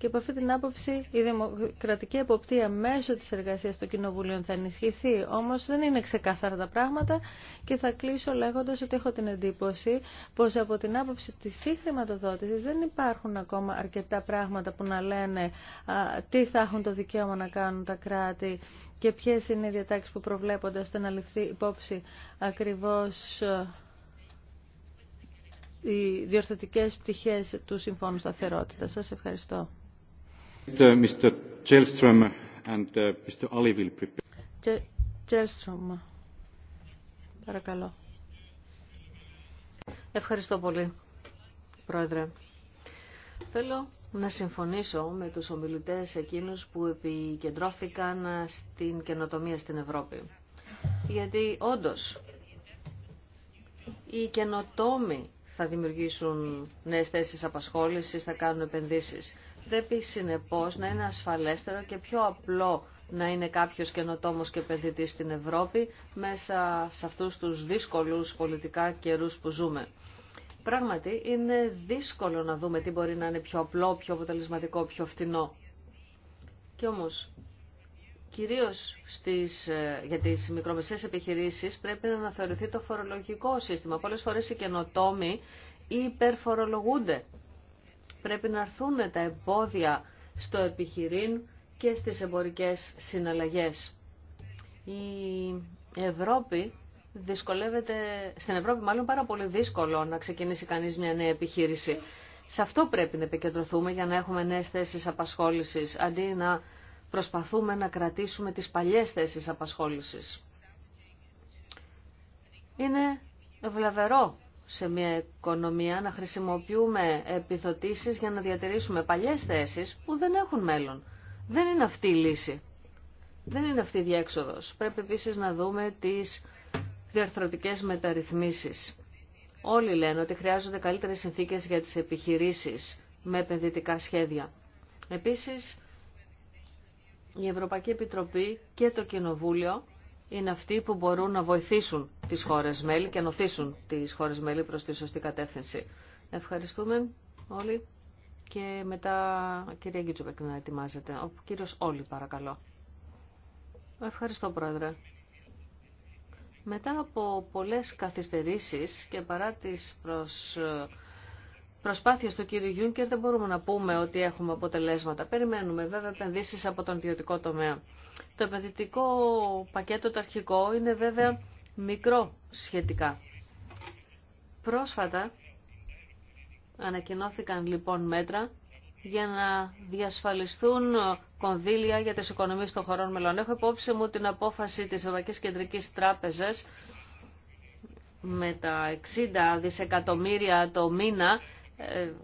και από αυτή την άποψη η δημοκρατική εποπτεία μέσω της εργασίας των κοινοβουλίων θα ενισχυθεί. Όμως δεν είναι ξεκάθαρα τα πράγματα και θα κλείσω λέγοντας ότι έχω την εντύπωση πως από την άποψη της συγχρηματοδότησης δεν υπάρχουν ακόμα αρκετά πράγματα που να λένε τι θα έχουν το δικαίωμα να κάνουν τα κράτη και ποιες είναι οι διατάξεις που προβλέπονται ώστε να ληφθεί υπόψη ακριβώς οι διορθωτικές πτυχές του Συμφώνου Σταθερότητας. Σας ευχαριστώ. Uh, Ευχαριστώ πολύ, Πρόεδρε. Θέλω να συμφωνήσω με τους ομιλητές εκείνους που επικεντρώθηκαν στην καινοτομία στην Ευρώπη. Γιατί όντως οι καινοτόμοι θα δημιουργήσουν νέες θέσεις απασχόλησης, θα κάνουν επενδύσεις. Πρέπει συνεπώ να είναι ασφαλέστερο και πιο απλό να είναι κάποιος καινοτόμος και επενδυτής στην Ευρώπη μέσα σε αυτούς τους δύσκολους πολιτικά καιρούς που ζούμε. Πράγματι, είναι δύσκολο να δούμε τι μπορεί να είναι πιο απλό, πιο αποτελεσματικό, πιο φτηνό. Και όμως, κυρίως στις, ε, για τις μικρομεσαίες επιχειρήσεις πρέπει να αναθεωρηθεί το φορολογικό σύστημα. Πολλές φορές οι καινοτόμοι υπερφορολογούνται Πρέπει να έρθουν τα εμπόδια στο επιχειρήν και στις εμπορικές συναλλαγές. Η Ευρώπη δυσκολεύεται, στην Ευρώπη μάλλον πάρα πολύ δύσκολο να ξεκινήσει κανείς μια νέα επιχείρηση. Σε αυτό πρέπει να επικεντρωθούμε για να έχουμε νέες θέσεις απασχόλησης, αντί να προσπαθούμε να κρατήσουμε τις παλιές θέσεις απασχόλησης. Είναι βλαβερό σε μια οικονομία να χρησιμοποιούμε επιδοτήσεις για να διατηρήσουμε παλιές θέσεις που δεν έχουν μέλλον. Δεν είναι αυτή η λύση. Δεν είναι αυτή η διέξοδος. Πρέπει επίσης να δούμε τις διαρθρωτικές μεταρρυθμίσεις. Όλοι λένε ότι χρειάζονται καλύτερες συνθήκες για τις επιχειρήσεις με επενδυτικά σχέδια. Επίσης, η Ευρωπαϊκή Επιτροπή και το Κοινοβούλιο είναι αυτοί που μπορούν να βοηθήσουν τις χώρες μέλη και να οθήσουν τις χώρες μέλη προς τη σωστή κατεύθυνση. Ευχαριστούμε όλοι και μετά κυρία Γκίτσοπεκ να ετοιμάζεται. Ο κύριος Όλη παρακαλώ. Ευχαριστώ πρόεδρε. Μετά από πολλές καθυστερήσεις και παρά τις προς Προσπάθεια του κύριου Γιούνκερ δεν μπορούμε να πούμε ότι έχουμε αποτελέσματα. Περιμένουμε βέβαια επενδύσει από τον ιδιωτικό τομέα. Το επενδυτικό πακέτο το αρχικό είναι βέβαια μικρό σχετικά. Πρόσφατα ανακοινώθηκαν λοιπόν μέτρα για να διασφαλιστούν κονδύλια για τις οικονομίες των χωρών μελών. Έχω υπόψη μου την απόφαση της Ευρωπαϊκής Κεντρικής Τράπεζας με τα 60 δισεκατομμύρια το μήνα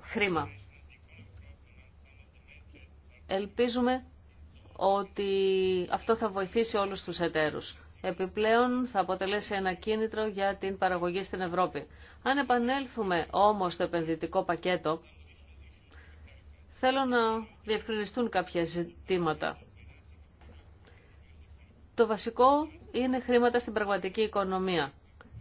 χρήμα. Ελπίζουμε ότι αυτό θα βοηθήσει όλους τους εταίρους. Επιπλέον θα αποτελέσει ένα κίνητρο για την παραγωγή στην Ευρώπη. Αν επανέλθουμε όμως στο επενδυτικό πακέτο, θέλω να διευκρινιστούν κάποια ζητήματα. Το βασικό είναι χρήματα στην πραγματική οικονομία.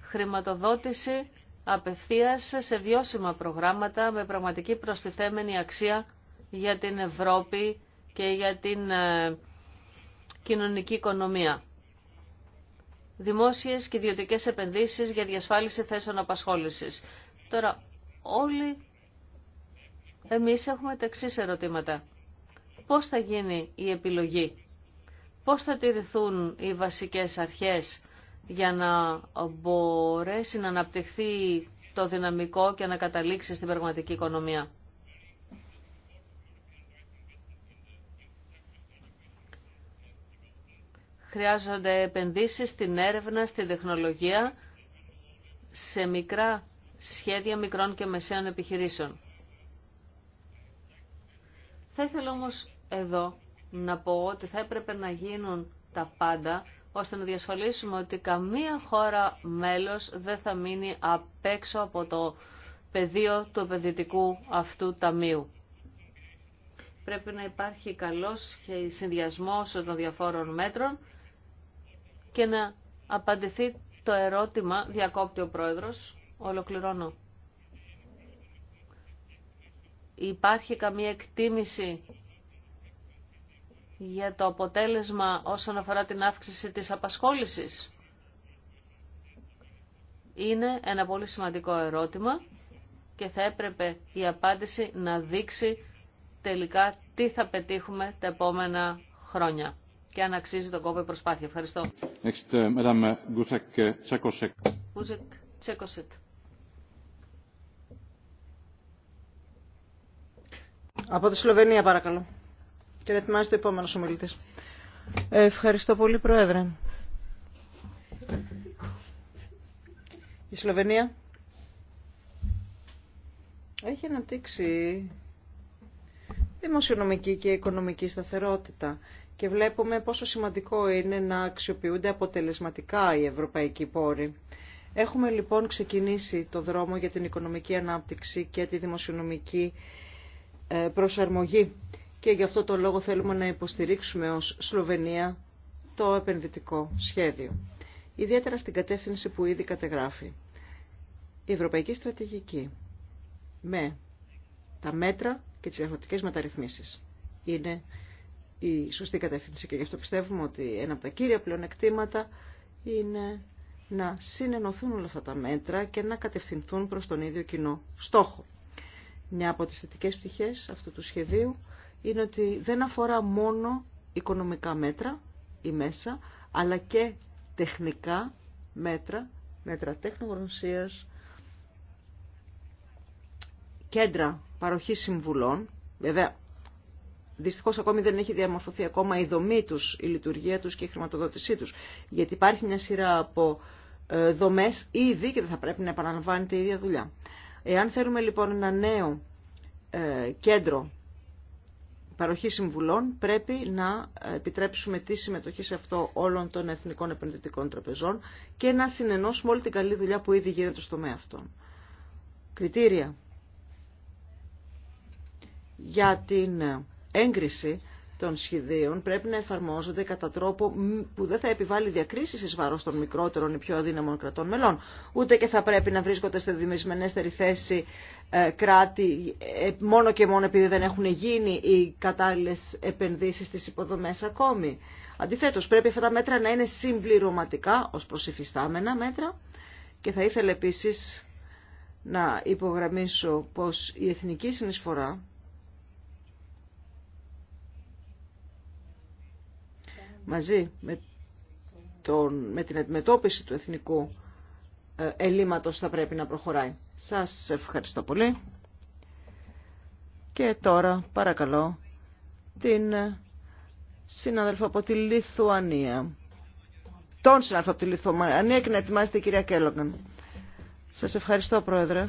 Χρηματοδότηση απευθείας σε βιώσιμα προγράμματα με πραγματική προστιθέμενη αξία για την Ευρώπη και για την ε, κοινωνική οικονομία. Δημόσιες και ιδιωτικέ επενδύσεις για διασφάλιση θέσεων απασχόλησης. Τώρα, όλοι εμείς έχουμε τα εξής ερωτήματα. Πώς θα γίνει η επιλογή, πώς θα τηρηθούν οι βασικές αρχές για να μπορέσει να αναπτυχθεί το δυναμικό και να καταλήξει στην πραγματική οικονομία. Χρειάζονται επενδύσεις στην έρευνα, στην τεχνολογία, σε μικρά σχέδια μικρών και μεσαίων επιχειρήσεων. Θα ήθελα όμως εδώ να πω ότι θα έπρεπε να γίνουν τα πάντα ώστε να διασφαλίσουμε ότι καμία χώρα μέλος δεν θα μείνει απ' έξω από το πεδίο του επενδυτικού αυτού ταμείου. Πρέπει να υπάρχει καλός συνδυασμός των διαφόρων μέτρων και να απαντηθεί το ερώτημα, διακόπτει ο Πρόεδρος, ολοκληρώνω. Υπάρχει καμία εκτίμηση για το αποτέλεσμα όσον αφορά την αύξηση της απασχόλησης. Είναι ένα πολύ σημαντικό ερώτημα και θα έπρεπε η απάντηση να δείξει τελικά τι θα πετύχουμε τα επόμενα χρόνια και αν αξίζει τον κόπο η προσπάθεια. Ευχαριστώ. Ε, ε, Από τη Σλοβενία παρακαλώ. Και να ετοιμάζεται το επόμενο ομιλητής. Ευχαριστώ πολύ, Πρόεδρε. Η Σλοβενία έχει αναπτύξει δημοσιονομική και οικονομική σταθερότητα και βλέπουμε πόσο σημαντικό είναι να αξιοποιούνται αποτελεσματικά οι ευρωπαϊκοί πόροι. Έχουμε λοιπόν ξεκινήσει το δρόμο για την οικονομική ανάπτυξη και τη δημοσιονομική ε, προσαρμογή και γι' αυτό το λόγο θέλουμε να υποστηρίξουμε ως Σλοβενία το επενδυτικό σχέδιο. Ιδιαίτερα στην κατεύθυνση που ήδη κατεγράφει. Η Ευρωπαϊκή Στρατηγική με τα μέτρα και τις διαφορετικές μεταρρυθμίσεις είναι η σωστή κατεύθυνση και γι' αυτό πιστεύουμε ότι ένα από τα κύρια πλεονεκτήματα είναι να συνενωθούν όλα αυτά τα μέτρα και να κατευθυνθούν προς τον ίδιο κοινό στόχο. Μια από τις θετικές πτυχές αυτού του σχεδίου είναι ότι δεν αφορά μόνο οικονομικά μέτρα ή μέσα, αλλά και τεχνικά μέτρα, μέτρα τεχνογνωσίας, κέντρα παροχή συμβουλών. Βέβαια, δυστυχώς ακόμη δεν έχει διαμορφωθεί ακόμα η δομή τους, η λειτουργία τους και η χρηματοδότησή τους. Γιατί υπάρχει μια σειρά από ε, δομές ήδη και δεν θα πρέπει να επαναλαμβάνεται η ίδια δουλειά. Εάν θέλουμε λοιπόν ένα νέο ε, κέντρο παροχή συμβουλών πρέπει να επιτρέψουμε τη συμμετοχή σε αυτό όλων των εθνικών επενδυτικών τραπεζών και να συνενώσουμε όλη την καλή δουλειά που ήδη γίνεται στο τομέα αυτό. Κριτήρια για την έγκριση των σχεδίων πρέπει να εφαρμόζονται κατά τρόπο που δεν θα επιβάλλει διακρίσεις εις βάρος των μικρότερων ή πιο αδύναμων κρατών μελών. Ούτε και θα πρέπει να βρίσκονται σε δημισμενέστερη θέση ε, κράτη ε, μόνο και μόνο επειδή δεν έχουν γίνει οι κατάλληλε επενδύσεις στις υποδομές ακόμη. Αντιθέτω, πρέπει αυτά τα μέτρα να είναι συμπληρωματικά ως προσυφιστάμενα μέτρα και θα ήθελα επίσης να υπογραμμίσω πως η εθνική συνεισφορά μαζί με, τον, με την αντιμετώπιση του εθνικού ε, ελλείμματος θα πρέπει να προχωράει. Σας ευχαριστώ πολύ. Και τώρα παρακαλώ την συνάδελφο από τη Λιθουανία. Τον συνάδελφο από τη Λιθουανία και να ετοιμάζεται η κυρία Κέλογαν. Σας ευχαριστώ πρόεδρε.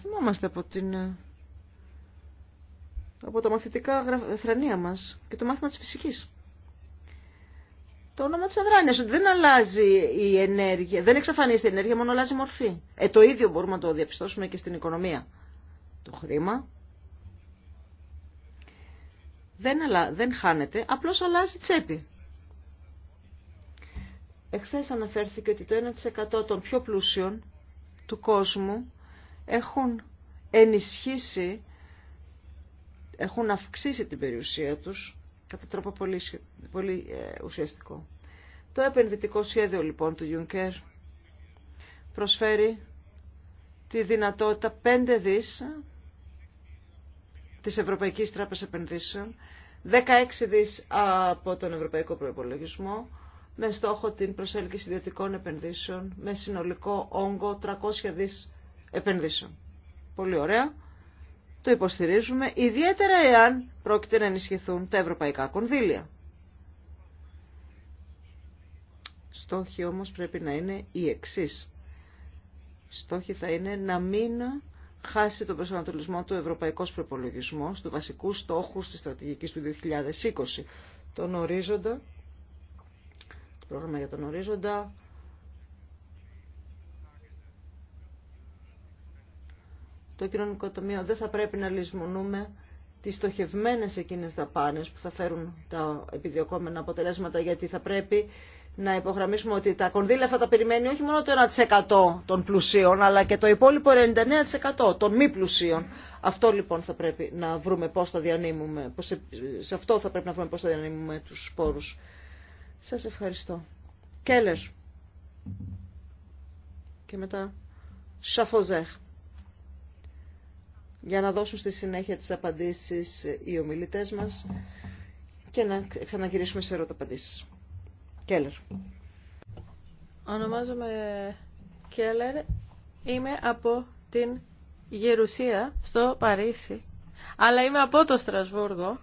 Θυμόμαστε από την από τα μαθητικά θρανία μας και το μάθημα της φυσικής. Το όνομα της αδράνειας, ότι δεν αλλάζει η ενέργεια, δεν εξαφανίζεται η ενέργεια, μόνο αλλάζει η μορφή. Ε, το ίδιο μπορούμε να το διαπιστώσουμε και στην οικονομία. Το χρήμα δεν, δεν χάνεται, απλώς αλλάζει τσέπη. Εχθές αναφέρθηκε ότι το 1% των πιο πλούσιων του κόσμου έχουν ενισχύσει έχουν αυξήσει την περιουσία τους κατά τρόπο πολύ, πολύ ε, ουσιαστικό. Το επενδυτικό σχέδιο λοιπόν του Juncker προσφέρει τη δυνατότητα 5 δις της Ευρωπαϊκής Τράπεζας Επενδύσεων, 16 δις από τον Ευρωπαϊκό Προϋπολογισμό, με στόχο την προσέλκυση ιδιωτικών επενδύσεων, με συνολικό όγκο 300 δις επενδύσεων. Πολύ ωραία το υποστηρίζουμε, ιδιαίτερα εάν πρόκειται να ενισχυθούν τα ευρωπαϊκά κονδύλια. Στόχοι όμως πρέπει να είναι οι εξή. Στόχοι θα είναι να μην χάσει τον προσανατολισμό του ευρωπαϊκός προπολογισμό του βασικού στόχου της στρατηγικής του 2020, τον ορίζοντα, το πρόγραμμα για τον ορίζοντα, το κοινωνικό τομείο δεν θα πρέπει να λησμονούμε τις στοχευμένες εκείνες δαπάνες που θα φέρουν τα επιδιωκόμενα αποτελέσματα γιατί θα πρέπει να υπογραμμίσουμε ότι τα κονδύλια αυτά τα περιμένει όχι μόνο το 1% των πλουσίων αλλά και το υπόλοιπο 99% των μη πλουσίων. Αυτό λοιπόν θα πρέπει να βρούμε πώς θα διανύμουμε, πώς σε, αυτό θα πρέπει να βρούμε πώς θα διανύμουμε τους σπόρους. Σας ευχαριστώ. Κέλλερ. Και μετά Σαφοζέχ για να δώσουν στη συνέχεια τις απαντήσεις οι ομιλητές μας και να ξαναγυρίσουμε σε ερώτα απαντήσεις. Κέλλερ. Ονομάζομαι Κέλλερ. Είμαι από την Γερουσία στο Παρίσι. Αλλά είμαι από το Στρασβούργο.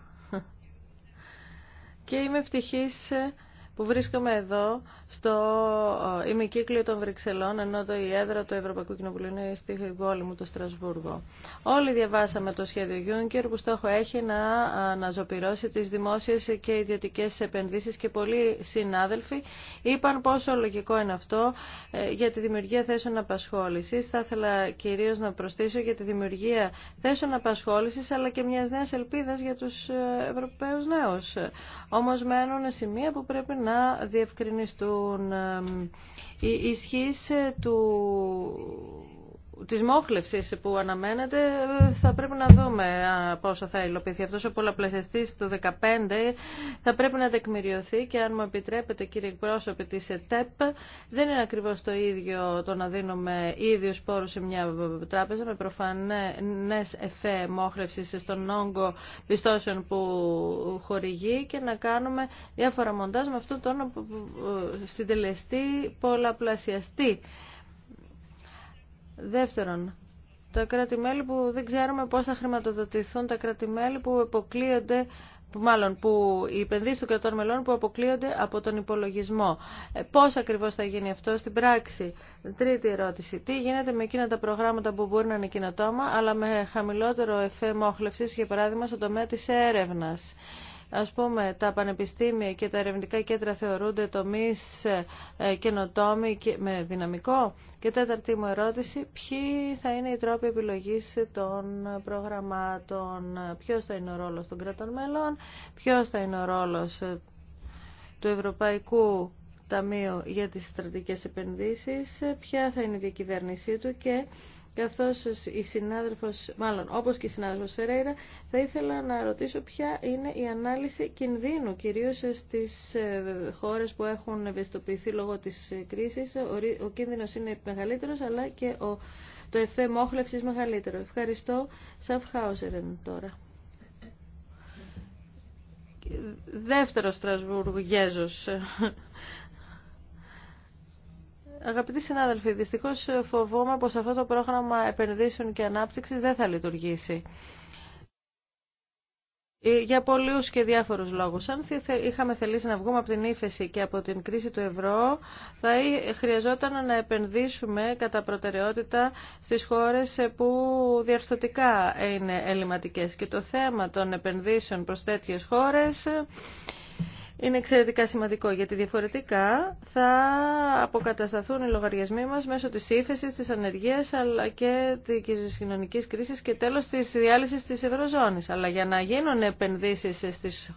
Και είμαι ευτυχής που βρίσκομαι εδώ στο ε, ημικύκλιο των Βρυξελών, ενώ το η έδρα του Ευρωπαϊκού Κοινοβουλίου είναι στη πόλη μου, το Στρασβούργο. Όλοι διαβάσαμε το σχέδιο Juncker που στόχο έχει να αναζωπηρώσει τις δημόσιες και ιδιωτικέ επενδύσεις και πολλοί συνάδελφοι είπαν πόσο λογικό είναι αυτό ε, για τη δημιουργία θέσεων απασχόλησης. Θα ήθελα κυρίω να προσθέσω για τη δημιουργία θέσεων απασχόλησης αλλά και μιας νέα ελπίδα για τους ε, Ευρωπαίους νέους. Όμως μένουν σημεία που πρέπει να να διευκρινιστούν. Η ε, ισχύς του της μόχλευσης που αναμένεται θα πρέπει να δούμε πόσο θα υλοποιηθεί. Αυτός ο πολλαπλασιαστής του 2015 θα πρέπει να τεκμηριωθεί και αν μου επιτρέπετε κύριε πρόσωπε της ΕΤΕΠ δεν είναι ακριβώς το ίδιο το να δίνουμε ίδιου πόρους σε μια τράπεζα με προφανές εφέ μόχλευσης στον όγκο πιστώσεων που χορηγεί και να κάνουμε διάφορα μοντάζ με αυτόν τον συντελεστή πολλαπλασιαστή Δεύτερον, τα κρατη που δεν ξέρουμε πώς θα χρηματοδοτηθούν, τα κράτη-μέλη που αποκλείονται που μάλλον που οι επενδύσει των κρατών μελών που αποκλείονται από τον υπολογισμό. Ε, Πώ ακριβώ θα γίνει αυτό στην πράξη. Τρίτη ερώτηση. Τι γίνεται με εκείνα τα προγράμματα που μπορεί να είναι κοινοτόμα, αλλά με χαμηλότερο εφέ μόχλευση, για παράδειγμα, στο τομέα τη έρευνα. Ας πούμε, τα πανεπιστήμια και τα ερευνητικά κέντρα θεωρούνται τομείς ε, καινοτόμοι και με δυναμικό. Και τέταρτη μου ερώτηση, ποιοι θα είναι οι τρόποι επιλογής των προγραμμάτων, ποιος θα είναι ο ρόλος των κρατών μελών, ποιος θα είναι ο ρόλος ε, του Ευρωπαϊκού Ταμείου για τις Στρατικές Επενδύσεις, ποια θα είναι η διακυβέρνησή του και Καθώς η συνάδελφος, μάλλον όπως και η συνάδελφος Φερέιρα, θα ήθελα να ρωτήσω ποια είναι η ανάλυση κινδύνου, κυρίως στις ε, χώρες που έχουν ευαισθητοποιηθεί λόγω της ε, κρίσης. Ο κίνδυνος είναι μεγαλύτερος, αλλά και ο, το εφέ μόχλευσης μεγαλύτερο. Ευχαριστώ. Σαφχάουζερεν τώρα. Δεύτερο Στρασβούργο, Γέζος. Αγαπητοί συνάδελφοι, δυστυχώ, φοβόμαι πως αυτό το πρόγραμμα επενδύσεων και ανάπτυξη δεν θα λειτουργήσει. Ε, για πολλούς και διάφορους λόγους. Αν είχαμε θελήσει να βγούμε από την ύφεση και από την κρίση του ευρώ, θα χρειαζόταν να επενδύσουμε κατά προτεραιότητα στις χώρες που διαρθωτικά είναι ελληματικέ. Και το θέμα των επενδύσεων προ τέτοιε χώρες είναι εξαιρετικά σημαντικό γιατί διαφορετικά θα αποκατασταθούν οι λογαριασμοί μας μέσω της ύφεσης, της ανεργίας αλλά και της κοινωνικής κρίσης και τέλος της διάλυσης της Ευρωζώνης. Αλλά για να γίνουν επενδύσεις στις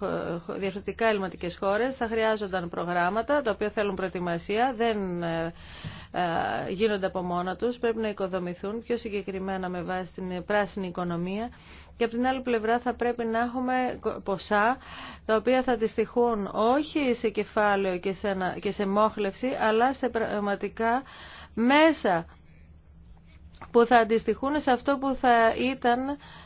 διαφορετικά ελληματικές χώρες θα χρειάζονταν προγράμματα τα οποία θέλουν προετοιμασία, δεν ε, ε, γίνονται από μόνα τους, πρέπει να οικοδομηθούν πιο συγκεκριμένα με βάση την πράσινη οικονομία και από την άλλη πλευρά θα πρέπει να έχουμε ποσά τα οποία θα αντιστοιχούν όχι σε κεφάλαιο και σε, και μόχλευση αλλά σε πραγματικά μέσα που θα αντιστοιχούν σε αυτό που θα ήταν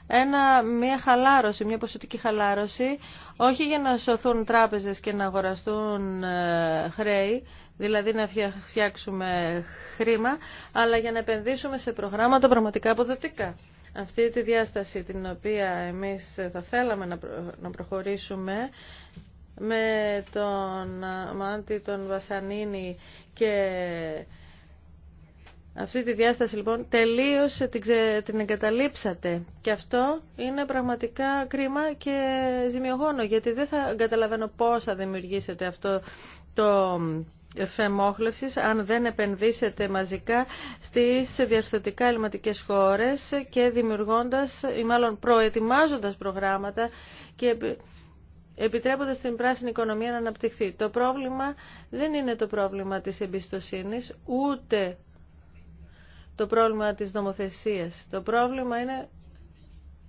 ένα, μια χαλάρωση, μια ποσοτική χαλάρωση, όχι για να σωθούν τράπεζες και να αγοραστούν ε, χρέη, δηλαδή να φτιάξουμε χρήμα, αλλά για να επενδύσουμε σε προγράμματα πραγματικά αποδοτικά. Αυτή τη διάσταση την οποία εμείς θα θέλαμε να, να προχωρήσουμε με τον Μάντι, τον Βασανίνη και αυτή τη διάσταση λοιπόν τελείωσε, την, την εγκαταλείψατε και αυτό είναι πραγματικά κρίμα και ζημιογόνο γιατί δεν θα καταλαβαίνω πώς θα δημιουργήσετε αυτό το φεμόχλευσης αν δεν επενδύσετε μαζικά στις διαρθωτικά ελληματικές χώρες και δημιουργώντας ή μάλλον προετοιμάζοντας προγράμματα και επιτρέποντας την πράσινη οικονομία να αναπτυχθεί. Το πρόβλημα δεν είναι το πρόβλημα της εμπιστοσύνης, ούτε το πρόβλημα της νομοθεσίας. Το πρόβλημα είναι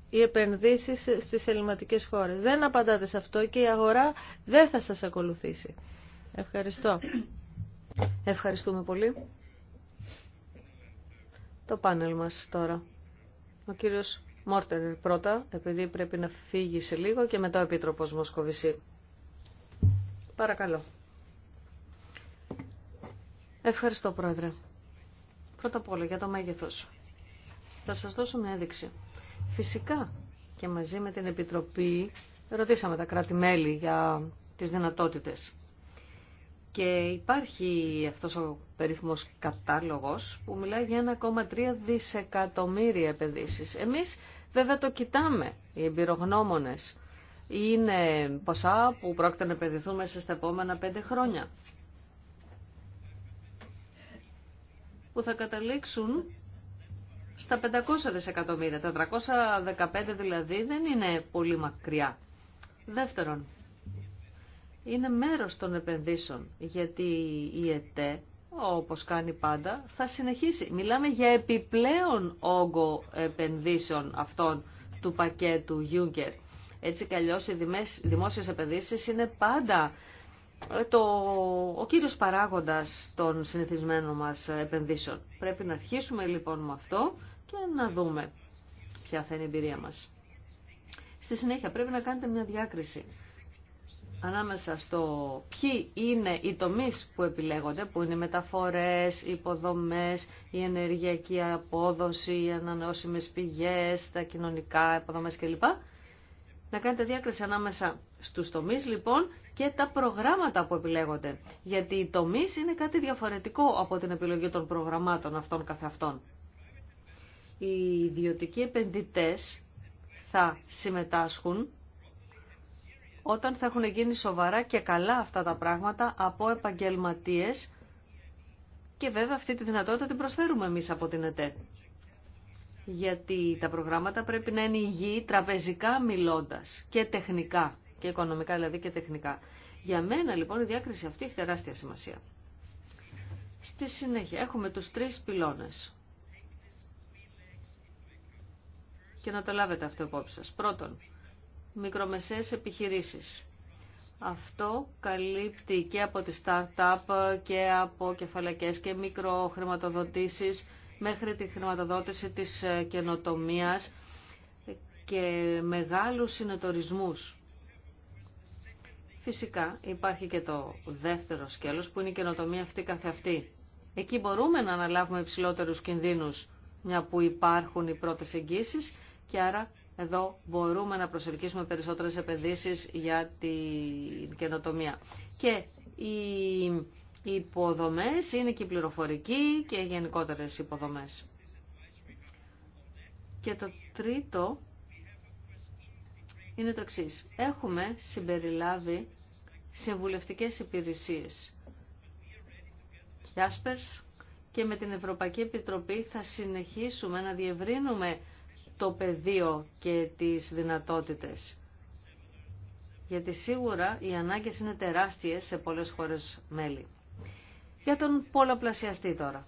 οι επενδύσεις στις ελληματικές χώρες. Δεν απαντάτε σε αυτό και η αγορά δεν θα σας ακολουθήσει. Ευχαριστώ. Ευχαριστούμε πολύ. Το πάνελ μας τώρα. Ο κύριος Μόρτερ πρώτα, επειδή πρέπει να φύγει σε λίγο και μετά ο Επίτροπος Μοσκοβισή. Παρακαλώ. Ευχαριστώ, Πρόεδρε. Πρώτα απ' όλα για το μέγεθος. Θα σας δώσω μια έδειξη. Φυσικά και μαζί με την Επιτροπή ρωτήσαμε τα κράτη-μέλη για τις δυνατότητες. Και υπάρχει αυτός ο περίφημος κατάλογος που μιλάει για 1,3 δισεκατομμύρια επενδύσεις. Εμείς βέβαια το κοιτάμε, οι εμπειρογνώμονες. Είναι ποσά που πρόκειται να επενδυθούμε μέσα στα επόμενα πέντε χρόνια. Που θα καταλήξουν στα 500 δισεκατομμύρια. Τα 315 δηλαδή δεν είναι πολύ μακριά. Δεύτερον, είναι μέρος των επενδύσεων, γιατί η ΕΤΕ, όπως κάνει πάντα, θα συνεχίσει. Μιλάμε για επιπλέον όγκο επενδύσεων αυτών του πακέτου Juncker. Έτσι κι οι δημόσιες επενδύσεις είναι πάντα ε, το, ο κύριος παράγοντας των συνηθισμένων μας επενδύσεων. Πρέπει να αρχίσουμε λοιπόν με αυτό και να δούμε ποια θα είναι η εμπειρία μας. Στη συνέχεια πρέπει να κάνετε μια διάκριση ανάμεσα στο ποιοι είναι οι τομείς που επιλέγονται, που είναι οι μεταφορές, οι υποδομές, η ενεργειακή απόδοση, οι ανανεώσιμες πηγές, τα κοινωνικά υποδομές κλπ. Να κάνετε διάκριση ανάμεσα στους τομείς λοιπόν και τα προγράμματα που επιλέγονται. Γιατί οι τομείς είναι κάτι διαφορετικό από την επιλογή των προγραμμάτων αυτών καθεαυτών. Οι ιδιωτικοί επενδυτές θα συμμετάσχουν όταν θα έχουν γίνει σοβαρά και καλά αυτά τα πράγματα από επαγγελματίες και βέβαια αυτή τη δυνατότητα την προσφέρουμε εμείς από την ΕΤΕ. Γιατί τα προγράμματα πρέπει να είναι υγιή τραπεζικά μιλώντας και τεχνικά και οικονομικά δηλαδή και τεχνικά. Για μένα λοιπόν η διάκριση αυτή έχει τεράστια σημασία. Στη συνέχεια έχουμε τους τρεις πυλώνες. Και να το λάβετε αυτό υπόψη σας. Πρώτον, μικρομεσαίες επιχειρήσεις. Αυτό καλύπτει και από τη startup και από κεφαλακές και μικροχρηματοδοτήσεις μέχρι τη χρηματοδότηση της ε, καινοτομίας και μεγάλους συνετορισμούς. Φυσικά υπάρχει και το δεύτερο σκέλος που είναι η καινοτομία αυτή καθεαυτή. Εκεί μπορούμε να αναλάβουμε υψηλότερους κινδύνους μια που υπάρχουν οι πρώτες εγγύσεις και άρα εδώ μπορούμε να προσελκύσουμε περισσότερες επενδύσεις για την καινοτομία. Και οι υποδομές είναι και οι πληροφορικοί και οι γενικότερες υποδομές. Και το τρίτο είναι το εξή. Έχουμε συμπεριλάβει συμβουλευτικές υπηρεσίες. Jaspers και με την Ευρωπαϊκή Επιτροπή θα συνεχίσουμε να διευρύνουμε το πεδίο και τις δυνατότητες. Γιατί σίγουρα οι ανάγκες είναι τεράστιες σε πολλές χώρες μέλη. Για τον πολλαπλασιαστή τώρα.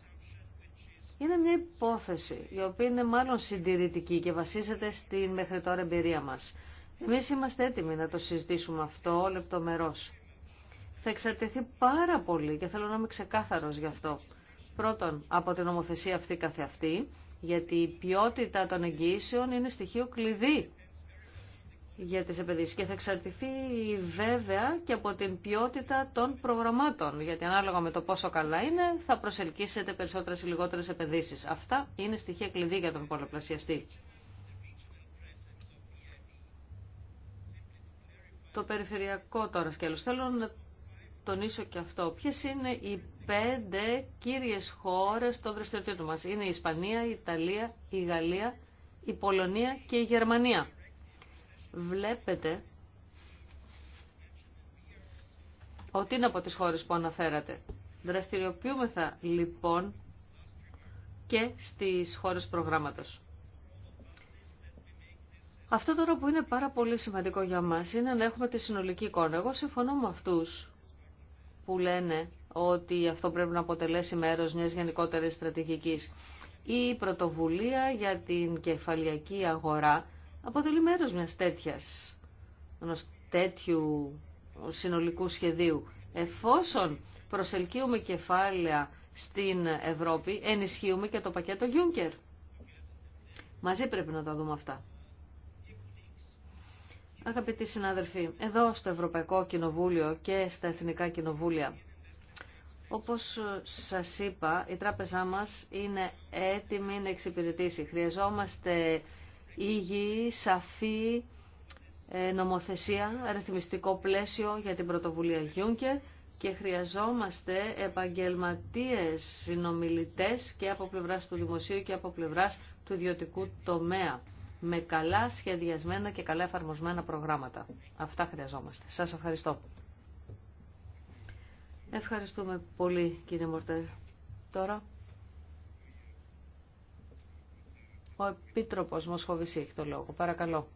Είναι μια υπόθεση η οποία είναι μάλλον συντηρητική και βασίζεται στην μέχρι τώρα εμπειρία μας. Εμείς είμαστε έτοιμοι να το συζητήσουμε αυτό λεπτομερώς. Θα εξαρτηθεί πάρα πολύ και θέλω να είμαι ξεκάθαρος γι' αυτό. Πρώτον, από την νομοθεσία αυτή καθεαυτή γιατί η ποιότητα των εγγύσεων είναι στοιχείο κλειδί για τις επενδύσεις και θα εξαρτηθεί βέβαια και από την ποιότητα των προγραμμάτων γιατί ανάλογα με το πόσο καλά είναι θα προσελκύσετε περισσότερες ή λιγότερες επενδύσεις. Αυτά είναι στοιχεία κλειδί για τον πολλαπλασιαστή. Το περιφερειακό τώρα σκέλος θέλω να τονίσω και αυτό. Ποιες είναι οι πέντε κύριες χώρες των δραστηριοτήτων μας. Είναι η Ισπανία, η Ιταλία, η Γαλλία, η Πολωνία και η Γερμανία. Βλέπετε ότι είναι από τις χώρες που αναφέρατε. Δραστηριοποιούμεθα λοιπόν και στις χώρες προγράμματος. Αυτό τώρα που είναι πάρα πολύ σημαντικό για μας είναι να έχουμε τη συνολική εικόνα. Εγώ συμφωνώ με αυτούς που λένε ότι αυτό πρέπει να αποτελέσει μέρος μιας γενικότερης στρατηγικής. Η πρωτοβουλία για την κεφαλιακή αγορά αποτελεί μέρος μιας τέτοιας, ενός τέτοιου συνολικού σχεδίου. Εφόσον προσελκύουμε κεφάλαια στην Ευρώπη, ενισχύουμε και το πακέτο Juncker. Μαζί πρέπει να τα δούμε αυτά. Αγαπητοί συνάδελφοι, εδώ στο Ευρωπαϊκό Κοινοβούλιο και στα Εθνικά Κοινοβούλια, όπως σας είπα, η τράπεζά μας είναι έτοιμη να εξυπηρετήσει. Χρειαζόμαστε υγιή, σαφή ε, νομοθεσία, αριθμιστικό πλαίσιο για την πρωτοβουλία Γιούγκερ και χρειαζόμαστε επαγγελματίες συνομιλητές και από πλευράς του δημοσίου και από πλευράς του ιδιωτικού τομέα με καλά σχεδιασμένα και καλά εφαρμοσμένα προγράμματα. Αυτά χρειαζόμαστε. Σας ευχαριστώ. Ευχαριστούμε πολύ κύριε Μορτέ. Τώρα ο Επίτροπος Μοσχοβησί έχει το λόγο. Παρακαλώ.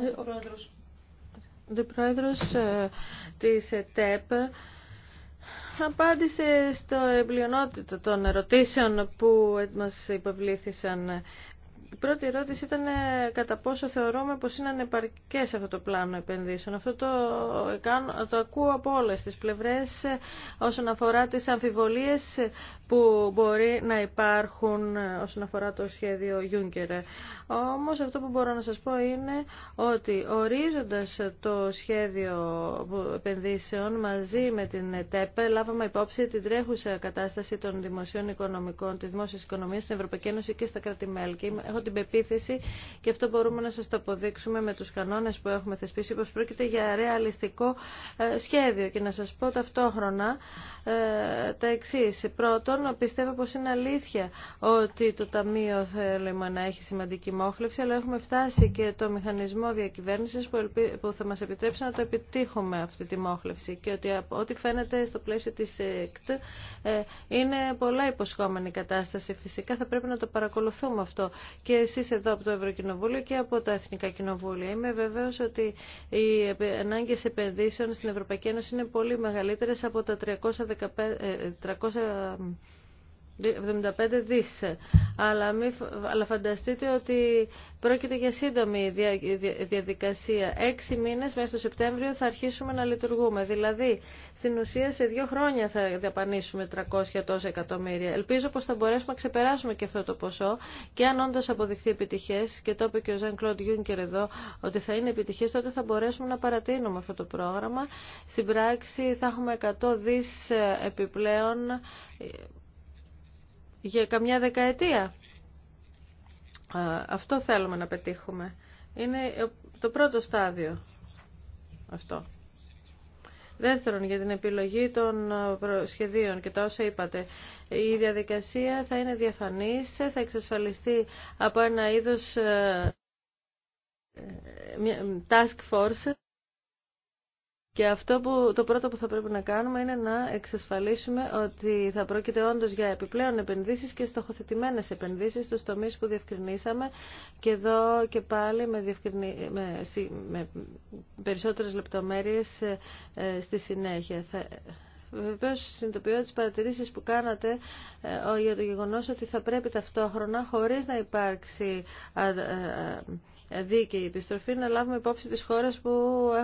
Ε, ο Πρόεδρος, ο ε, της ΕΤΕΠ απάντησε στο το των ερωτήσεων που μας υποβλήθησαν η πρώτη ερώτηση ήταν ε, κατά πόσο θεωρούμε πως είναι ανεπαρκές αυτό το πλάνο επενδύσεων. Αυτό το, το ακούω από όλες τις πλευρές ε, όσον αφορά τις αμφιβολίες που μπορεί να υπάρχουν ε, όσον αφορά το σχέδιο Juncker. Όμως αυτό που μπορώ να σας πω είναι ότι ορίζοντας το σχέδιο επενδύσεων μαζί με την ΕΤΕΠΕ λάβαμε υπόψη την τρέχουσα κατάσταση των δημοσίων οικονομικών, της δημόσιας οικονομίας στην Ευρωπαϊκή Ένωση και στα κράτη-μέλη έχω την πεποίθηση και αυτό μπορούμε να σας το αποδείξουμε με τους κανόνες που έχουμε θεσπίσει πως πρόκειται για ρεαλιστικό ε, σχέδιο και να σας πω ταυτόχρονα ε, τα εξή. Πρώτον, πιστεύω πως είναι αλήθεια ότι το Ταμείο θέλουμε να έχει σημαντική μόχλευση, αλλά έχουμε φτάσει και το μηχανισμό διακυβέρνησης που θα μας επιτρέψει να το επιτύχουμε αυτή τη μόχλευση και ότι ό,τι φαίνεται στο πλαίσιο της ΕΚΤ ε, είναι πολλά υποσχόμενη κατάσταση. Φυσικά θα πρέπει να το παρακολουθούμε αυτό και εσείς εδώ από το Ευρωκοινοβούλιο και από τα Εθνικά Κοινοβούλια. Είμαι βέβαιος ότι οι ανάγκες επενδύσεων στην Ευρωπαϊκή Ένωση είναι πολύ μεγαλύτερες από τα 315, 300 ε, 75 δις. Αλλά, μη, αλλά φανταστείτε ότι πρόκειται για σύντομη διαδικασία. Έξι μήνες μέχρι το Σεπτέμβριο θα αρχίσουμε να λειτουργούμε. Δηλαδή, στην ουσία σε δύο χρόνια θα διαπανίσουμε 300 τόσα εκατομμύρια. Ελπίζω πως θα μπορέσουμε να ξεπεράσουμε και αυτό το ποσό και αν όντως αποδειχθεί επιτυχές και το είπε και ο Ζαν Κλοντ Γιούνκερ εδώ ότι θα είναι επιτυχές τότε θα μπορέσουμε να παρατείνουμε αυτό το πρόγραμμα. Στην πράξη θα έχουμε 100 δις επιπλέον για καμιά δεκαετία. Αυτό θέλουμε να πετύχουμε. Είναι το πρώτο στάδιο αυτό. Δεύτερον, για την επιλογή των σχεδίων και τα όσα είπατε. Η διαδικασία θα είναι διαφανής, θα εξασφαλιστεί από ένα είδος ε, ε, task force και αυτό που το πρώτο που θα πρέπει να κάνουμε είναι να εξασφαλίσουμε ότι θα πρόκειται όντω για επιπλέον επενδύσει και στοχοθετημένε επενδύσει στου τομεί που διευκρινίσαμε. Και εδώ και πάλι με, διευκρινί... με... με περισσότερε λεπτομέρειε ε, ε, στη συνέχεια. Βεβαίω συνειδητοποιώ τι παρατηρήσει που κάνατε ε, για το γεγονό ότι θα πρέπει ταυτόχρονα, χωρί να υπάρξει ε, ε, δίκαιη επιστροφή, να λάβουμε υπόψη τι χώρε που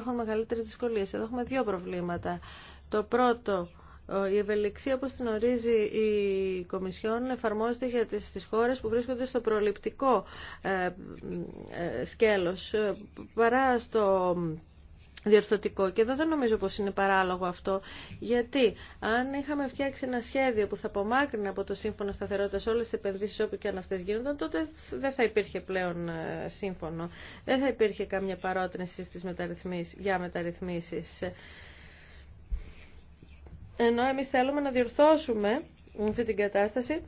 έχουν μεγαλύτερε δυσκολίε. Εδώ έχουμε δύο προβλήματα. Το πρώτο, η ευελιξία όπως την ορίζει η Κομισιόν εφαρμόζεται για τις, τις χώρες που βρίσκονται στο προληπτικό σκέλος παρά στο διορθωτικό και εδώ δεν νομίζω πως είναι παράλογο αυτό γιατί αν είχαμε φτιάξει ένα σχέδιο που θα απομάκρυνε από το σύμφωνο σταθερότητας όλες τις επενδύσεις όπου και αν αυτές γίνονταν τότε δεν θα υπήρχε πλέον ε, σύμφωνο δεν θα υπήρχε καμία παρότρινση στις μεταρρυθμίσεις, για μεταρρυθμίσεις ενώ εμείς θέλουμε να διορθώσουμε αυτή την κατάσταση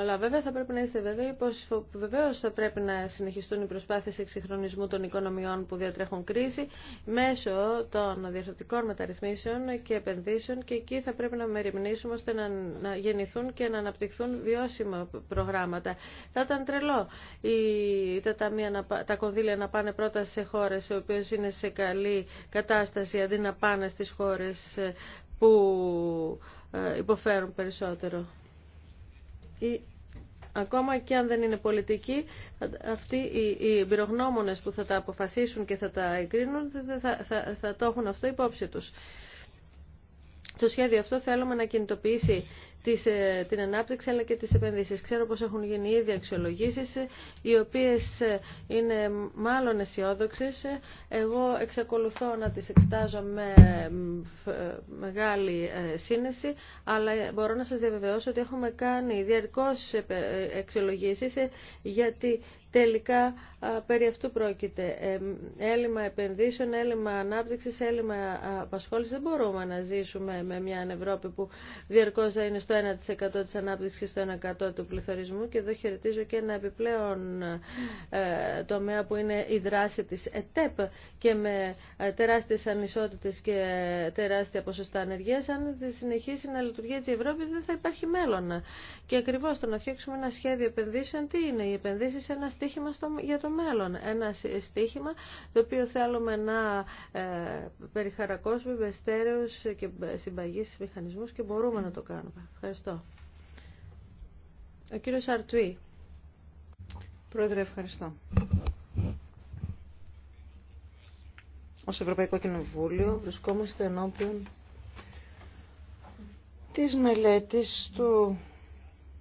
Αλλά βέβαια θα πρέπει να είστε βέβαιοι πως βεβαίω θα πρέπει να συνεχιστούν οι προσπάθειες εξυγχρονισμού των οικονομιών που διατρέχουν κρίση μέσω των διαρθρωτικών μεταρρυθμίσεων και επενδύσεων και εκεί θα πρέπει να μεριμνήσουμε ώστε να, γεννηθούν και να αναπτυχθούν βιώσιμα προγράμματα. Θα ήταν τρελό τα, τα κονδύλια να πάνε πρώτα σε χώρε οι οποίε είναι σε καλή κατάσταση αντί να πάνε στι χώρε ε, που ε, υποφέρουν περισσότερο ή ακόμα και αν δεν είναι πολιτικοί, αυτοί οι, οι που θα τα αποφασίσουν και θα τα εγκρίνουν θα, θα το έχουν αυτό υπόψη τους. Το σχέδιο αυτό θέλουμε να κινητοποιήσει ε, την ανάπτυξη αλλά και τις επενδύσεις. Ξέρω πως έχουν γίνει ήδη αξιολογήσεις, οι οποίες ε, είναι μάλλον αισιόδοξε. Εγώ εξακολουθώ να τις εξετάζω με ε, μεγάλη σύνεση, αλλά μπορώ να σας διαβεβαιώσω ότι έχουμε κάνει διαρκώς αξιολογήσεις, γιατί Τελικά περί αυτού πρόκειται. Ε, έλλειμμα επενδύσεων, έλλειμμα ανάπτυξης, έλλειμμα απασχόλησης. Δεν μπορούμε να ζήσουμε με μια Ευρώπη που διαρκώς είναι στο 1% της ανάπτυξης, στο 1% του πληθωρισμού. Και εδώ χαιρετίζω και ένα επιπλέον ε, τομέα που είναι η δράση της ΕΤΕΠ και με ε, τεράστιες ανισότητες και τεράστια ποσοστά ανεργίας. Αν συνεχίσει να λειτουργεί έτσι η Ευρώπη δεν θα υπάρχει μέλλον. Και ακριβώς το να φτιάξουμε ένα σχέδιο επενδύσεων, τι είναι οι επενδύσεις ένα στοίχημα στο, για το μέλλον. Ένα στοίχημα το οποίο θέλουμε να ε, περιχαρακώσουμε με στέρεους και συμπαγείς μηχανισμούς και μπορούμε να το κάνουμε. Ευχαριστώ. Ο κύριος Αρτουή. Πρόεδρε, ευχαριστώ. Ως Ευρωπαϊκό Κοινοβούλιο βρισκόμαστε ενώπιον της μελέτης του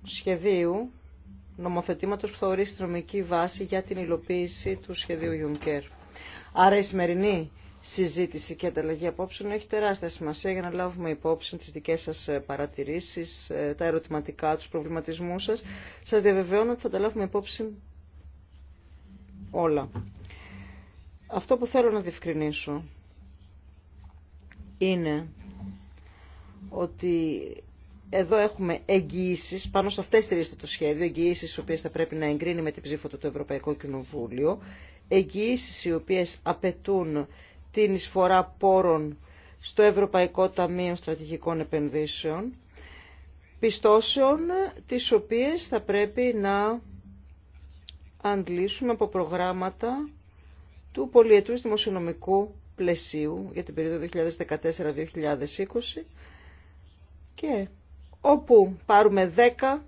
σχεδίου νομοθετήματος που θα ορίσει νομική βάση για την υλοποίηση του σχεδίου Juncker. Άρα η σημερινή συζήτηση και ανταλλαγή απόψεων έχει τεράστια σημασία για να λάβουμε υπόψη τις δικές σας ε, παρατηρήσεις, ε, τα ερωτηματικά, τους προβληματισμούς σας. Σας διαβεβαιώνω ότι θα τα λάβουμε υπόψη όλα. Αυτό που θέλω να διευκρινίσω είναι ότι εδώ έχουμε εγγυήσει πάνω σε αυτέ τι το σχέδιο, εγγυήσει οι οποίε θα πρέπει να εγκρίνει με την ψήφο το Ευρωπαϊκό Κοινοβούλιο, εγγυήσει οι οποίε απαιτούν την εισφορά πόρων στο Ευρωπαϊκό Ταμείο Στρατηγικών Επενδύσεων, πιστώσεων τις οποίες θα πρέπει να αντλήσουμε από προγράμματα του πολιετούς δημοσιονομικού πλαισίου για την περίοδο 2014-2020 και όπου πάρουμε 10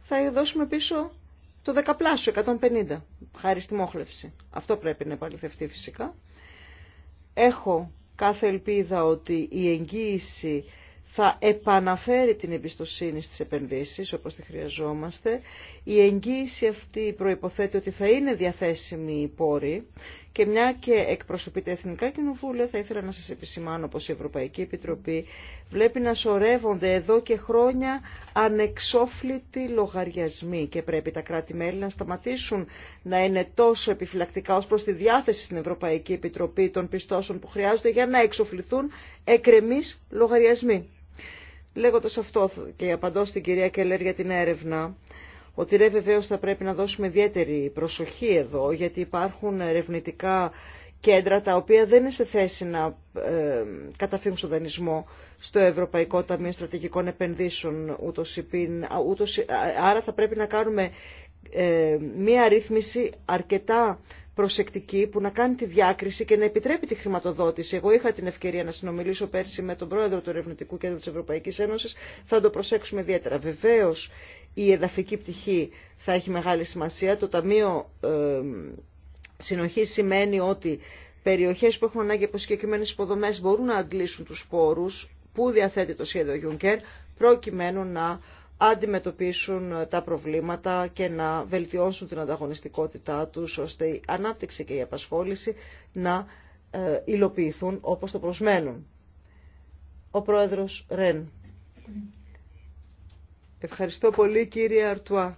θα δώσουμε πίσω το δεκαπλάσιο, 150, χάρη στη μόχλευση. Αυτό πρέπει να επαληθευτεί φυσικά. Έχω κάθε ελπίδα ότι η εγγύηση θα επαναφέρει την εμπιστοσύνη στις επενδύσεις όπως τη χρειαζόμαστε. Η εγγύηση αυτή προϋποθέτει ότι θα είναι διαθέσιμη η πόρη... Και μια και εκπροσωπείται Εθνικά Κοινοβούλια, θα ήθελα να σας επισημάνω πως η Ευρωπαϊκή Επιτροπή βλέπει να σωρεύονται εδώ και χρόνια ανεξόφλητοι λογαριασμοί και πρέπει τα κράτη-μέλη να σταματήσουν να είναι τόσο επιφυλακτικά ως προς τη διάθεση στην Ευρωπαϊκή Επιτροπή των πιστώσεων που χρειάζονται για να εξοφληθούν εκρεμείς λογαριασμοί. Λέγοντας αυτό και απαντώ στην κυρία Κελέρ για την έρευνα, ότι ρε ναι, βεβαίως θα πρέπει να δώσουμε ιδιαίτερη προσοχή εδώ γιατί υπάρχουν ερευνητικά κέντρα τα οποία δεν είναι σε θέση να ε, καταφύγουν στον δανεισμό στο Ευρωπαϊκό Ταμείο Στρατηγικών Επενδύσεων ούτως υπήν, ούτως, άρα θα πρέπει να κάνουμε ε, μία ρύθμιση αρκετά προσεκτική που να κάνει τη διάκριση και να επιτρέπει τη χρηματοδότηση. Εγώ είχα την ευκαιρία να συνομιλήσω πέρσι με τον πρόεδρο του Ερευνητικού Κέντρου της Ευρωπαϊκής Ένωσης. Θα το προσέξουμε ιδιαίτερα. Βεβαίως η εδαφική πτυχή θα έχει μεγάλη σημασία. Το Ταμείο ε, Συνοχής σημαίνει ότι περιοχές που έχουν ανάγκη από συγκεκριμένε υποδομέ μπορούν να αντλήσουν τους πόρους που διαθέτει το σχέδιο Juncker προκειμένου να αντιμετωπίσουν τα προβλήματα και να βελτιώσουν την ανταγωνιστικότητά τους ώστε η ανάπτυξη και η απασχόληση να ε, υλοποιηθούν όπως το προσμένουν. Ο πρόεδρος Ρεν. Ευχαριστώ πολύ κύριε Αρτουά.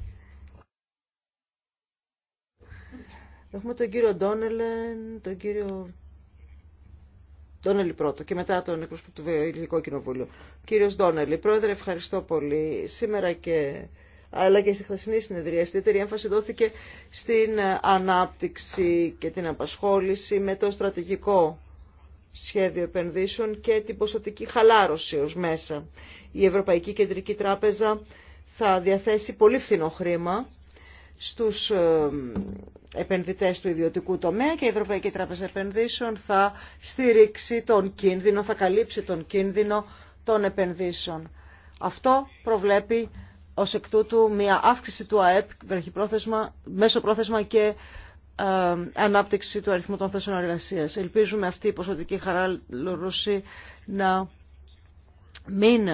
Έχουμε τον κύριο Ντόνελεν, τον κύριο Ντόνελη πρώτο και μετά τον εκπρόσωπο του Ελληνικού Κοινοβούλιο. Κύριο Ντόνελη, πρόεδρε ευχαριστώ πολύ. Σήμερα και αλλά και στη χθεσινή συνεδρία. Ιδιαίτερη έμφαση δόθηκε στην ανάπτυξη και την απασχόληση με το στρατηγικό σχέδιο επενδύσεων και την ποσοτική χαλάρωση ως μέσα. Η Ευρωπαϊκή Κεντρική Τράπεζα θα διαθέσει πολύ φθηνό χρήμα στους ε, επενδυτές του ιδιωτικού τομέα και η Ευρωπαϊκή Τράπεζα Επενδύσεων θα στηρίξει τον κίνδυνο, θα καλύψει τον κίνδυνο των επενδύσεων. Αυτό προβλέπει ως εκ τούτου μια αύξηση του ΑΕΠ μέσω πρόθεσμα και ε, ανάπτυξη του αριθμού των θέσεων εργασία. Ελπίζουμε αυτή η ποσοτική χαράλωση να μην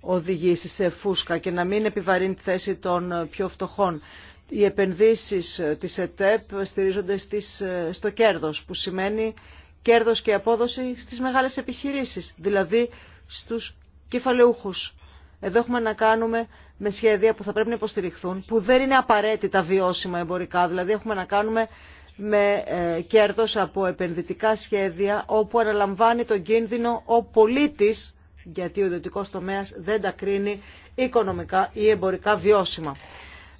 οδηγήσει σε φούσκα και να μην επιβαρύνει τη θέση των πιο φτωχών. Οι επενδύσεις της ΕΤΕΠ στηρίζονται στις, στο κέρδος, που σημαίνει κέρδος και απόδοση στις μεγάλες επιχειρήσεις, δηλαδή στους κεφαλαιούχους. Εδώ έχουμε να κάνουμε με σχέδια που θα πρέπει να υποστηριχθούν, που δεν είναι απαραίτητα βιώσιμα εμπορικά. Δηλαδή έχουμε να κάνουμε με ε, κέρδος από επενδυτικά σχέδια όπου αναλαμβάνει τον κίνδυνο ο πολίτης γιατί ο ιδιωτικό τομέα δεν τα κρίνει οικονομικά ή εμπορικά βιώσιμα.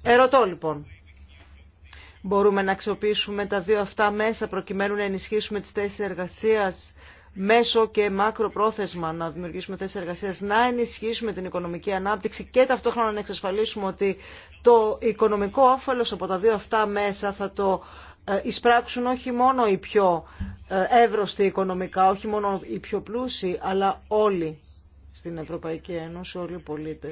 Ερωτώ λοιπόν, μπορούμε να αξιοποιήσουμε τα δύο αυτά μέσα προκειμένου να ενισχύσουμε τις θέσεις εργασίας μέσο και μακροπρόθεσμα να δημιουργήσουμε θέσει εργασία, να ενισχύσουμε την οικονομική ανάπτυξη και ταυτόχρονα να εξασφαλίσουμε ότι το οικονομικό όφελο από τα δύο αυτά μέσα θα το ε, εισπράξουν όχι μόνο οι πιο ε, εύρωστοι οικονομικά, όχι μόνο οι πιο πλούσιοι, αλλά όλοι στην Ευρωπαϊκή Ένωση, όλοι οι πολίτε.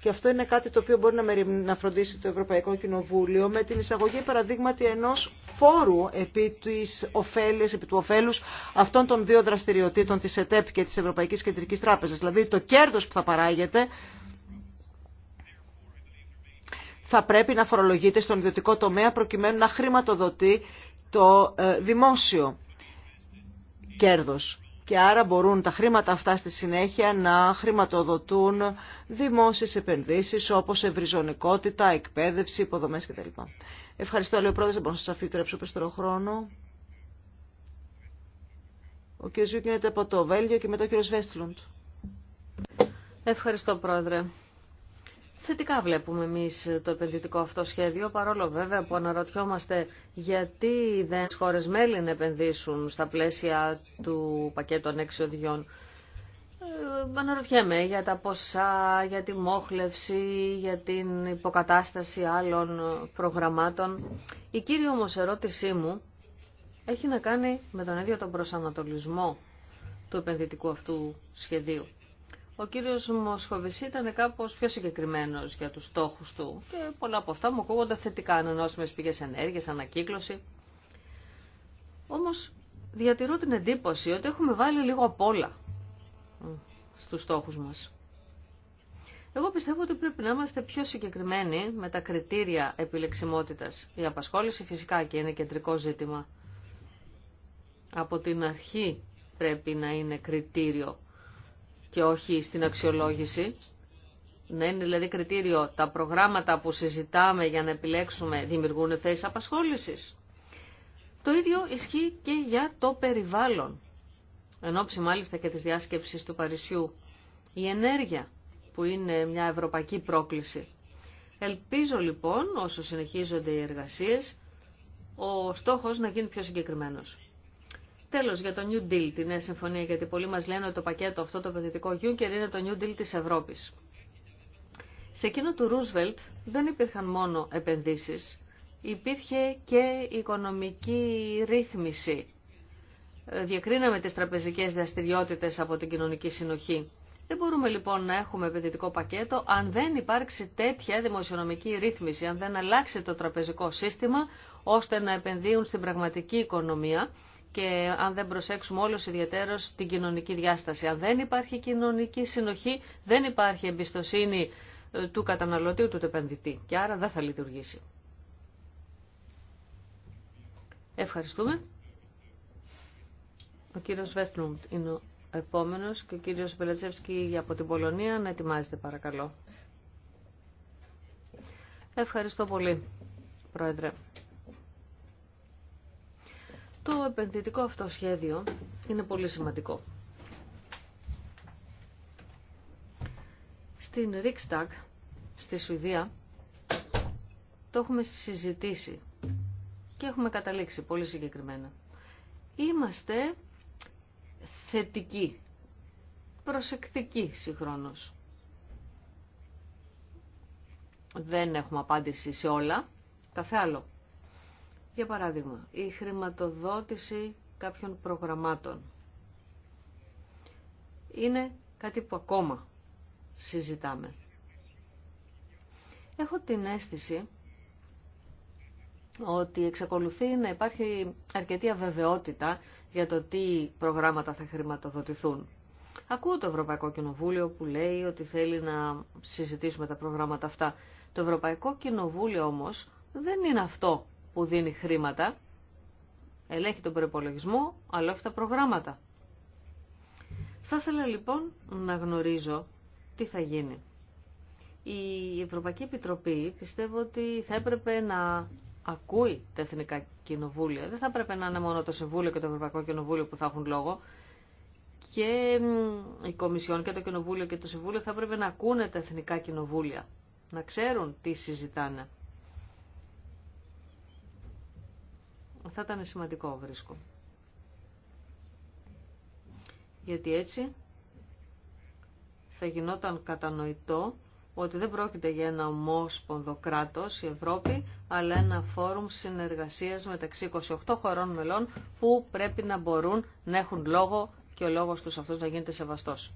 Και αυτό είναι κάτι το οποίο μπορεί να φροντίσει το Ευρωπαϊκό Κοινοβούλιο με την εισαγωγή παραδείγματι ενό φόρου επί, της επί του ωφέλου αυτών των δύο δραστηριοτήτων τη ΕΤΕΠ και τη Ευρωπαϊκή Κεντρική Τράπεζα. Δηλαδή το κέρδο που θα παράγεται θα πρέπει να φορολογείται στον ιδιωτικό τομέα προκειμένου να χρηματοδοτεί το ε, δημόσιο κέρδος και άρα μπορούν τα χρήματα αυτά στη συνέχεια να χρηματοδοτούν δημόσιες επενδύσεις όπως ευρυζωνικότητα, εκπαίδευση, υποδομές κτλ. Ευχαριστώ, λέει ο πρόεδρος, δεν μπορώ να σας περισσότερο χρόνο. Ο κ. Ζιούκ από το Βέλγιο και μετά ο κ. Βέστλουντ. Ευχαριστώ, πρόεδρε. Θετικά βλέπουμε εμείς το επενδυτικό αυτό σχέδιο, παρόλο βέβαια που αναρωτιόμαστε γιατί δεν χώρες μέλη να επενδύσουν στα πλαίσια του πακέτου ανεξιοδιών. Ε, αναρωτιέμαι για τα ποσά, για τη μόχλευση, για την υποκατάσταση άλλων προγραμμάτων. Η κύρια όμως ερώτησή μου έχει να κάνει με τον ίδιο τον προσανατολισμό του επενδυτικού αυτού σχεδίου. Ο κύριος Μοσχοβησή ήταν κάπως πιο συγκεκριμένος για τους στόχους του και πολλά από αυτά μου ακούγονται θετικά, ανανόσιμες πηγές ενέργειας, ανακύκλωση. Όμως διατηρώ την εντύπωση ότι έχουμε βάλει λίγο απ' όλα στους στόχους μας. Εγώ πιστεύω ότι πρέπει να είμαστε πιο συγκεκριμένοι με τα κριτήρια επιλεξιμότητας. Η απασχόληση φυσικά και είναι κεντρικό ζήτημα. Από την αρχή πρέπει να είναι κριτήριο και όχι στην αξιολόγηση. Να είναι δηλαδή κριτήριο τα προγράμματα που συζητάμε για να επιλέξουμε δημιουργούν θέσεις απασχόλησης. Το ίδιο ισχύει και για το περιβάλλον. Εν μάλιστα και της διάσκεψης του Παρισιού. Η ενέργεια που είναι μια ευρωπαϊκή πρόκληση. Ελπίζω λοιπόν όσο συνεχίζονται οι εργασίες ο στόχος να γίνει πιο συγκεκριμένος. Τέλο για το New Deal, τη νέα συμφωνία, γιατί πολλοί μα λένε ότι το πακέτο αυτό το επενδυτικό Juncker είναι το New Deal τη Ευρώπη. Σε εκείνο του Ρούσβελτ δεν υπήρχαν μόνο επενδύσει. υπήρχε και οικονομική ρύθμιση. Ε, διακρίναμε τι τραπεζικέ δραστηριότητε από την κοινωνική συνοχή. Δεν μπορούμε λοιπόν να έχουμε επενδυτικό πακέτο αν δεν υπάρξει τέτοια δημοσιονομική ρύθμιση, αν δεν αλλάξει το τραπεζικό σύστημα ώστε να επενδύουν στην πραγματική οικονομία και αν δεν προσέξουμε όλος ιδιαίτερος την κοινωνική διάσταση. Αν δεν υπάρχει κοινωνική συνοχή, δεν υπάρχει εμπιστοσύνη ε, του καταναλωτή ούτε του επενδυτή και άρα δεν θα λειτουργήσει. Ευχαριστούμε. Ο κύριος Βέστλουντ είναι ο επόμενος και ο κύριος Μπελετζεύσκη από την Πολωνία. Να ετοιμάζετε παρακαλώ. Ευχαριστώ πολύ, Πρόεδρε. Το επενδυτικό αυτό σχέδιο είναι πολύ σημαντικό. Στην Riksdag, στη Σουηδία, το έχουμε συζητήσει και έχουμε καταλήξει πολύ συγκεκριμένα. Είμαστε θετικοί, προσεκτικοί συγχρόνως. Δεν έχουμε απάντηση σε όλα, καθ' άλλο. Για παράδειγμα, η χρηματοδότηση κάποιων προγραμμάτων είναι κάτι που ακόμα συζητάμε. Έχω την αίσθηση ότι εξακολουθεί να υπάρχει αρκετή αβεβαιότητα για το τι προγράμματα θα χρηματοδοτηθούν. Ακούω το Ευρωπαϊκό Κοινοβούλιο που λέει ότι θέλει να συζητήσουμε τα προγράμματα αυτά. Το Ευρωπαϊκό Κοινοβούλιο όμως δεν είναι αυτό που δίνει χρήματα, ελέγχει τον προπολογισμό, αλλά όχι τα προγράμματα. Θα ήθελα λοιπόν να γνωρίζω τι θα γίνει. Η Ευρωπαϊκή Επιτροπή πιστεύω ότι θα έπρεπε να ακούει τα εθνικά κοινοβούλια. Δεν θα έπρεπε να είναι μόνο το Συμβούλιο και το Ευρωπαϊκό Κοινοβούλιο που θα έχουν λόγο. Και η Κομισιόν και το Κοινοβούλιο και το Συμβούλιο θα έπρεπε να ακούνε τα εθνικά κοινοβούλια. Να ξέρουν τι συζητάνε. Θα ήταν σημαντικό βρίσκω. Γιατί έτσι θα γινόταν κατανοητό ότι δεν πρόκειται για ένα ομόσπονδο κράτος η Ευρώπη, αλλά ένα φόρουμ συνεργασίας μεταξύ 28 χωρών μελών που πρέπει να μπορούν να έχουν λόγο και ο λόγος τους αυτός να γίνεται σεβαστός.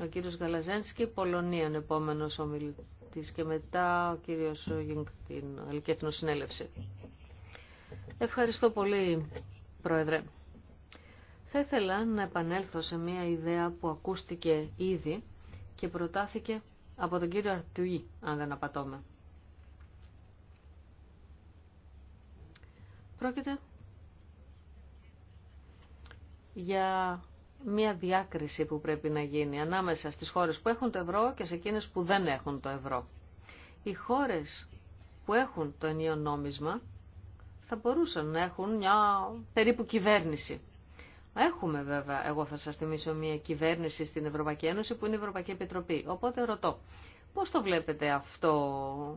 Ο κύριος Γαλαζένσκι, Πολωνία, είναι επόμενος ομιλητής και μετά ο κύριος Γιούγκ, την Αλληλική Εθνοσυνέλευση. Ευχαριστώ πολύ, Πρόεδρε. Θα ήθελα να επανέλθω σε μια ιδέα που ακούστηκε ήδη και προτάθηκε από τον κύριο Αρτουή, αν δεν απατώμε. Πρόκειται για μια διάκριση που πρέπει να γίνει ανάμεσα στις χώρες που έχουν το ευρώ και σε εκείνες που δεν έχουν το ευρώ. Οι χώρες που έχουν το ενίο νόμισμα θα μπορούσαν να έχουν μια περίπου κυβέρνηση. Έχουμε βέβαια, εγώ θα σας θυμίσω, μια κυβέρνηση στην Ευρωπαϊκή Ένωση που είναι η Ευρωπαϊκή Επιτροπή. Οπότε ρωτώ, πώς το βλέπετε αυτό,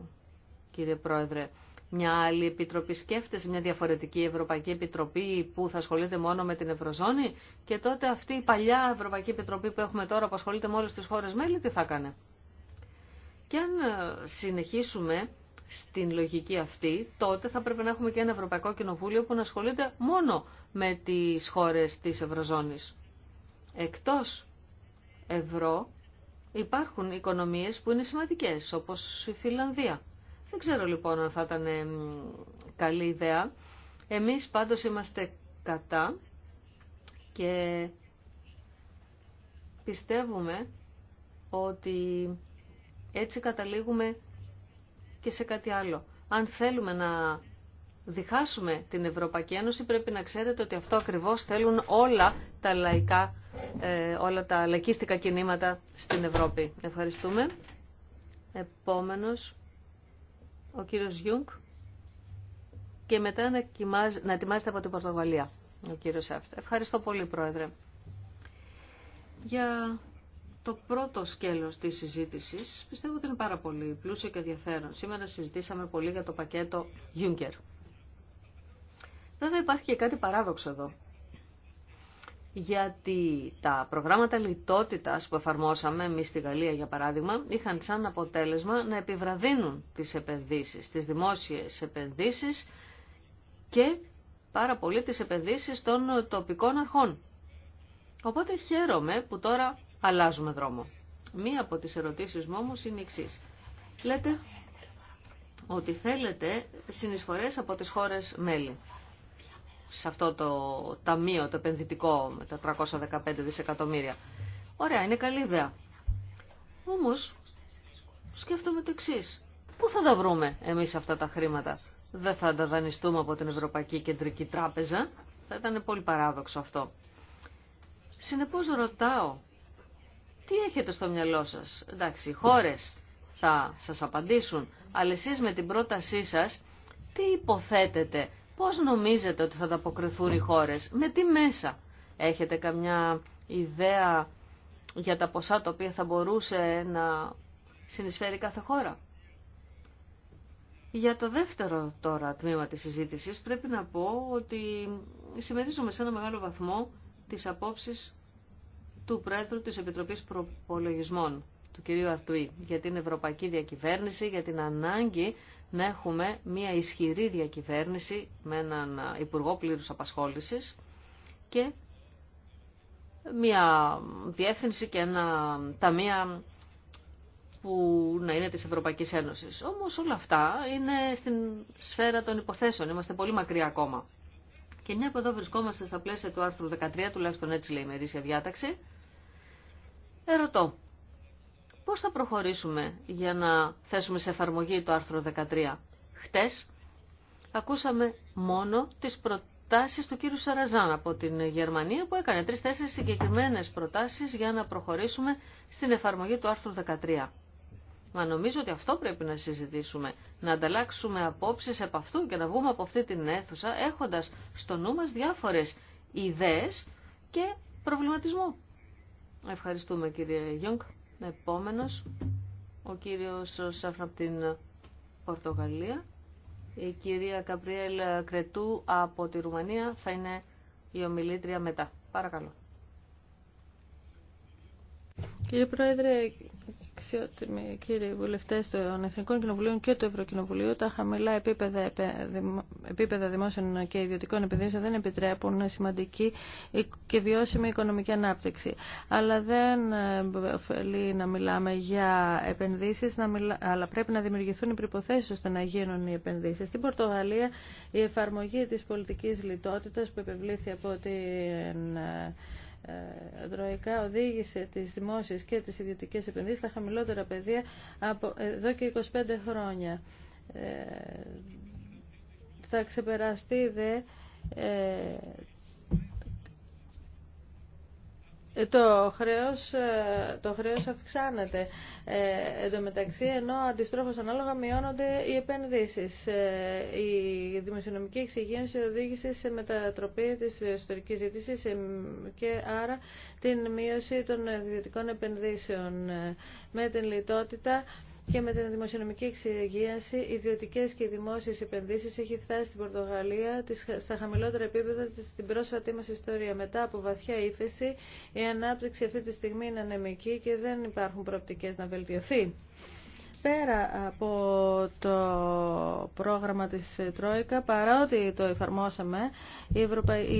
κύριε Πρόεδρε, μια άλλη επιτροπή σκέφτεσαι, μια διαφορετική Ευρωπαϊκή Επιτροπή που θα ασχολείται μόνο με την Ευρωζώνη και τότε αυτή η παλιά Ευρωπαϊκή Επιτροπή που έχουμε τώρα που ασχολείται με όλες τις χώρες μέλη, τι θα έκανε. Και αν ε, συνεχίσουμε στην λογική αυτή, τότε θα πρέπει να έχουμε και ένα Ευρωπαϊκό Κοινοβούλιο που να ασχολείται μόνο με τις χώρες της Ευρωζώνης. Εκτός ευρώ υπάρχουν οικονομίες που είναι σημαντικές, όπως η Φιλανδία. Δεν ξέρω λοιπόν αν θα ήταν ε, καλή ιδέα. Εμείς πάντως είμαστε κατά και πιστεύουμε ότι έτσι καταλήγουμε και σε κάτι άλλο. Αν θέλουμε να διχάσουμε την Ευρωπαϊκή Ένωση πρέπει να ξέρετε ότι αυτό ακριβώς θέλουν όλα τα λαϊκά, ε, όλα τα λαϊκίστικα κινήματα στην Ευρώπη. Ευχαριστούμε. Επόμενος, ο κύριος Γιούγκ και μετά να, κοιμάζ, ετοιμάζεται από την Πορτογαλία ο κύριος Σαφτ. Ευχαριστώ πολύ, Πρόεδρε. Για το πρώτο σκέλος της συζήτησης πιστεύω ότι είναι πάρα πολύ πλούσιο και ενδιαφέρον. Σήμερα συζητήσαμε πολύ για το πακέτο Juncker. Βέβαια υπάρχει και κάτι παράδοξο εδώ. Γιατί τα προγράμματα λιτότητας που εφαρμόσαμε εμεί στη Γαλλία για παράδειγμα είχαν σαν αποτέλεσμα να επιβραδύνουν τις επενδύσεις, τις δημόσιες επενδύσεις και πάρα πολύ τις επενδύσεις των τοπικών αρχών. Οπότε χαίρομαι που τώρα αλλάζουμε δρόμο. Μία από τις ερωτήσεις μου όμως είναι η εξής. Λέτε ότι θέλετε συνεισφορές από τις χώρες μέλη σε αυτό το ταμείο, το επενδυτικό με τα 315 δισεκατομμύρια. Ωραία, είναι καλή ιδέα. Όμως, σκέφτομαι το εξή. Πού θα τα βρούμε εμείς αυτά τα χρήματα. Δεν θα τα δανειστούμε από την Ευρωπαϊκή Κεντρική Τράπεζα. Θα ήταν πολύ παράδοξο αυτό. Συνεπώς ρωτάω, τι έχετε στο μυαλό σας. Εντάξει, οι χώρες θα σας απαντήσουν, αλλά εσείς με την πρότασή σας τι υποθέτετε, πώς νομίζετε ότι θα ανταποκριθούν οι χώρες, με τι μέσα. Έχετε καμιά ιδέα για τα ποσά τα οποία θα μπορούσε να συνεισφέρει κάθε χώρα. Για το δεύτερο τώρα τμήμα της συζήτησης πρέπει να πω ότι συμμερίζομαι σε ένα μεγάλο βαθμό τις απόψεις του Πρόεδρου της Επιτροπής Προπολογισμών, του κυρίου Αρτουή, για την ευρωπαϊκή διακυβέρνηση, για την ανάγκη να έχουμε μια ισχυρή διακυβέρνηση με έναν Υπουργό Πλήρους Απασχόλησης και μια διεύθυνση και ένα ταμεία που να είναι της Ευρωπαϊκής Ένωσης. Όμως όλα αυτά είναι στην σφαίρα των υποθέσεων, είμαστε πολύ μακριά ακόμα. Και μια από εδώ βρισκόμαστε στα πλαίσια του άρθρου 13, τουλάχιστον έτσι λέει η μερίσια διάταξη, Ερωτώ, πώς θα προχωρήσουμε για να θέσουμε σε εφαρμογή το άρθρο 13. Χτες ακούσαμε μόνο τις προτάσεις του κύριου Σαραζάν από την Γερμανία που έκανε τρεις-τέσσερις συγκεκριμένες προτάσεις για να προχωρήσουμε στην εφαρμογή του άρθρου 13. Μα νομίζω ότι αυτό πρέπει να συζητήσουμε, να ανταλλάξουμε απόψεις επ' αυτού και να βγούμε από αυτή την αίθουσα έχοντας στο νου μας διάφορες ιδέες και προβληματισμό. Ευχαριστούμε κύριε Γιόγκ. Επόμενος, ο κύριος Σάφρα από την Πορτογαλία. Η κυρία Καπριέλ Κρετού από τη Ρουμανία θα είναι η ομιλήτρια μετά. Παρακαλώ. Κύριε Πρόεδρε, αξιότιμοι κύριοι βουλευτέ των Εθνικών Κοινοβουλίων και του Ευρωκοινοβουλίου, τα χαμηλά επίπεδα, επίπεδα δημόσιων και ιδιωτικών επενδύσεων δεν επιτρέπουν σημαντική και βιώσιμη οικονομική ανάπτυξη. Αλλά δεν ε, ωφελεί να μιλάμε για επενδύσει, μιλά... αλλά πρέπει να δημιουργηθούν οι προποθέσει ώστε να γίνουν οι επενδύσει. Στην Πορτογαλία η εφαρμογή τη πολιτική λιτότητα που επιβλήθη από την ε, τρόικα ε, οδήγησε τις δημόσιες και τις ιδιωτικές επενδύσεις στα χαμηλότερα πεδία από ε, εδώ και 25 χρόνια. Ε, θα ξεπεραστεί δε το χρέος, ε, το χρέος αυξάνεται ε, ενώ αντιστρόφως ανάλογα μειώνονται οι επενδύσεις. Ε, η δημοσιονομική εξυγένση οδήγησε σε μετατροπή της ιστορικής ζήτησης ε, και άρα την μείωση των ιδιωτικών επενδύσεων. Με την λιτότητα και με την δημοσιονομική εξυγίαση, οι ιδιωτικέ και οι δημόσιε επενδύσει έχει φτάσει στην Πορτογαλία στα χαμηλότερα επίπεδα στην πρόσφατη μα ιστορία. Μετά από βαθιά ύφεση, η ανάπτυξη αυτή τη στιγμή είναι ανεμική και δεν υπάρχουν προοπτικέ να βελτιωθεί. Πέρα από το πρόγραμμα της ε, Τρόικα, παρότι το εφαρμόσαμε, η,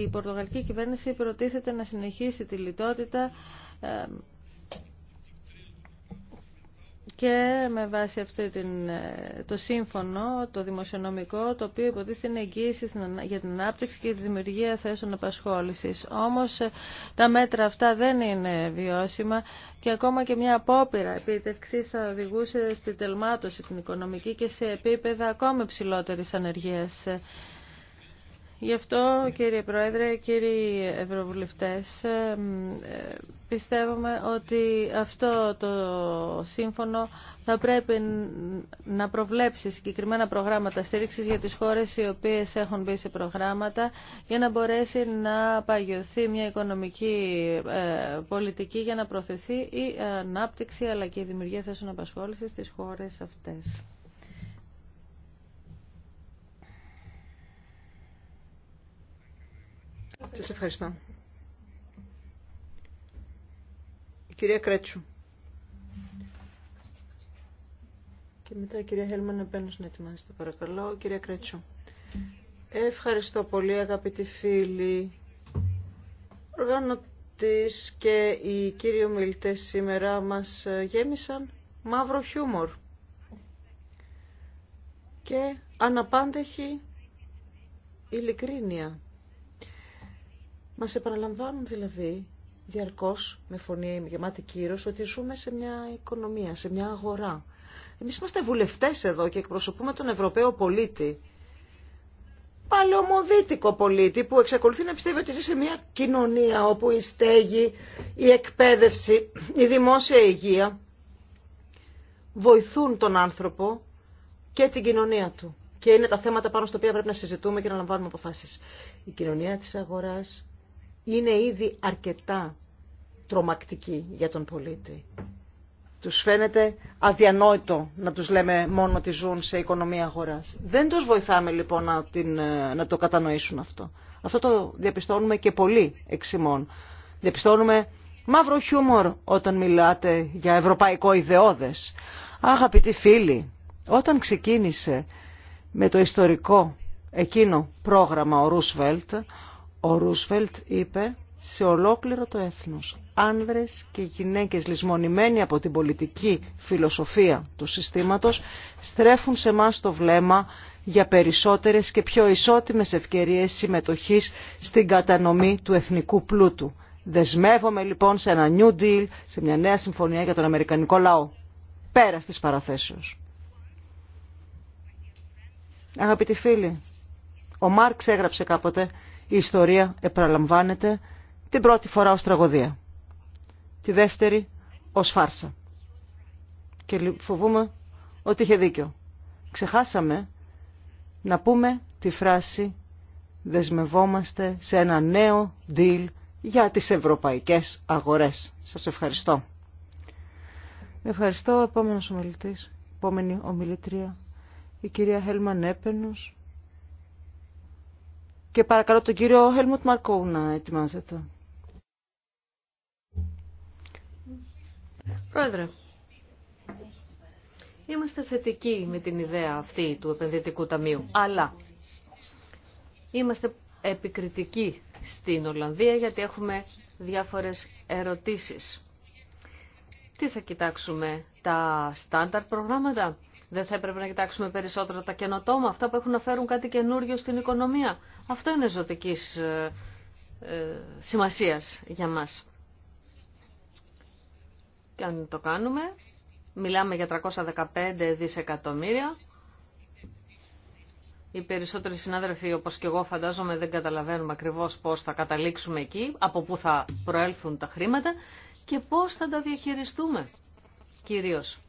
η Πορτογαλική κυβέρνηση προτίθεται να συνεχίσει τη λιτότητα ε, και με βάση αυτό ε, το σύμφωνο, το δημοσιονομικό, το οποίο υποτίθεται είναι εγγύηση για την ανάπτυξη και τη δημιουργία θέσεων απασχόληση. Όμως ε, τα μέτρα αυτά δεν είναι βιώσιμα και ακόμα και μια απόπειρα επιτευξή θα οδηγούσε στην τελμάτωση την οικονομική και σε επίπεδα ακόμη ψηλότερη ανεργίας. Γι' αυτό κύριε Πρόεδρε, κύριοι Ευρωβουλευτές, ε, πιστεύουμε ότι αυτό το σύμφωνο θα πρέπει να προβλέψει συγκεκριμένα προγράμματα στήριξης για τις χώρες οι οποίες έχουν μπει σε προγράμματα για να μπορέσει να παγιωθεί μια οικονομική ε, πολιτική για να προωθηθεί η ανάπτυξη αλλά και η δημιουργία θέσεων απασχόλησης στις χώρες αυτές. Σα ευχαριστώ. Η κυρία Κρέτσου. Και μετά η κυρία Χέλμαν επένω να ετοιμάζεται παρακαλώ. κυρία Κρέτσου. Ευχαριστώ πολύ αγαπητοί φίλοι. οργανωτή και οι κύριοι ομιλητέ σήμερα μα γέμισαν μαύρο χιούμορ και αναπάντεχη ειλικρίνεια. Μας επαναλαμβάνουν δηλαδή διαρκώς με φωνή γεμάτη κύρος ότι ζούμε σε μια οικονομία, σε μια αγορά. Εμείς είμαστε βουλευτές εδώ και εκπροσωπούμε τον Ευρωπαίο πολίτη. Παλαιομοδίτικο πολίτη που εξακολουθεί να πιστεύει ότι ζει σε μια κοινωνία όπου η στέγη, η εκπαίδευση, η δημόσια υγεία βοηθούν τον άνθρωπο και την κοινωνία του. Και είναι τα θέματα πάνω στα οποία πρέπει να συζητούμε και να λαμβάνουμε αποφάσεις. Η κοινωνία της αγοράς, είναι ήδη αρκετά τρομακτική για τον πολίτη. Τους φαίνεται αδιανόητο να τους λέμε μόνο ότι ζουν σε οικονομία αγοράς. Δεν τους βοηθάμε λοιπόν να, την, ε, να το κατανοήσουν αυτό. Αυτό το διαπιστώνουμε και πολύ ημών. Διαπιστώνουμε μαύρο χιούμορ όταν μιλάτε για ευρωπαϊκό ιδεώδες. Αγαπητοί φίλοι, όταν ξεκίνησε με το ιστορικό εκείνο πρόγραμμα ο Ρούσβελτ, ο Ρούσφελτ είπε σε ολόκληρο το έθνος, άνδρες και γυναίκες λησμονημένοι από την πολιτική φιλοσοφία του συστήματος, στρέφουν σε μας το βλέμμα για περισσότερες και πιο ισότιμες ευκαιρίες συμμετοχής στην κατανομή του εθνικού πλούτου. Δεσμεύομαι λοιπόν σε ένα New Deal, σε μια νέα συμφωνία για τον Αμερικανικό λαό. Πέρα στις παραθέσεις. Αγαπητοί φίλοι, ο Μάρξ έγραψε κάποτε η ιστορία επαναλαμβάνεται την πρώτη φορά ως τραγωδία, τη δεύτερη ως φάρσα. Και φοβούμε ότι είχε δίκιο. Ξεχάσαμε να πούμε τη φράση «Δεσμευόμαστε σε ένα νέο deal για τις ευρωπαϊκές αγορές». Σας ευχαριστώ. Ευχαριστώ, επόμενος ομιλητής, επόμενη ομιλητρία, η κυρία Χέλμα Νέπενος και παρακαλώ τον κύριο Χέλμουτ Μαρκού να ετοιμάζεται. Πρόεδρε, είμαστε θετικοί με την ιδέα αυτή του επενδυτικού ταμείου, αλλά είμαστε επικριτικοί στην Ολλανδία γιατί έχουμε διάφορες ερωτήσεις. Τι θα κοιτάξουμε, τα στάνταρ προγράμματα δεν θα έπρεπε να κοιτάξουμε περισσότερο τα καινοτόμα, αυτά που έχουν να φέρουν κάτι καινούριο στην οικονομία. Αυτό είναι ζωτική ε, ε, σημασία για μα. Και αν το κάνουμε, μιλάμε για 315 δισεκατομμύρια. Οι περισσότεροι συνάδελφοι, όπως και εγώ φαντάζομαι, δεν καταλαβαίνουμε ακριβώς πώς θα καταλήξουμε εκεί, από πού θα προέλθουν τα χρήματα και πώς θα τα διαχειριστούμε κυρίως.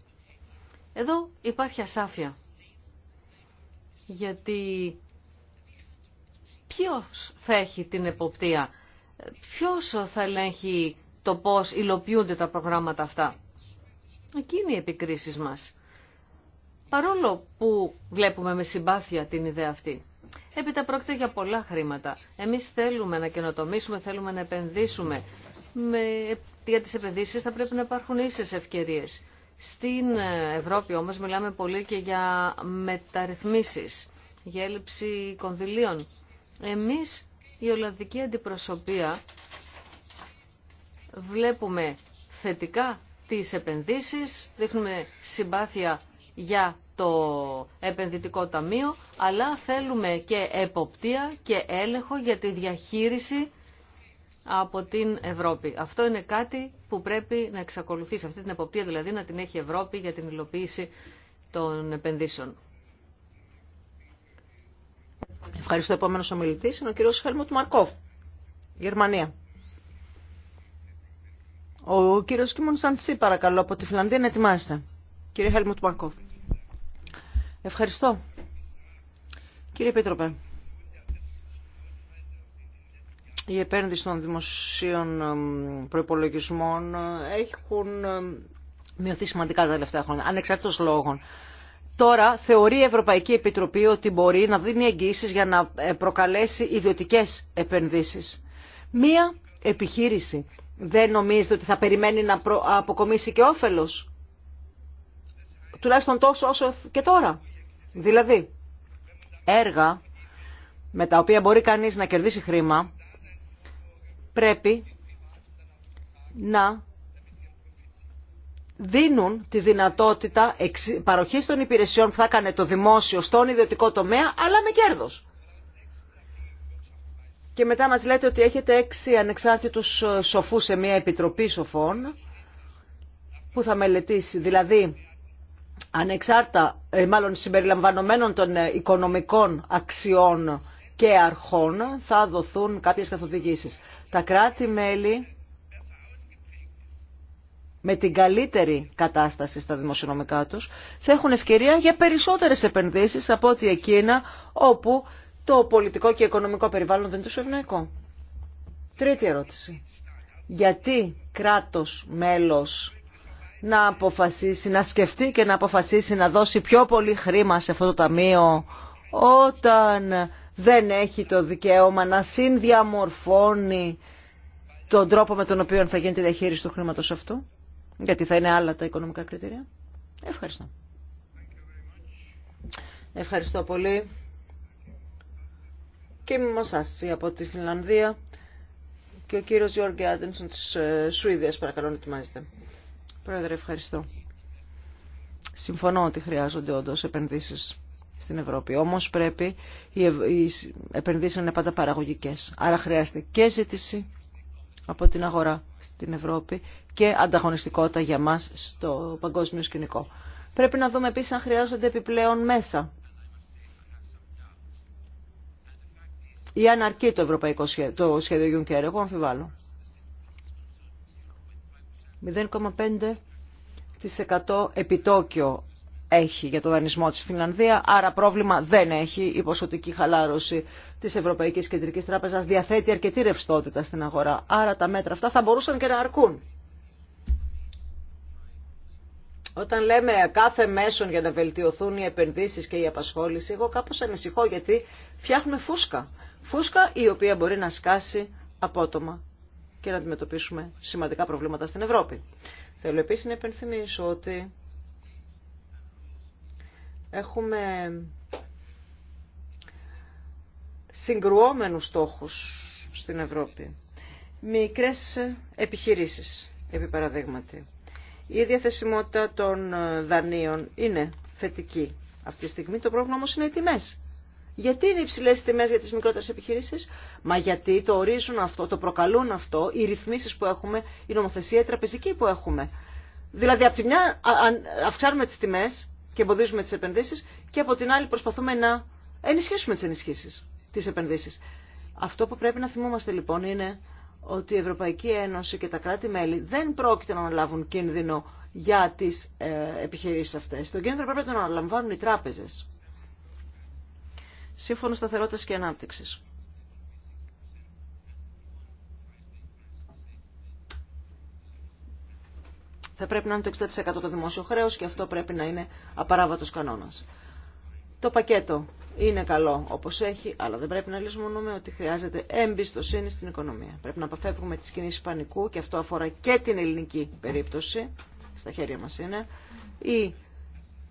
Εδώ υπάρχει ασάφεια. Γιατί ποιος θα έχει την εποπτεία, ποιος θα ελέγχει το πώς υλοποιούνται τα προγράμματα αυτά. είναι οι επικρίσεις μας. Παρόλο που βλέπουμε με συμπάθεια την ιδέα αυτή. Έπειτα πρόκειται για πολλά χρήματα. Εμείς θέλουμε να καινοτομήσουμε, θέλουμε να επενδύσουμε. Με, για τις επενδύσεις θα πρέπει να υπάρχουν ίσες ευκαιρίες. Στην Ευρώπη όμως μιλάμε πολύ και για μεταρρυθμίσεις, για έλλειψη κονδυλίων. Εμείς η Ολλανδική Αντιπροσωπεία βλέπουμε θετικά τις επενδύσεις, δείχνουμε συμπάθεια για το επενδυτικό ταμείο, αλλά θέλουμε και εποπτεία και έλεγχο για τη διαχείριση από την Ευρώπη. Αυτό είναι κάτι που πρέπει να εξακολουθήσει, αυτή την εποπτεία δηλαδή να την έχει η Ευρώπη για την υλοποίηση των επενδύσεων. Ευχαριστώ. Επόμενο ομιλητή είναι ο κύριος Χέλμουτ Μαρκόφ, Γερμανία. Ο κύριος Κίμον Σαντσί, παρακαλώ, από τη Φιλανδία να ετοιμάζεται. Κύριε Χέλμουτ Μαρκόφ. Ευχαριστώ. Κύριε Πίτροπε η επένδυση των δημοσίων προϋπολογισμών ε, έχουν μειωθεί σημαντικά τα τελευταία χρόνια, ανεξάρτητος λόγων. Τώρα θεωρεί η Ευρωπαϊκή Επιτροπή ότι μπορεί να δίνει εγγύσεις για να ε, προκαλέσει ιδιωτικές επενδύσεις. Μία επιχείρηση δεν νομίζετε ότι θα περιμένει να αποκομίσει και όφελος. Τουλάχιστον τόσο όσο και τώρα. Δηλαδή, έργα με τα οποία μπορεί κανείς να κερδίσει χρήμα, πρέπει να δίνουν τη δυνατότητα παροχής των υπηρεσιών που θα έκανε το δημόσιο στον ιδιωτικό τομέα, αλλά με κέρδος. Και μετά μας λέτε ότι έχετε έξι ανεξάρτητους σοφούς σε μια επιτροπή σοφών που θα μελετήσει. Δηλαδή, ανεξάρτητα, ε, μάλλον συμπεριλαμβανομένων των ε, οικονομικών αξιών και αρχών θα δοθούν κάποιες καθοδηγήσεις. Τα κράτη-μέλη με την καλύτερη κατάσταση στα δημοσιονομικά τους θα έχουν ευκαιρία για περισσότερες επενδύσεις από ότι εκείνα όπου το πολιτικό και οικονομικό περιβάλλον δεν είναι ευνοϊκό. Τρίτη ερώτηση. Γιατί κράτος μέλος να αποφασίσει, να σκεφτεί και να αποφασίσει να δώσει πιο πολύ χρήμα σε αυτό το ταμείο όταν δεν έχει το δικαίωμα να συνδιαμορφώνει τον τρόπο με τον οποίο θα γίνει τη διαχείριση του χρήματος αυτού, γιατί θα είναι άλλα τα οικονομικά κριτήρια. Ευχαριστώ. Ευχαριστώ πολύ. Και Μοσάση από τη Φινλανδία και ο κύριος Γιώργη Άντενσον της ε, Σουηδίας, παρακαλώ να ετοιμάζετε. Πρόεδρε, ευχαριστώ. Συμφωνώ ότι χρειάζονται όντως επενδύσεις στην Ευρώπη. Όμως πρέπει οι, ευ... επενδύσεις να είναι πάντα παραγωγικές. Άρα χρειάζεται και ζήτηση από την αγορά στην Ευρώπη και ανταγωνιστικότητα για μας στο παγκόσμιο σκηνικό. Πρέπει να δούμε επίσης αν χρειάζονται επιπλέον μέσα. Ή αν αρκεί το, ευρωπαϊκό σχέδιο, το σχέδιο Juncker, εγώ αμφιβάλλω. 0,5% επιτόκιο έχει για το δανεισμό της Φινλανδία, άρα πρόβλημα δεν έχει η ποσοτική χαλάρωση της Ευρωπαϊκής Κεντρικής Τράπεζας, διαθέτει αρκετή ρευστότητα στην αγορά, άρα τα μέτρα αυτά θα μπορούσαν και να αρκούν. Όταν λέμε κάθε μέσον για να βελτιωθούν οι επενδύσεις και η απασχόληση, εγώ κάπως ανησυχώ γιατί φτιάχνουμε φούσκα. Φούσκα η οποία μπορεί να σκάσει απότομα και να αντιμετωπίσουμε σημαντικά προβλήματα στην Ευρώπη. Θέλω επίσης να επενθυμίσω ότι έχουμε συγκρουόμενους στόχους στην Ευρώπη. Μικρές επιχειρήσεις, επί παραδείγματι. Η διαθεσιμότητα των δανείων είναι θετική αυτή τη στιγμή. Το πρόβλημα όμως είναι οι τιμές. Γιατί είναι υψηλέ τιμέ για τι μικρότερε επιχειρήσει, Μα γιατί το ορίζουν αυτό, το προκαλούν αυτό οι ρυθμίσει που έχουμε, η νομοθεσία η τραπεζική που έχουμε. Δηλαδή, από τη μια αυξάνουμε τι τιμέ, και εμποδίζουμε τις επενδύσει και από την άλλη προσπαθούμε να ενισχύσουμε τις ενισχύσεις, τι επενδύσει. Αυτό που πρέπει να θυμόμαστε λοιπόν είναι ότι η Ευρωπαϊκή Ένωση και τα κράτη-μέλη δεν πρόκειται να αναλάβουν κίνδυνο για τις ε, επιχειρήσεις αυτές. Το κίνδυνο πρέπει να αναλαμβάνουν οι τράπεζες. Σύμφωνο Σταθερότητα και ανάπτυξη. θα πρέπει να είναι το 60% το δημόσιο χρέος και αυτό πρέπει να είναι απαράβατος κανόνας. Το πακέτο είναι καλό όπως έχει, αλλά δεν πρέπει να λησμονούμε ότι χρειάζεται εμπιστοσύνη στην οικονομία. Πρέπει να αποφεύγουμε τις κινήσεις πανικού και αυτό αφορά και την ελληνική περίπτωση, στα χέρια μας είναι. Η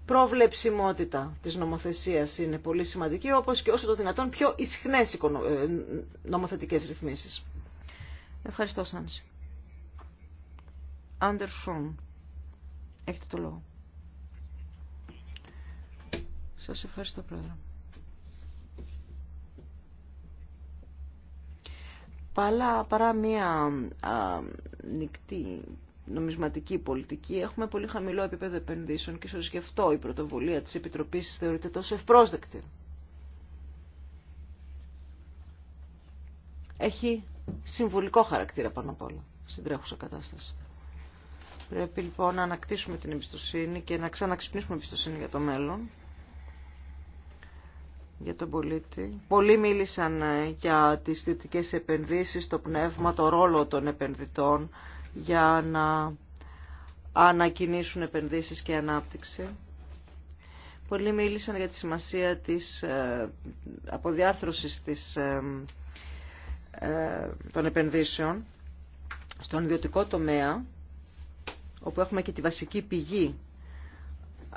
προβλεψιμότητα της νομοθεσίας είναι πολύ σημαντική, όπως και όσο το δυνατόν πιο ισχνές ε, νομοθετικές ρυθμίσεις. Ευχαριστώ, Σάνση. Σόν, Έχετε το λόγο. Σας ευχαριστώ πρόεδρε. Παλά, παρά μια νυχτή νομισματική πολιτική, έχουμε πολύ χαμηλό επίπεδο επενδύσεων και ίσως γι' αυτό η πρωτοβουλία της Επιτροπής θεωρείται τόσο ευπρόσδεκτη. Έχει συμβολικό χαρακτήρα πάνω απ' όλα στην τρέχουσα κατάσταση. Πρέπει λοιπόν να ανακτήσουμε την εμπιστοσύνη και να ξαναξυπνήσουμε εμπιστοσύνη για το μέλλον, για τον πολίτη. Πολλοί μίλησαν ε, για τις θετικές επενδύσεις, το πνεύμα, το ρόλο των επενδυτών για να ανακινήσουν επενδύσεις και ανάπτυξη. Πολλοί μίλησαν για τη σημασία της ε, αποδιάρθρωσης της, ε, των επενδύσεων στον ιδιωτικό τομέα όπου έχουμε και τη βασική πηγή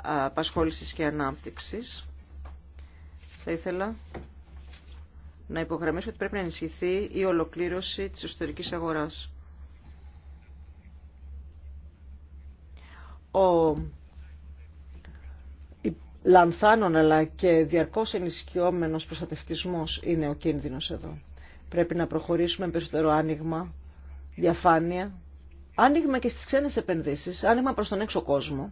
απασχόλησης και ανάπτυξης, θα ήθελα να υπογραμμίσω ότι πρέπει να ενισχυθεί η ολοκλήρωση της ιστορικής αγοράς. Ο λανθάνων αλλά και διαρκώς ενισχυόμενος προστατευτισμός είναι ο κίνδυνος εδώ. Πρέπει να προχωρήσουμε με περισσότερο άνοιγμα, διαφάνεια, άνοιγμα και στις ξένες επενδύσεις, άνοιγμα προς τον έξω κόσμο,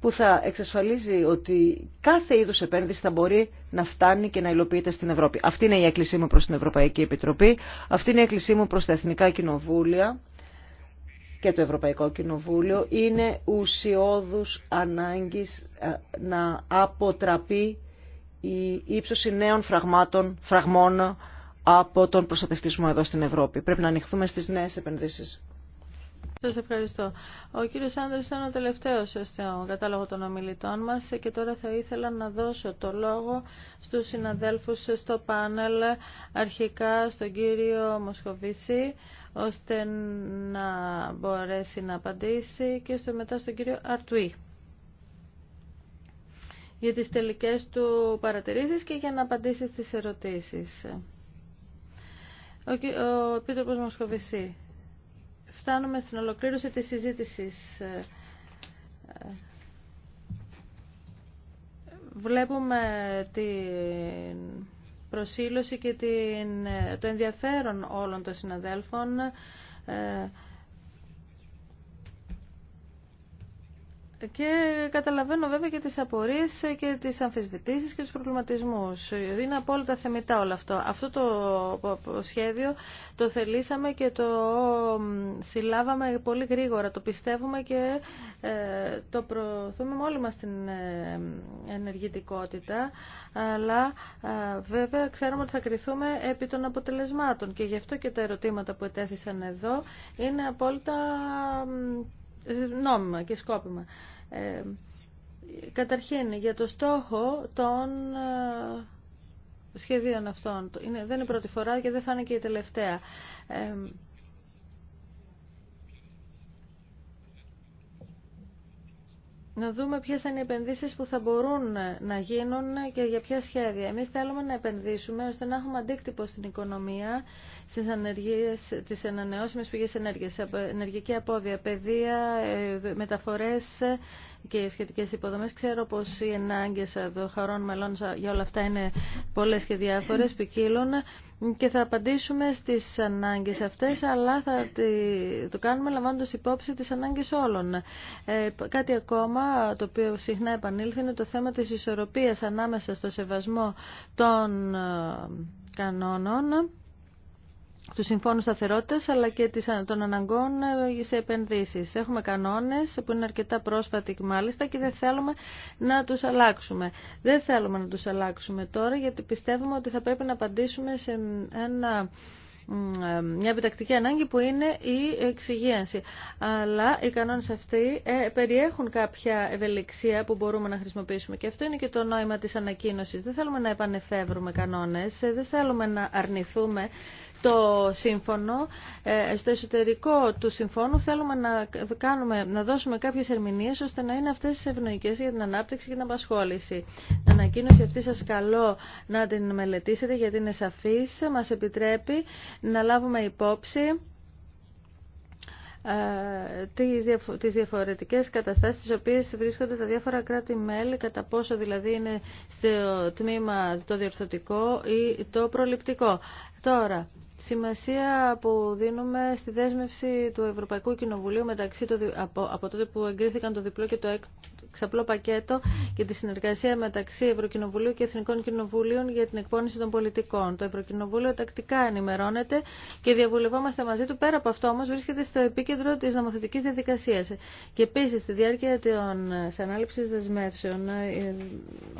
που θα εξασφαλίζει ότι κάθε είδους επένδυση θα μπορεί να φτάνει και να υλοποιείται στην Ευρώπη. Αυτή είναι η έκκλησή μου προς την Ευρωπαϊκή Επιτροπή, αυτή είναι η έκκλησή μου προς τα Εθνικά Κοινοβούλια και το Ευρωπαϊκό Κοινοβούλιο. Είναι ουσιώδους ανάγκης ε, να αποτραπεί η ύψωση νέων φραγμάτων, φραγμών από τον προστατευτισμό εδώ στην Ευρώπη. Πρέπει να ανοιχθούμε στις νέες επενδύσεις. Σα ευχαριστώ. Ο κύριος Άντρε ήταν ο τελευταίο στον κατάλογο των ομιλητών μας και τώρα θα ήθελα να δώσω το λόγο στους συναδέλφους στο πάνελ, αρχικά στον κύριο Μοσχοβίση, ώστε να μπορέσει να απαντήσει και στο μετά στον κύριο Αρτουή για τις τελικές του παρατηρήσεις και για να απαντήσει στις ερωτήσεις. Ο, ο Μοσχοβησή φτάνουμε στην ολοκλήρωση της συζήτησης. Ε, ε, βλέπουμε την προσήλωση και την, ε, το ενδιαφέρον όλων των συναδέλφων Και καταλαβαίνω βέβαια και τις απορίες και τις αμφισβητήσεις και τους προβληματισμούς. Είναι απόλυτα θεμητά όλο αυτό. Αυτό το σχέδιο το θελήσαμε και το συλλάβαμε πολύ γρήγορα. Το πιστεύουμε και ε, το προωθούμε με όλη μας την ε, ενεργητικότητα. Αλλά ε, βέβαια ξέρουμε ότι θα κριθούμε επί των αποτελεσμάτων. Και γι' αυτό και τα ερωτήματα που ετέθησαν εδώ είναι απόλυτα νόμιμα και σκόπιμα. Ε, καταρχήν, για το στόχο των ε, σχεδίων αυτών. Είναι, δεν είναι πρώτη φορά και δεν θα είναι και η τελευταία. Ε, να δούμε ποιες θα είναι οι επενδύσεις που θα μπορούν να γίνουν και για ποια σχέδια. Εμείς θέλουμε να επενδύσουμε ώστε να έχουμε αντίκτυπο στην οικονομία, στις ανεργίες, τις ανανεώσιμες πηγές ενέργειας, ενεργειακή απόδεια, παιδεία, ε, μεταφορές και σχετικές υποδομές. Ξέρω πως οι ενάγκες των χαρών μελών για όλα αυτά είναι πολλές και διάφορες, ποικίλουν και θα απαντήσουμε στις ανάγκες αυτές, αλλά θα το κάνουμε λαμβάνοντας υπόψη τις ανάγκες όλων. Ε, κάτι ακόμα το οποίο συχνά επανήλθε είναι το θέμα της ισορροπίας ανάμεσα στο σεβασμό των ε, κανόνων του Συμφώνου Σταθερότητα αλλά και των αναγκών ε, σε επενδύσει. Έχουμε κανόνε που είναι αρκετά πρόσφατοι και μάλιστα και δεν θέλουμε να του αλλάξουμε. Δεν θέλουμε να του αλλάξουμε τώρα γιατί πιστεύουμε ότι θα πρέπει να απαντήσουμε σε ένα ε, μια επιτακτική ανάγκη που είναι η εξυγίανση. Αλλά οι κανόνε αυτοί ε, περιέχουν κάποια ευελιξία που μπορούμε να χρησιμοποιήσουμε και αυτό είναι και το νόημα τη ανακοίνωση. Δεν θέλουμε να επανεφεύρουμε κανόνες, δεν θέλουμε να αρνηθούμε το σύμφωνο, ε, στο εσωτερικό του συμφώνου θέλουμε να, κάνουμε, να δώσουμε κάποιες ερμηνείες ώστε να είναι αυτές ευνοϊκές για την ανάπτυξη και την απασχόληση. Την ανακοίνωση αυτή σας καλώ να την μελετήσετε γιατί είναι σαφής, μας επιτρέπει να λάβουμε υπόψη ε, τις διαφορετικές καταστάσεις στις οποίες βρίσκονται τα διάφορα κράτη-μέλη, κατά πόσο δηλαδή είναι στο τμήμα το διορθωτικό ή το προληπτικό. Τώρα, σημασία που δίνουμε στη δέσμευση του Ευρωπαϊκού Κοινοβουλίου μεταξύ το, από, τότε που εγκρίθηκαν το διπλό και το ξαπλό πακέτο και τη συνεργασία μεταξύ Ευρωκοινοβουλίου και Εθνικών Κοινοβουλίων για την εκπόνηση των πολιτικών. Το Ευρωκοινοβούλιο τακτικά ενημερώνεται και διαβουλευόμαστε μαζί του. Πέρα από αυτό όμω βρίσκεται στο επίκεντρο τη νομοθετική διαδικασία. Και επίση στη διάρκεια τη ανάληψη δεσμεύσεων, ε,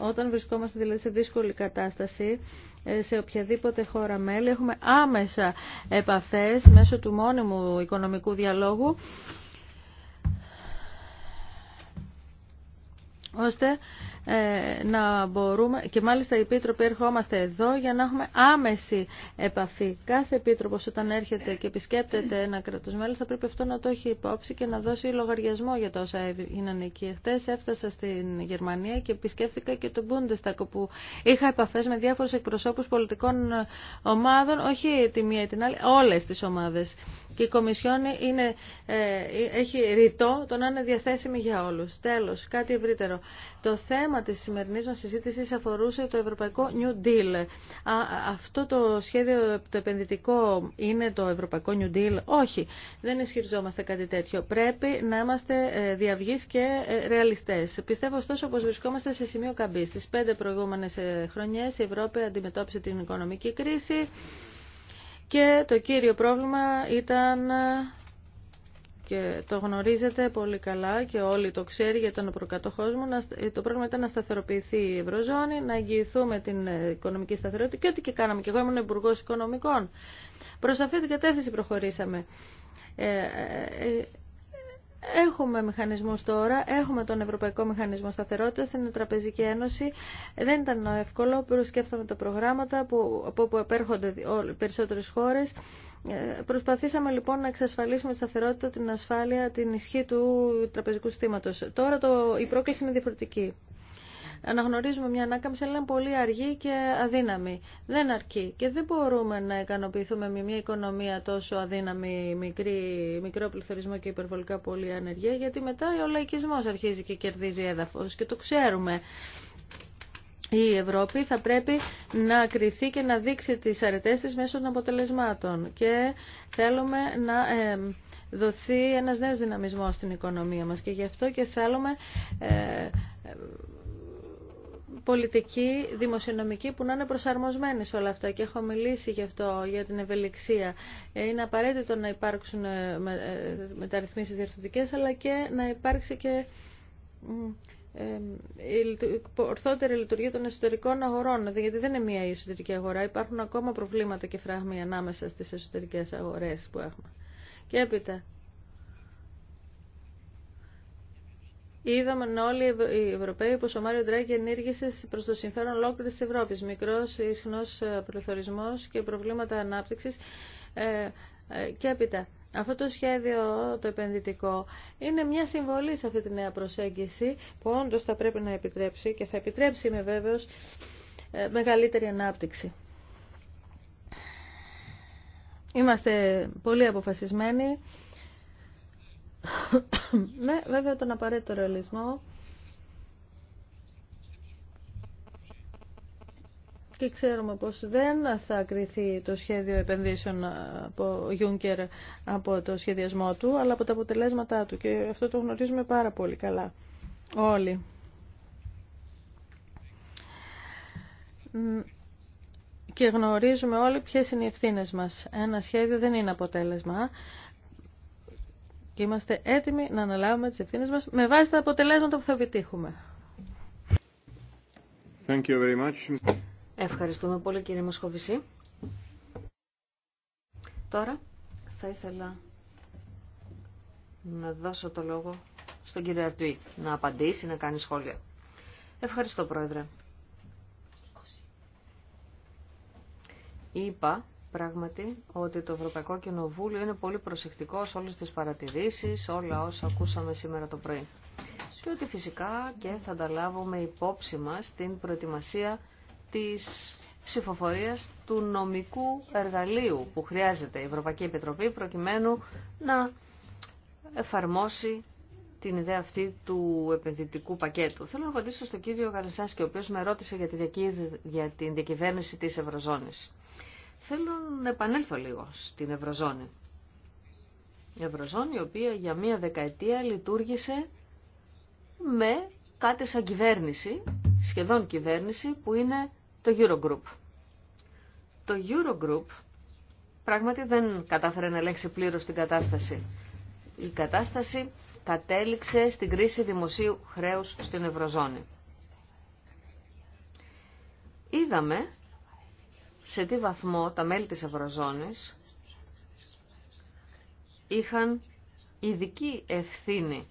όταν βρισκόμαστε δηλαδή σε δύσκολη κατάσταση ε, σε οποιαδήποτε χώρα μέλη, έχουμε άμεσα επαφές μέσω του μόνιμου οικονομικού διαλόγου ώστε ε, να μπορούμε και μάλιστα οι επίτροποι ερχόμαστε εδώ για να έχουμε άμεση επαφή. Κάθε επίτροπος όταν έρχεται και επισκέπτεται ένα κρατός θα πρέπει αυτό να το έχει υπόψη και να δώσει λογαριασμό για τα όσα έγιναν εκεί. Χτες έφτασα στην Γερμανία και επισκέφθηκα και τον Bundestag που είχα επαφέ με διάφορου εκπροσώπους πολιτικών ομάδων, όχι τη μία ή την άλλη, όλες τις ομάδες. Και η Κομισιόν είναι, ε, έχει ρητό το να είναι διαθέσιμη για όλου. Τέλο, κάτι ευρύτερο. Το θέμα θέμα της σημερινής μας συζήτησης αφορούσε το Ευρωπαϊκό New Deal. αυτό το σχέδιο το επενδυτικό είναι το Ευρωπαϊκό New Deal. Όχι, δεν ισχυριζόμαστε κάτι τέτοιο. Πρέπει να είμαστε ε, διαυγείς και ε, ρεαλιστές. Πιστεύω ωστόσο πως βρισκόμαστε σε σημείο καμπή. Στις πέντε προηγούμενες ε, χρονιές η Ευρώπη αντιμετώπισε την οικονομική κρίση και το κύριο πρόβλημα ήταν και το γνωρίζετε πολύ καλά και όλοι το ξέρει για τον προκατοχό μου, ε, το πρόγραμμα ήταν να σταθεροποιηθεί η Ευρωζώνη, να εγγυηθούμε την ε, οικονομική σταθερότητα και ό,τι και κάναμε. Και εγώ ήμουν υπουργό Οικονομικών. Προς αυτή την κατεύθυνση προχωρήσαμε. Ε, έχουμε μηχανισμούς τώρα, έχουμε τον Ευρωπαϊκό Μηχανισμό Σταθερότητας, την Τραπεζική Ένωση. Δεν ήταν εύκολο, προσκέφταμε τα προγράμματα από όπου επέρχονται περισσότερες χώρες ε, προσπαθήσαμε λοιπόν να εξασφαλίσουμε τη σταθερότητα, την ασφάλεια, την ισχύ του τραπεζικού συστήματο. Τώρα το, η πρόκληση είναι διαφορετική. Αναγνωρίζουμε μια ανάκαμψη, αλλά είναι πολύ αργή και αδύναμη. Δεν αρκεί και δεν μπορούμε να ικανοποιηθούμε με μια οικονομία τόσο αδύναμη, μικρό πληθωρισμό και υπερβολικά πολύ ανεργία, γιατί μετά ο λαϊκισμός αρχίζει και κερδίζει έδαφος και το ξέρουμε η Ευρώπη θα πρέπει να κριθεί και να δείξει τις αρετές της μέσω των αποτελεσμάτων και θέλουμε να δοθεί ένας νέος δυναμισμός στην οικονομία μας και γι' αυτό και θέλουμε ε, πολιτική, δημοσιονομική που να είναι προσαρμοσμένη σε όλα αυτά και έχω μιλήσει γι' αυτό, για την ευελιξία. Είναι απαραίτητο να υπάρξουν ε, ε, μεταρρυθμίσεις διευθυντικές αλλά και να υπάρξει και ε, η ορθότερη λειτουργία των εσωτερικών αγορών, γιατί δεν είναι μία η εσωτερική αγορά, υπάρχουν ακόμα προβλήματα και φράγμοι ανάμεσα στις εσωτερικές αγορές που έχουμε. Και έπειτα, Είδαμε όλοι οι Ευρωπαίοι πως ο Μάριο Ντράγκη ενήργησε προς το συμφέρον ολόκληρη της Ευρώπης. Μικρός, ισχνός ε, πληθωρισμός και προβλήματα ανάπτυξης. Ε, ε και έπειτα, αυτό το σχέδιο το επενδυτικό είναι μια συμβολή σε αυτή τη νέα προσέγγιση που όντως θα πρέπει να επιτρέψει και θα επιτρέψει με βέβαιος ε, μεγαλύτερη ανάπτυξη. Είμαστε πολύ αποφασισμένοι [coughs] με βέβαια τον απαραίτητο ρεαλισμό και ξέρουμε πως δεν θα κριθεί το σχέδιο επενδύσεων από Γιούνκερ από το σχεδιασμό του, αλλά από τα αποτελέσματά του και αυτό το γνωρίζουμε πάρα πολύ καλά όλοι. Και γνωρίζουμε όλοι ποιες είναι οι ευθύνες μας. Ένα σχέδιο δεν είναι αποτέλεσμα και είμαστε έτοιμοι να αναλάβουμε τις ευθύνες μας με βάση τα αποτελέσματα που θα επιτύχουμε. Thank you very much. Ευχαριστούμε πολύ κύριε Μοσχοβησή. Τώρα θα ήθελα να δώσω το λόγο στον κύριο Αρτουή να απαντήσει, να κάνει σχόλια. Ευχαριστώ πρόεδρε. Είπα πράγματι ότι το Ευρωπαϊκό Κοινοβούλιο είναι πολύ προσεκτικό σε όλες τις παρατηρήσεις, όλα όσα ακούσαμε σήμερα το πρωί. Και ότι φυσικά και θα τα λάβουμε υπόψη μας την προετοιμασία της ψηφοφορίας του νομικού εργαλείου που χρειάζεται η Ευρωπαϊκή Επιτροπή προκειμένου να εφαρμόσει την ιδέα αυτή του επενδυτικού πακέτου. Θέλω να απαντήσω στον κύριο και ο οποίος με ρώτησε για, τη την διακυβέρνηση της Ευρωζώνης. Θέλω να επανέλθω λίγο στην Ευρωζώνη. Η Ευρωζώνη, η οποία για μία δεκαετία λειτουργήσε με κάτι σαν κυβέρνηση, σχεδόν κυβέρνηση, που είναι το Eurogroup. Το Eurogroup πράγματι δεν κατάφερε να ελέγξει πλήρως την κατάσταση. Η κατάσταση κατέληξε στην κρίση δημοσίου χρέους στην Ευρωζώνη. Είδαμε σε τι βαθμό τα μέλη της Ευρωζώνης είχαν ειδική ευθύνη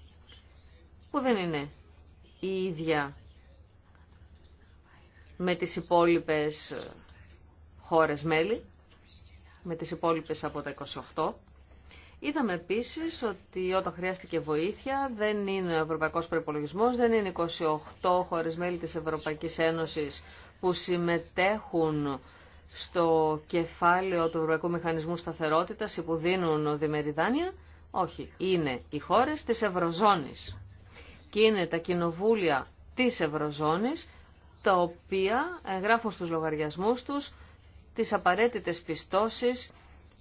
που δεν είναι η ίδια με τις υπόλοιπες χώρες μέλη, με τις υπόλοιπες από τα 28. Είδαμε επίσης ότι όταν χρειάστηκε βοήθεια δεν είναι ο Ευρωπαϊκός Προϋπολογισμός, δεν είναι 28 χώρες μέλη της Ευρωπαϊκής Ένωσης που συμμετέχουν στο κεφάλαιο του Ευρωπαϊκού Μηχανισμού Σταθερότητας ή που δίνουν διμεριδάνεια. Όχι, είναι οι χώρες της Ευρωζώνης και είναι τα κοινοβούλια της Ευρωζώνης τα οποία ε, γράφουν στους λογαριασμούς τους τις απαραίτητες πιστώσεις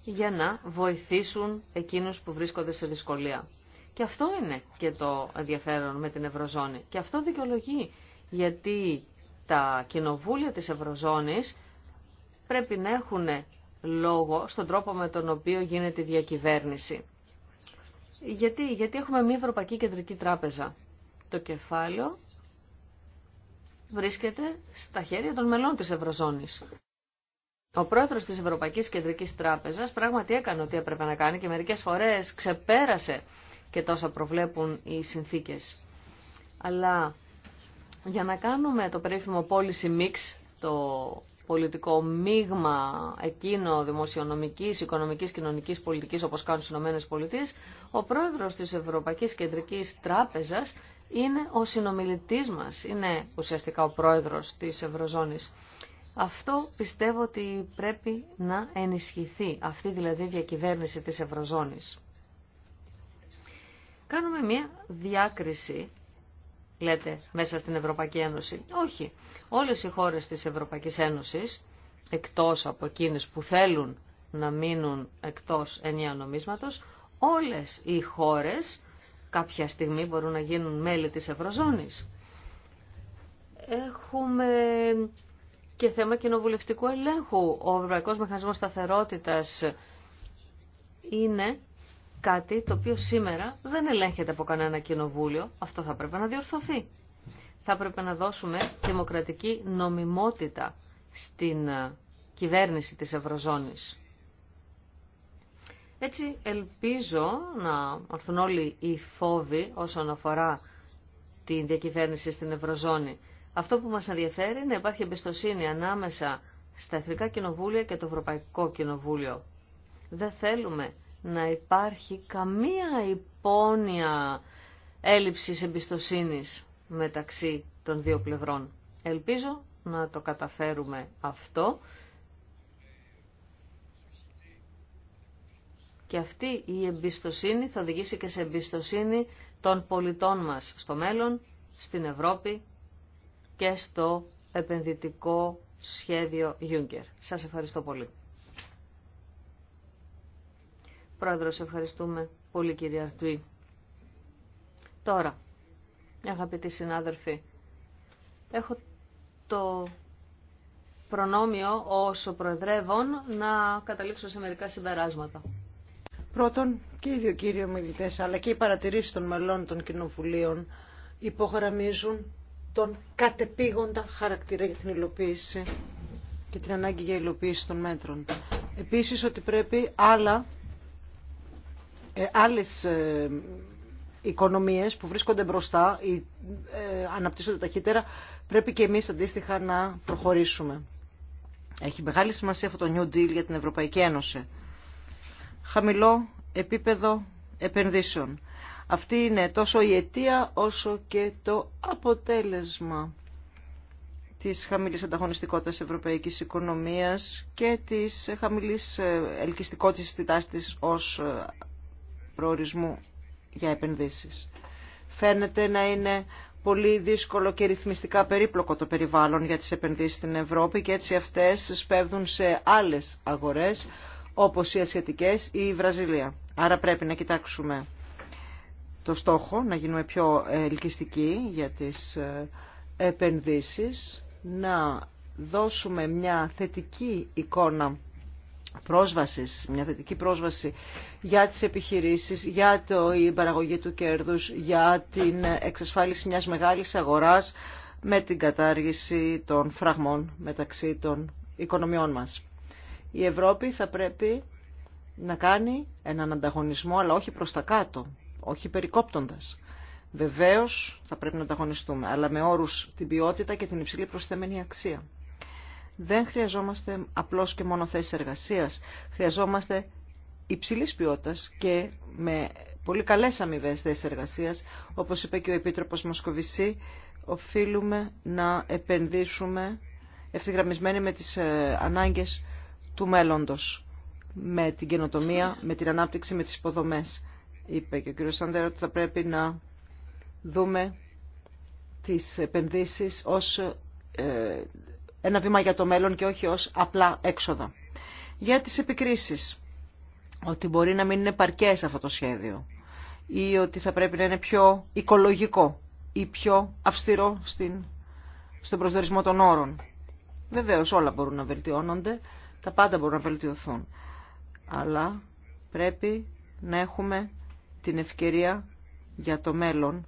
για να βοηθήσουν εκείνους που βρίσκονται σε δυσκολία. Και αυτό είναι και το ενδιαφέρον με την Ευρωζώνη. Και αυτό δικαιολογεί γιατί τα κοινοβούλια της Ευρωζώνης πρέπει να έχουν λόγο στον τρόπο με τον οποίο γίνεται η διακυβέρνηση. Γιατί, γιατί έχουμε μια Ευρωπαϊκή Κεντρική Τράπεζα. Το κεφάλαιο βρίσκεται στα χέρια των μελών της Ευρωζώνης. Ο πρόεδρος της Ευρωπαϊκής Κεντρικής Τράπεζας πράγματι έκανε ό,τι έπρεπε να κάνει και μερικές φορές ξεπέρασε και τόσα προβλέπουν οι συνθήκες. Αλλά για να κάνουμε το περίφημο policy mix, το πολιτικό μείγμα εκείνο δημοσιονομικής, οικονομικής, κοινωνικής πολιτικής όπως κάνουν στις ΗΠΑ, ο πρόεδρος της Ευρωπαϊκής Κεντρικής Τράπεζας είναι ο συνομιλητής μας, είναι ουσιαστικά ο πρόεδρος της Ευρωζώνης. Αυτό πιστεύω ότι πρέπει να ενισχυθεί, αυτή δηλαδή η διακυβέρνηση της Ευρωζώνης. Κάνουμε μια διάκριση λέτε, μέσα στην Ευρωπαϊκή Ένωση. Όχι. Όλες οι χώρες της Ευρωπαϊκής Ένωσης, εκτός από εκείνες που θέλουν να μείνουν εκτός ενιαίου νομίσματος, όλες οι χώρες κάποια στιγμή μπορούν να γίνουν μέλη της Ευρωζώνης. Έχουμε και θέμα κοινοβουλευτικού ελέγχου. Ο Ευρωπαϊκός Μεχανισμός Σταθερότητας είναι κάτι το οποίο σήμερα δεν ελέγχεται από κανένα κοινοβούλιο. Αυτό θα πρέπει να διορθωθεί. Θα πρέπει να δώσουμε δημοκρατική νομιμότητα στην ε, κυβέρνηση της Ευρωζώνης. Έτσι ελπίζω να έρθουν όλοι οι φόβοι όσον αφορά την διακυβέρνηση στην Ευρωζώνη. Αυτό που μας ενδιαφέρει είναι να υπάρχει εμπιστοσύνη ανάμεσα στα Εθνικά Κοινοβούλια και το Ευρωπαϊκό Κοινοβούλιο. Δεν θέλουμε να υπάρχει καμία υπόνοια έλλειψης εμπιστοσύνης μεταξύ των δύο πλευρών. Ελπίζω να το καταφέρουμε αυτό. Και αυτή η εμπιστοσύνη θα οδηγήσει και σε εμπιστοσύνη των πολιτών μας στο μέλλον, στην Ευρώπη και στο επενδυτικό σχέδιο Juncker. Σας ευχαριστώ πολύ σε ευχαριστούμε πολύ κύριε Αρτουή. Τώρα, αγαπητοί συνάδελφοι, έχω το προνόμιο όσο προεδρεύων να καταλήξω σε μερικά συμπεράσματα. Πρώτον, και οι δύο κύριοι ομιλητέ, αλλά και οι παρατηρήσει των μελών των κοινοβουλίων υπογραμμίζουν τον κατεπήγοντα χαρακτήρα για την υλοποίηση και την ανάγκη για υλοποίηση των μέτρων. Επίσης ότι πρέπει άλλα ε, άλλες ε, οικονομίες που βρίσκονται μπροστά ή ε, αναπτύσσονται ταχύτερα, πρέπει και εμείς αντίστοιχα να προχωρήσουμε. Έχει μεγάλη σημασία αυτό το New Deal για την Ευρωπαϊκή Ένωση. Χαμηλό επίπεδο επενδύσεων. Αυτή είναι τόσο η αιτία όσο και το αποτέλεσμα της χαμηλής ανταγωνιστικότητας ευρωπαϊκής οικονομίας και της χαμηλής ελκυστικότητας της τάσης της ως προορισμού για επενδύσεις. Φαίνεται να είναι πολύ δύσκολο και ρυθμιστικά περίπλοκο το περιβάλλον για τις επενδύσεις στην Ευρώπη και έτσι αυτές σπέβδουν σε άλλες αγορές όπως οι ασιατικές ή η Βραζιλία. Άρα πρέπει να κοιτάξουμε το στόχο, να γίνουμε πιο ελκυστικοί για τις ε, επενδύσεις, να δώσουμε μια θετική εικόνα πρόσβασης, μια θετική πρόσβαση για τις επιχειρήσεις, για το, η παραγωγή του κέρδους, για την εξασφάλιση μιας μεγάλης αγοράς με την κατάργηση των φραγμών μεταξύ των οικονομιών μας. Η Ευρώπη θα πρέπει να κάνει έναν ανταγωνισμό, αλλά όχι προς τα κάτω, όχι περικόπτοντας. Βεβαίως θα πρέπει να ανταγωνιστούμε, αλλά με όρους την ποιότητα και την υψηλή προσθεμένη αξία δεν χρειαζόμαστε απλώς και μόνο θέσει εργασίας. Χρειαζόμαστε υψηλής ποιότητας και με πολύ καλές αμοιβέ θέσεις εργασίας. Όπως είπε και ο Επίτροπος Μοσκοβισή, οφείλουμε να επενδύσουμε ευθυγραμμισμένοι με τις ε, ανάγκες του μέλλοντος, με την καινοτομία, με την ανάπτυξη, με τις υποδομές. Είπε και ο κ. Σαντέρα ότι θα πρέπει να δούμε τις επενδύσεις ως ε, ένα βήμα για το μέλλον και όχι ως απλά έξοδα. Για τις επικρίσεις, ότι μπορεί να μην είναι παρκές αυτό το σχέδιο ή ότι θα πρέπει να είναι πιο οικολογικό ή πιο αυστηρό στην, στον προσδορισμό των όρων. Βεβαίως όλα μπορούν να βελτιώνονται, τα πάντα μπορούν να βελτιωθούν. Αλλά πρέπει να έχουμε την ευκαιρία για το μέλλον,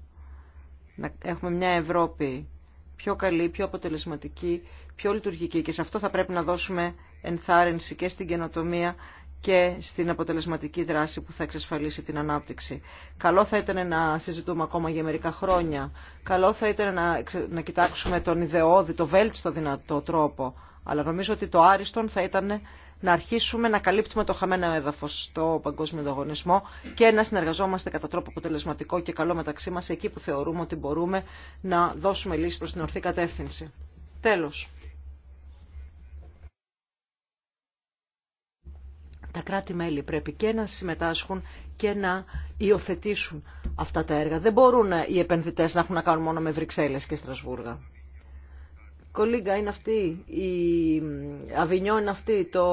να έχουμε μια Ευρώπη πιο καλή, πιο αποτελεσματική πιο λειτουργική και σε αυτό θα πρέπει να δώσουμε ενθάρρυνση και στην καινοτομία και στην αποτελεσματική δράση που θα εξασφαλίσει την ανάπτυξη. Καλό θα ήταν να συζητούμε ακόμα για μερικά χρόνια. Καλό θα ήταν να, να κοιτάξουμε τον ιδεώδη, το βέλτιστο δυνατό τρόπο. Αλλά νομίζω ότι το άριστον θα ήταν να αρχίσουμε να καλύπτουμε το χαμένο έδαφος στο παγκόσμιο ανταγωνισμό και να συνεργαζόμαστε κατά τρόπο αποτελεσματικό και καλό μεταξύ μα εκεί που θεωρούμε ότι μπορούμε να δώσουμε λύση προς την ορθή κατεύθυνση. Τέλος. τα κράτη-μέλη πρέπει και να συμμετάσχουν και να υιοθετήσουν αυτά τα έργα. Δεν μπορούν οι επενδυτές να έχουν να κάνουν μόνο με Βρυξέλλες και Στρασβούργα. Κολίγκα είναι αυτή, η Αβινιό είναι αυτή, το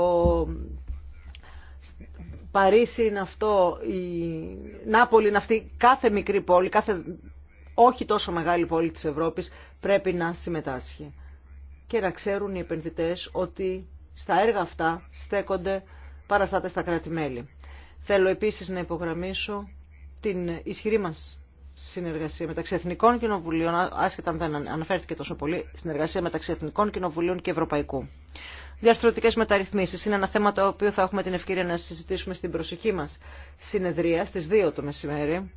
Παρίσι είναι αυτό, η Νάπολη είναι αυτή. Κάθε μικρή πόλη, κάθε όχι τόσο μεγάλη πόλη της Ευρώπης πρέπει να συμμετάσχει. Και να ξέρουν οι επενδυτές ότι στα έργα αυτά στέκονται παραστάτε στα κράτη-μέλη. Θέλω επίσης να υπογραμμίσω την ισχυρή μας συνεργασία μεταξύ Εθνικών Κοινοβουλίων, άσχετα αν δεν αναφέρθηκε τόσο πολύ, συνεργασία μεταξύ Εθνικών Κοινοβουλίων και Ευρωπαϊκού. Διαρθρωτικέ μεταρρυθμίσει είναι ένα θέμα το οποίο θα έχουμε την ευκαιρία να συζητήσουμε στην προσοχή μα συνεδρία στι 2 το μεσημέρι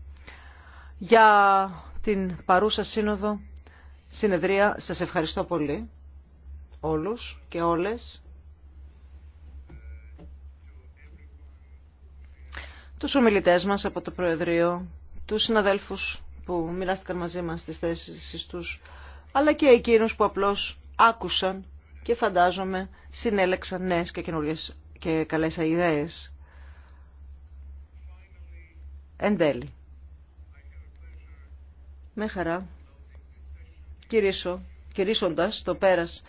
για την παρούσα σύνοδο συνεδρία. σα ευχαριστώ πολύ όλου και όλε. τους ομιλητές μας από το Προεδρείο, τους συναδέλφους που μοιράστηκαν μαζί μας στις θέσεις τους, αλλά και εκείνους που απλώς άκουσαν και φαντάζομαι συνέλεξαν νέες και καινούριες και καλές ιδέες. Εν τέλει. Με χαρά. Κυρίσω, κυρίσοντας το πέρας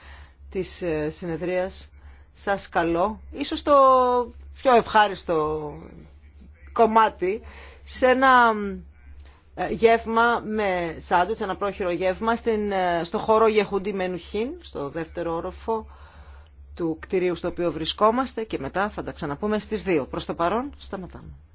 της ε, συνεδρίας, σας καλώ, ίσως το πιο ευχάριστο κομμάτι σε ένα ε, γεύμα με σάντουιτς, ένα πρόχειρο γεύμα στην, ε, στο χώρο Γεχουντι Μενουχίν, στο δεύτερο όροφο του κτηρίου στο οποίο βρισκόμαστε και μετά θα τα ξαναπούμε στις 2. Προς το παρόν σταματάμε.